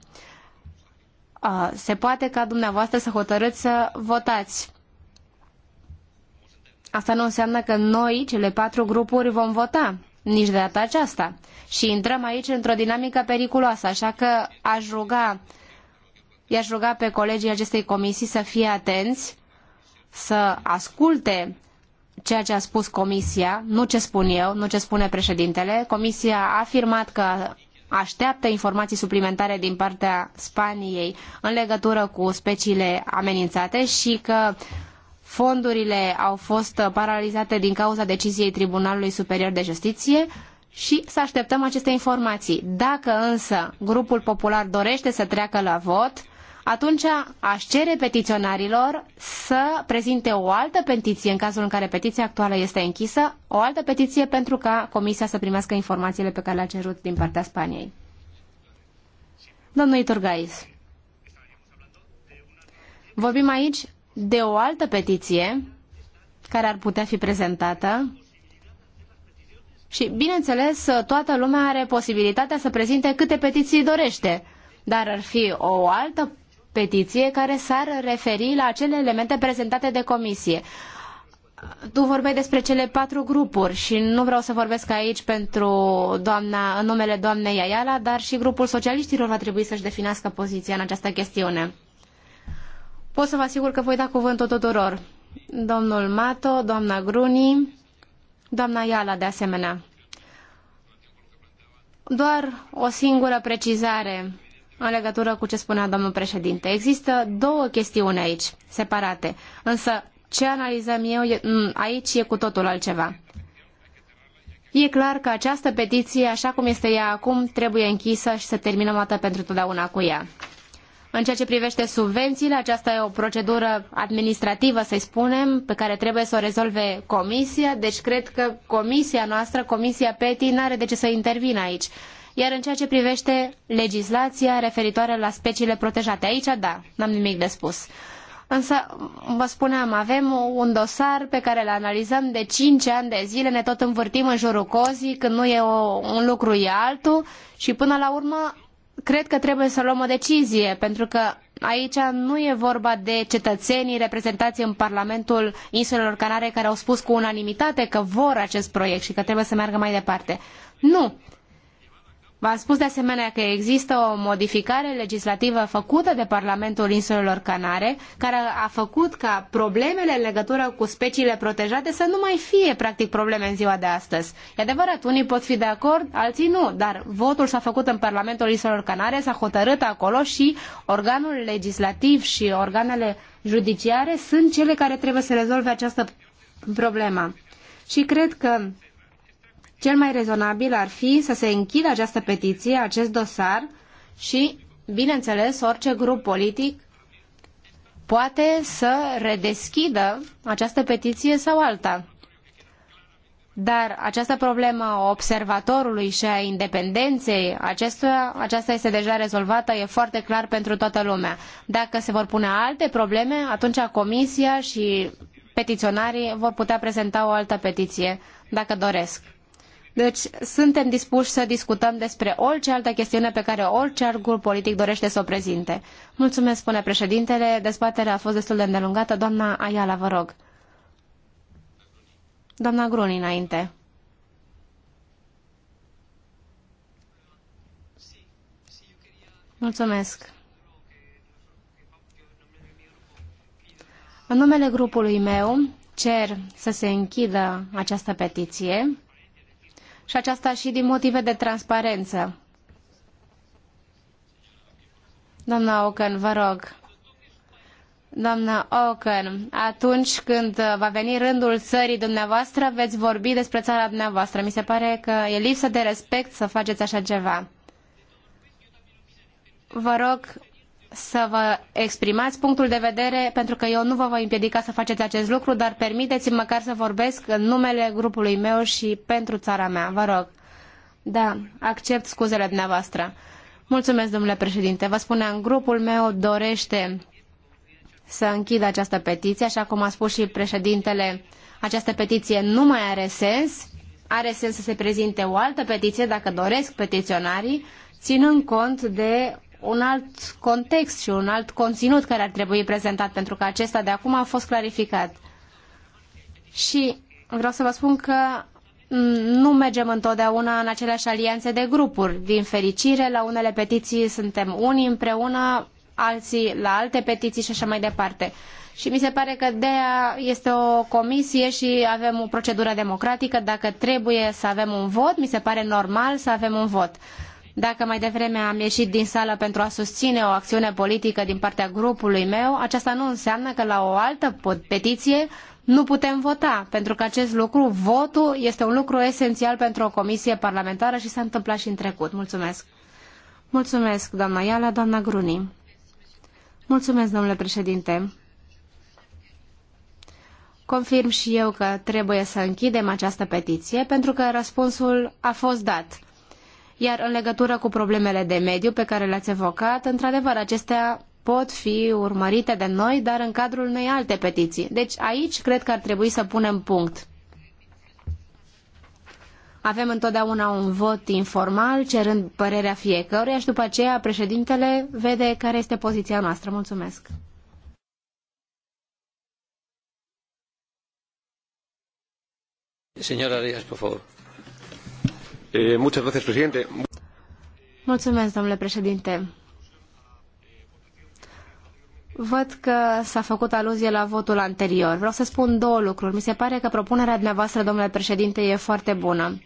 Se poate ca dumneavoastră să hotărâți să votați. Asta nu înseamnă că noi, cele patru grupuri, vom vota nici de data aceasta. Și intrăm aici într-o dinamică periculoasă, așa că aș ruga, i-aș ruga pe colegii acestei comisii să fie atenți, să asculte ceea ce a spus comisia, nu ce spun eu, nu ce spune președintele. Comisia a afirmat că așteaptă informații suplimentare din partea Spaniei în legătură cu speciile amenințate și că fondurile au fost uh, paralizate din cauza deciziei Tribunalului Superior de Justiție și să așteptăm aceste informații. Dacă însă grupul popular dorește să treacă la vot, atunci aș cere petiționarilor să prezinte o altă petiție în cazul în care petiția actuală este închisă, o altă petiție pentru ca Comisia să primească informațiile pe care le-a cerut din partea Spaniei. Domnul Iturgais, vorbim aici de o altă petiție care ar putea fi prezentată și, bineînțeles, toată lumea are posibilitatea să prezinte câte petiții dorește, dar ar fi o altă petiție care s-ar referi la acele elemente prezentate de comisie. Tu vorbeai despre cele patru grupuri și nu vreau să vorbesc aici pentru doamna, în numele doamnei Ayala, dar și grupul socialiștilor va trebui să-și definească poziția în această chestiune. Pot să vă asigur că voi da cuvântul tuturor. Domnul Mato, doamna Gruni, doamna Iala de asemenea. Doar o singură precizare în legătură cu ce spunea domnul președinte. Există două chestiuni aici, separate, însă ce analizăm eu aici e cu totul altceva. E clar că această petiție, așa cum este ea acum, trebuie închisă și să terminăm o dată pentru totdeauna cu ea. În ceea ce privește subvențiile, aceasta e o procedură administrativă, să spunem, pe care trebuie să o rezolve comisia, deci cred că comisia noastră, comisia PETI, nu are de ce să intervină aici. Iar în ceea ce privește legislația referitoare la speciile protejate, aici da, n-am nimic de spus. Însă, vă spuneam, avem un dosar pe care îl analizăm de cinci ani de zile, ne tot învârtim în jurul cozii, când nu e o, un lucru e altul și până la urmă cred că trebuie să luăm o decizie, pentru că aici nu e vorba de cetățenii reprezentați în Parlamentul Insulelor Canare care au spus cu unanimitate că vor acest proiect și că trebuie să meargă mai departe. Nu! V-am spus de asemenea că există o modificare legislativă făcută de Parlamentul Insulelor Canare, care a făcut ca problemele în legătură cu speciile protejate să nu mai fie practic probleme în ziua de astăzi. E adevărat, unii pot fi de acord, alții nu, dar votul s-a făcut în Parlamentul Insulelor Canare, s-a hotărât acolo și organul legislativ și organele judiciare sunt cele care trebuie să rezolve această problemă. Și cred că cel mai rezonabil ar fi să se închidă această petiție, acest dosar și, bineînțeles, orice grup politic poate să redeschidă această petiție sau alta. Dar această problemă observatorului și a independenței acestuia, aceasta este deja rezolvată, e foarte clar pentru toată lumea. Dacă se vor pune alte probleme, atunci comisia și petiționarii vor putea prezenta o altă petiție, dacă doresc. Deci suntem dispuși să discutăm despre orice altă chestiune pe care orice alt grup politic dorește să o prezinte. Mulțumesc, spune președintele. Dezbaterea a fost destul de îndelungată. Doamna Ayala, vă rog. Doamna Gruni, înainte. Mulțumesc. În numele grupului meu cer să se închidă această petiție și aceasta și din motive de transparență. Doamna Ocan, vă rog. Doamna Ocan, atunci când va veni rândul țării dumneavoastră, veți vorbi despre țara dumneavoastră. Mi se pare că e lipsă de respect să faceți așa ceva. Vă rog, să vă exprimați punctul de vedere, pentru că eu nu vă voi împiedica să faceți acest lucru, dar permiteți-mi măcar să vorbesc în numele grupului meu și pentru țara mea, vă rog. Da, accept scuzele dumneavoastră. Mulțumesc, domnule președinte. Vă spuneam, grupul meu dorește să închidă această petiție, așa cum a spus și președintele, această petiție nu mai are sens, are sens să se prezinte o altă petiție, dacă doresc petiționarii, ținând cont de un alt context și un alt conținut care ar trebui prezentat, pentru că acesta de acum a fost clarificat. Și vreau să vă spun că nu mergem întotdeauna în aceleași alianțe de grupuri. Din fericire, la unele petiții suntem unii împreună, alții la alte petiții și așa mai departe. Și mi se pare că de este o comisie și avem o procedură democratică. Dacă trebuie să avem un vot, mi se pare normal să avem un vot. Dacă mai devreme am ieșit din sală pentru a susține o acțiune politică din partea grupului meu, aceasta nu înseamnă că la o altă petiție nu putem vota, pentru că acest lucru, votul, este un lucru esențial pentru o comisie parlamentară și s-a întâmplat și în trecut. Mulțumesc. Mulțumesc, doamna Iala, doamna Gruni. Mulțumesc, domnule președinte. Confirm și eu că trebuie să închidem această petiție, pentru că răspunsul a fost dat. Iar în legătură cu problemele de mediu pe care le-ați evocat, într-adevăr, acestea pot fi urmărite de noi, dar în cadrul unei alte petiții. Deci aici cred că ar trebui să punem punct. Avem întotdeauna un vot informal, cerând părerea fiecăruia și după aceea președintele vede care este poziția noastră. Mulțumesc! Señora Arias, por favor. Eh, Mulțumesc, domnule președinte. Văd că s-a făcut aluzie la votul anterior. Vreau să spun două lucruri. Mi se pare că propunerea dumneavoastră, domnule președinte, e foarte bună.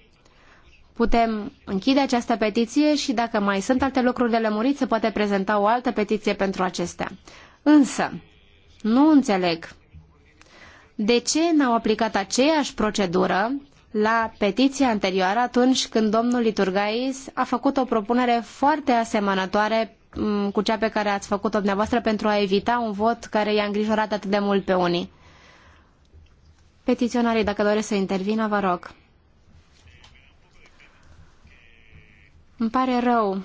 Putem închide această petiție și dacă mai sunt alte lucruri de lămurit, se poate prezenta o altă petiție pentru acestea. Însă, nu înțeleg de ce n-au aplicat aceeași procedură la petiția anterioară atunci când domnul Liturgais a făcut o propunere foarte asemănătoare mm, cu cea pe care ați făcut-o dumneavoastră pentru a evita un vot care i-a îngrijorat atât de mult pe unii. Petiționarii, dacă doresc să intervină, vă rog. Îmi pare rău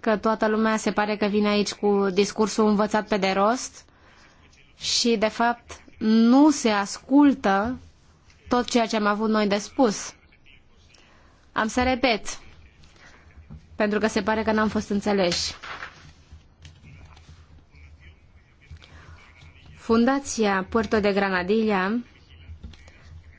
că toată lumea se pare că vine aici cu discursul învățat pe de rost și, de fapt, nu se ascultă tot ceea ce am avut noi de spus. Am să repet, pentru că se pare că n-am fost înțeleși. Fundația Puerto de Granadilla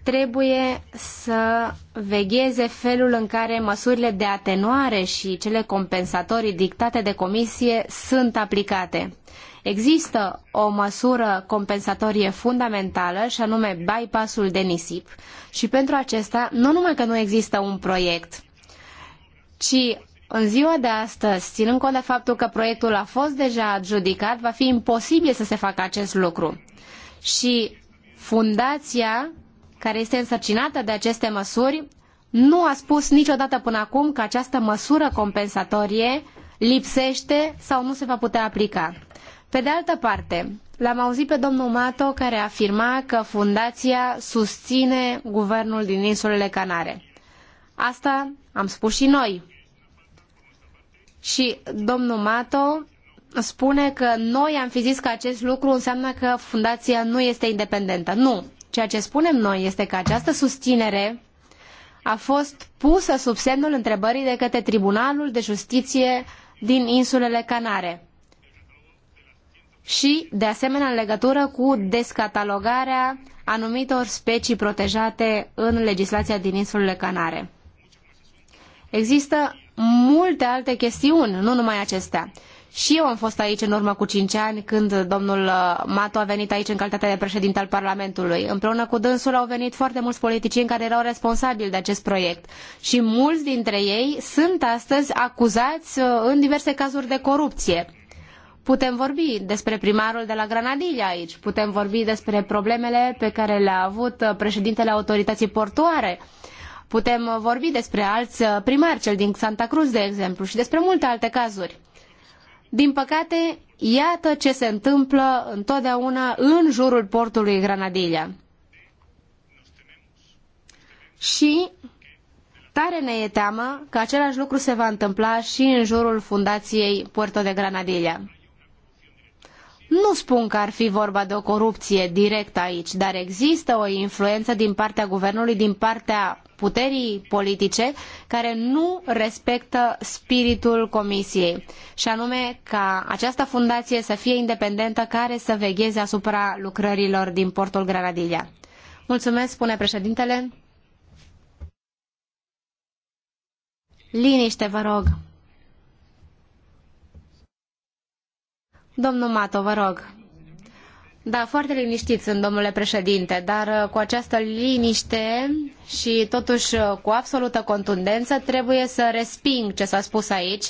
trebuie să vegheze felul în care măsurile de atenuare și cele compensatorii dictate de comisie sunt aplicate. Există o măsură compensatorie fundamentală și anume bypassul de nisip și pentru acesta nu numai că nu există un proiect, ci în ziua de astăzi, ținând cont de faptul că proiectul a fost deja adjudicat, va fi imposibil să se facă acest lucru. Și fundația care este însărcinată de aceste măsuri nu a spus niciodată până acum că această măsură compensatorie lipsește sau nu se va putea aplica. Pe de altă parte, l-am auzit pe domnul Mato care afirma că fundația susține guvernul din insulele Canare. Asta am spus și noi. Și domnul Mato spune că noi am fi zis că acest lucru înseamnă că fundația nu este independentă. Nu. Ceea ce spunem noi este că această susținere a fost pusă sub semnul întrebării de către Tribunalul de Justiție din insulele Canare și, de asemenea, în legătură cu descatalogarea anumitor specii protejate în legislația din insulele Canare. Există multe alte chestiuni, nu numai acestea. Și eu am fost aici în urmă cu cinci ani când domnul uh, Mato a venit aici în calitate de președinte al Parlamentului. Împreună cu dânsul au venit foarte mulți politicieni care erau responsabili de acest proiect. Și mulți dintre ei sunt astăzi acuzați uh, în diverse cazuri de corupție Putem vorbi despre primarul de la Granadilla aici, putem vorbi despre problemele pe care le-a avut președintele autorității portoare, putem vorbi despre alți primari, cel din Santa Cruz, de exemplu, și despre multe alte cazuri. Din păcate, iată ce se întâmplă întotdeauna în jurul portului Granadilla. Și tare ne e teamă că același lucru se va întâmpla și în jurul fundației Puerto de Granadilla. Nu spun că ar fi vorba de o corupție directă aici, dar există o influență din partea guvernului, din partea puterii politice, care nu respectă spiritul comisiei. Și anume ca această fundație să fie independentă care să vegheze asupra lucrărilor din portul Granadilla. Mulțumesc, spune președintele. Liniște, vă rog. Domnul Mato, vă rog. Da, foarte liniștit sunt, domnule președinte, dar uh, cu această liniște și totuși uh, cu absolută contundență trebuie să resping ce s-a spus aici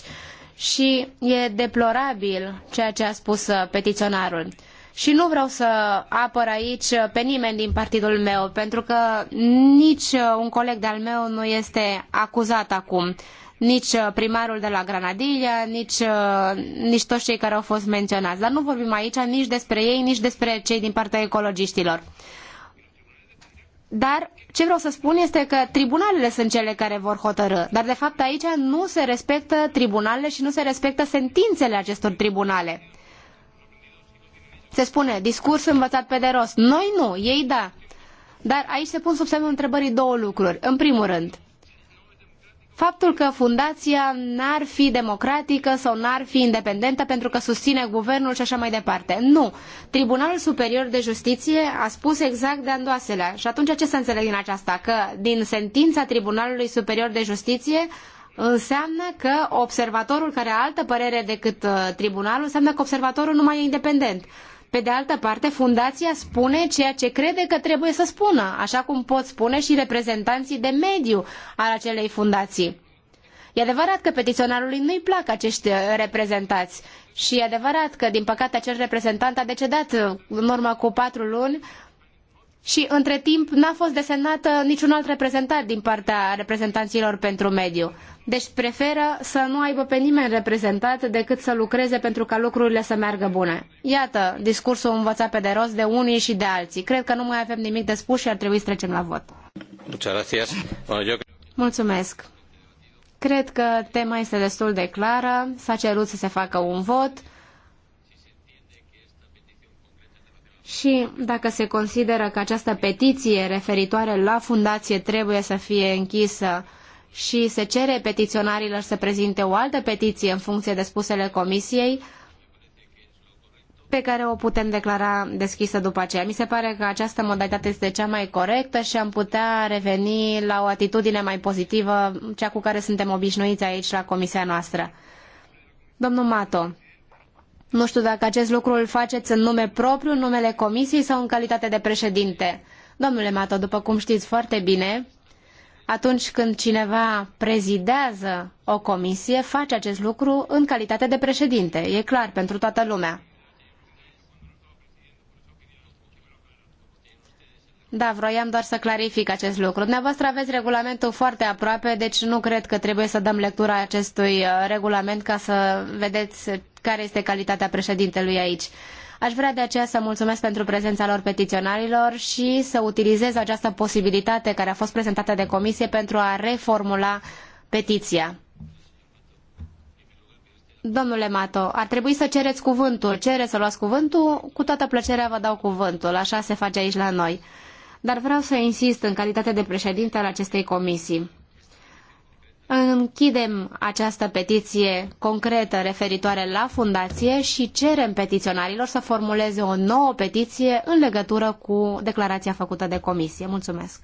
și e deplorabil ceea ce a spus uh, petiționarul. Și nu vreau să apăr aici pe nimeni din partidul meu, pentru că nici un coleg de-al meu nu este acuzat acum. Uh, nici uh, primarul de la Granadilla, nici, uh, nici toți cei care au fost menționați. Dar nu vorbim aici nici despre ei, nici despre cei din partea ecologiștilor. Dar ce vreau să spun este că tribunalele sunt cele care vor hotărî. Dar de fapt aici nu se respectă tribunalele și nu se respectă sentințele acestor tribunale. Se spune discurs învățat pe de rost. Noi nu, ei da. Dar aici se pun sub semnul întrebării două lucruri. În primul rând, faptul că fundația n-ar fi democratică sau n-ar fi independentă pentru că susține guvernul și așa mai departe. Nu. Tribunalul Superior de Justiție a spus exact de andoaselea. Și atunci ce să înțeleg din aceasta? Că din sentința Tribunalului Superior de Justiție înseamnă că observatorul care are altă părere decât uh, tribunalul, înseamnă că observatorul nu mai e independent. Pe de altă parte, fundația spune ceea ce crede că trebuie să spună, așa cum pot spune și reprezentanții de mediu al acelei fundații. E adevărat că petiționarului nu-i plac acești reprezentați și e adevărat că, din păcate, acel reprezentant a decedat în urmă cu patru luni și, între timp, n-a fost desemnat niciun alt reprezentant din partea reprezentanților pentru mediu. Deci preferă să nu aibă pe nimeni reprezentat decât să lucreze pentru ca lucrurile să meargă bune. Iată discursul învățat pe de rost de unii și de alții. Cred că nu mai avem nimic de spus și ar trebui să trecem la vot. Mulțumesc. Cred că tema este destul de clară. S-a cerut să se facă un vot. Și dacă se consideră că această petiție referitoare la fundație trebuie să fie închisă și se cere petiționarilor să prezinte o altă petiție în funcție de spusele comisiei, pe care o putem declara deschisă după aceea. Mi se pare că această modalitate este cea mai corectă și am putea reveni la o atitudine mai pozitivă, cea cu care suntem obișnuiți aici la comisia noastră. Domnul Mato, nu știu dacă acest lucru îl faceți în nume propriu, în numele comisiei sau în calitate de președinte. Domnule Mato, după cum știți foarte bine, atunci când cineva prezidează o comisie, face acest lucru în calitate de președinte. E clar pentru toată lumea. Da, vroiam doar să clarific acest lucru. Dumneavoastră aveți regulamentul foarte aproape, deci nu cred că trebuie să dăm lectura acestui uh, regulament ca să vedeți care este calitatea președintelui aici. Aș vrea de aceea să mulțumesc pentru prezența lor petiționarilor și să utilizez această posibilitate care a fost prezentată de comisie pentru a reformula petiția. Domnule Mato, ar trebui să cereți cuvântul. Cere să luați cuvântul, cu toată plăcerea vă dau cuvântul. Așa se face aici la noi. Dar vreau să insist în calitate de președinte al acestei comisii închidem această petiție concretă referitoare la fundație și cerem petiționarilor să formuleze o nouă petiție în legătură cu declarația făcută de comisie. Mulțumesc!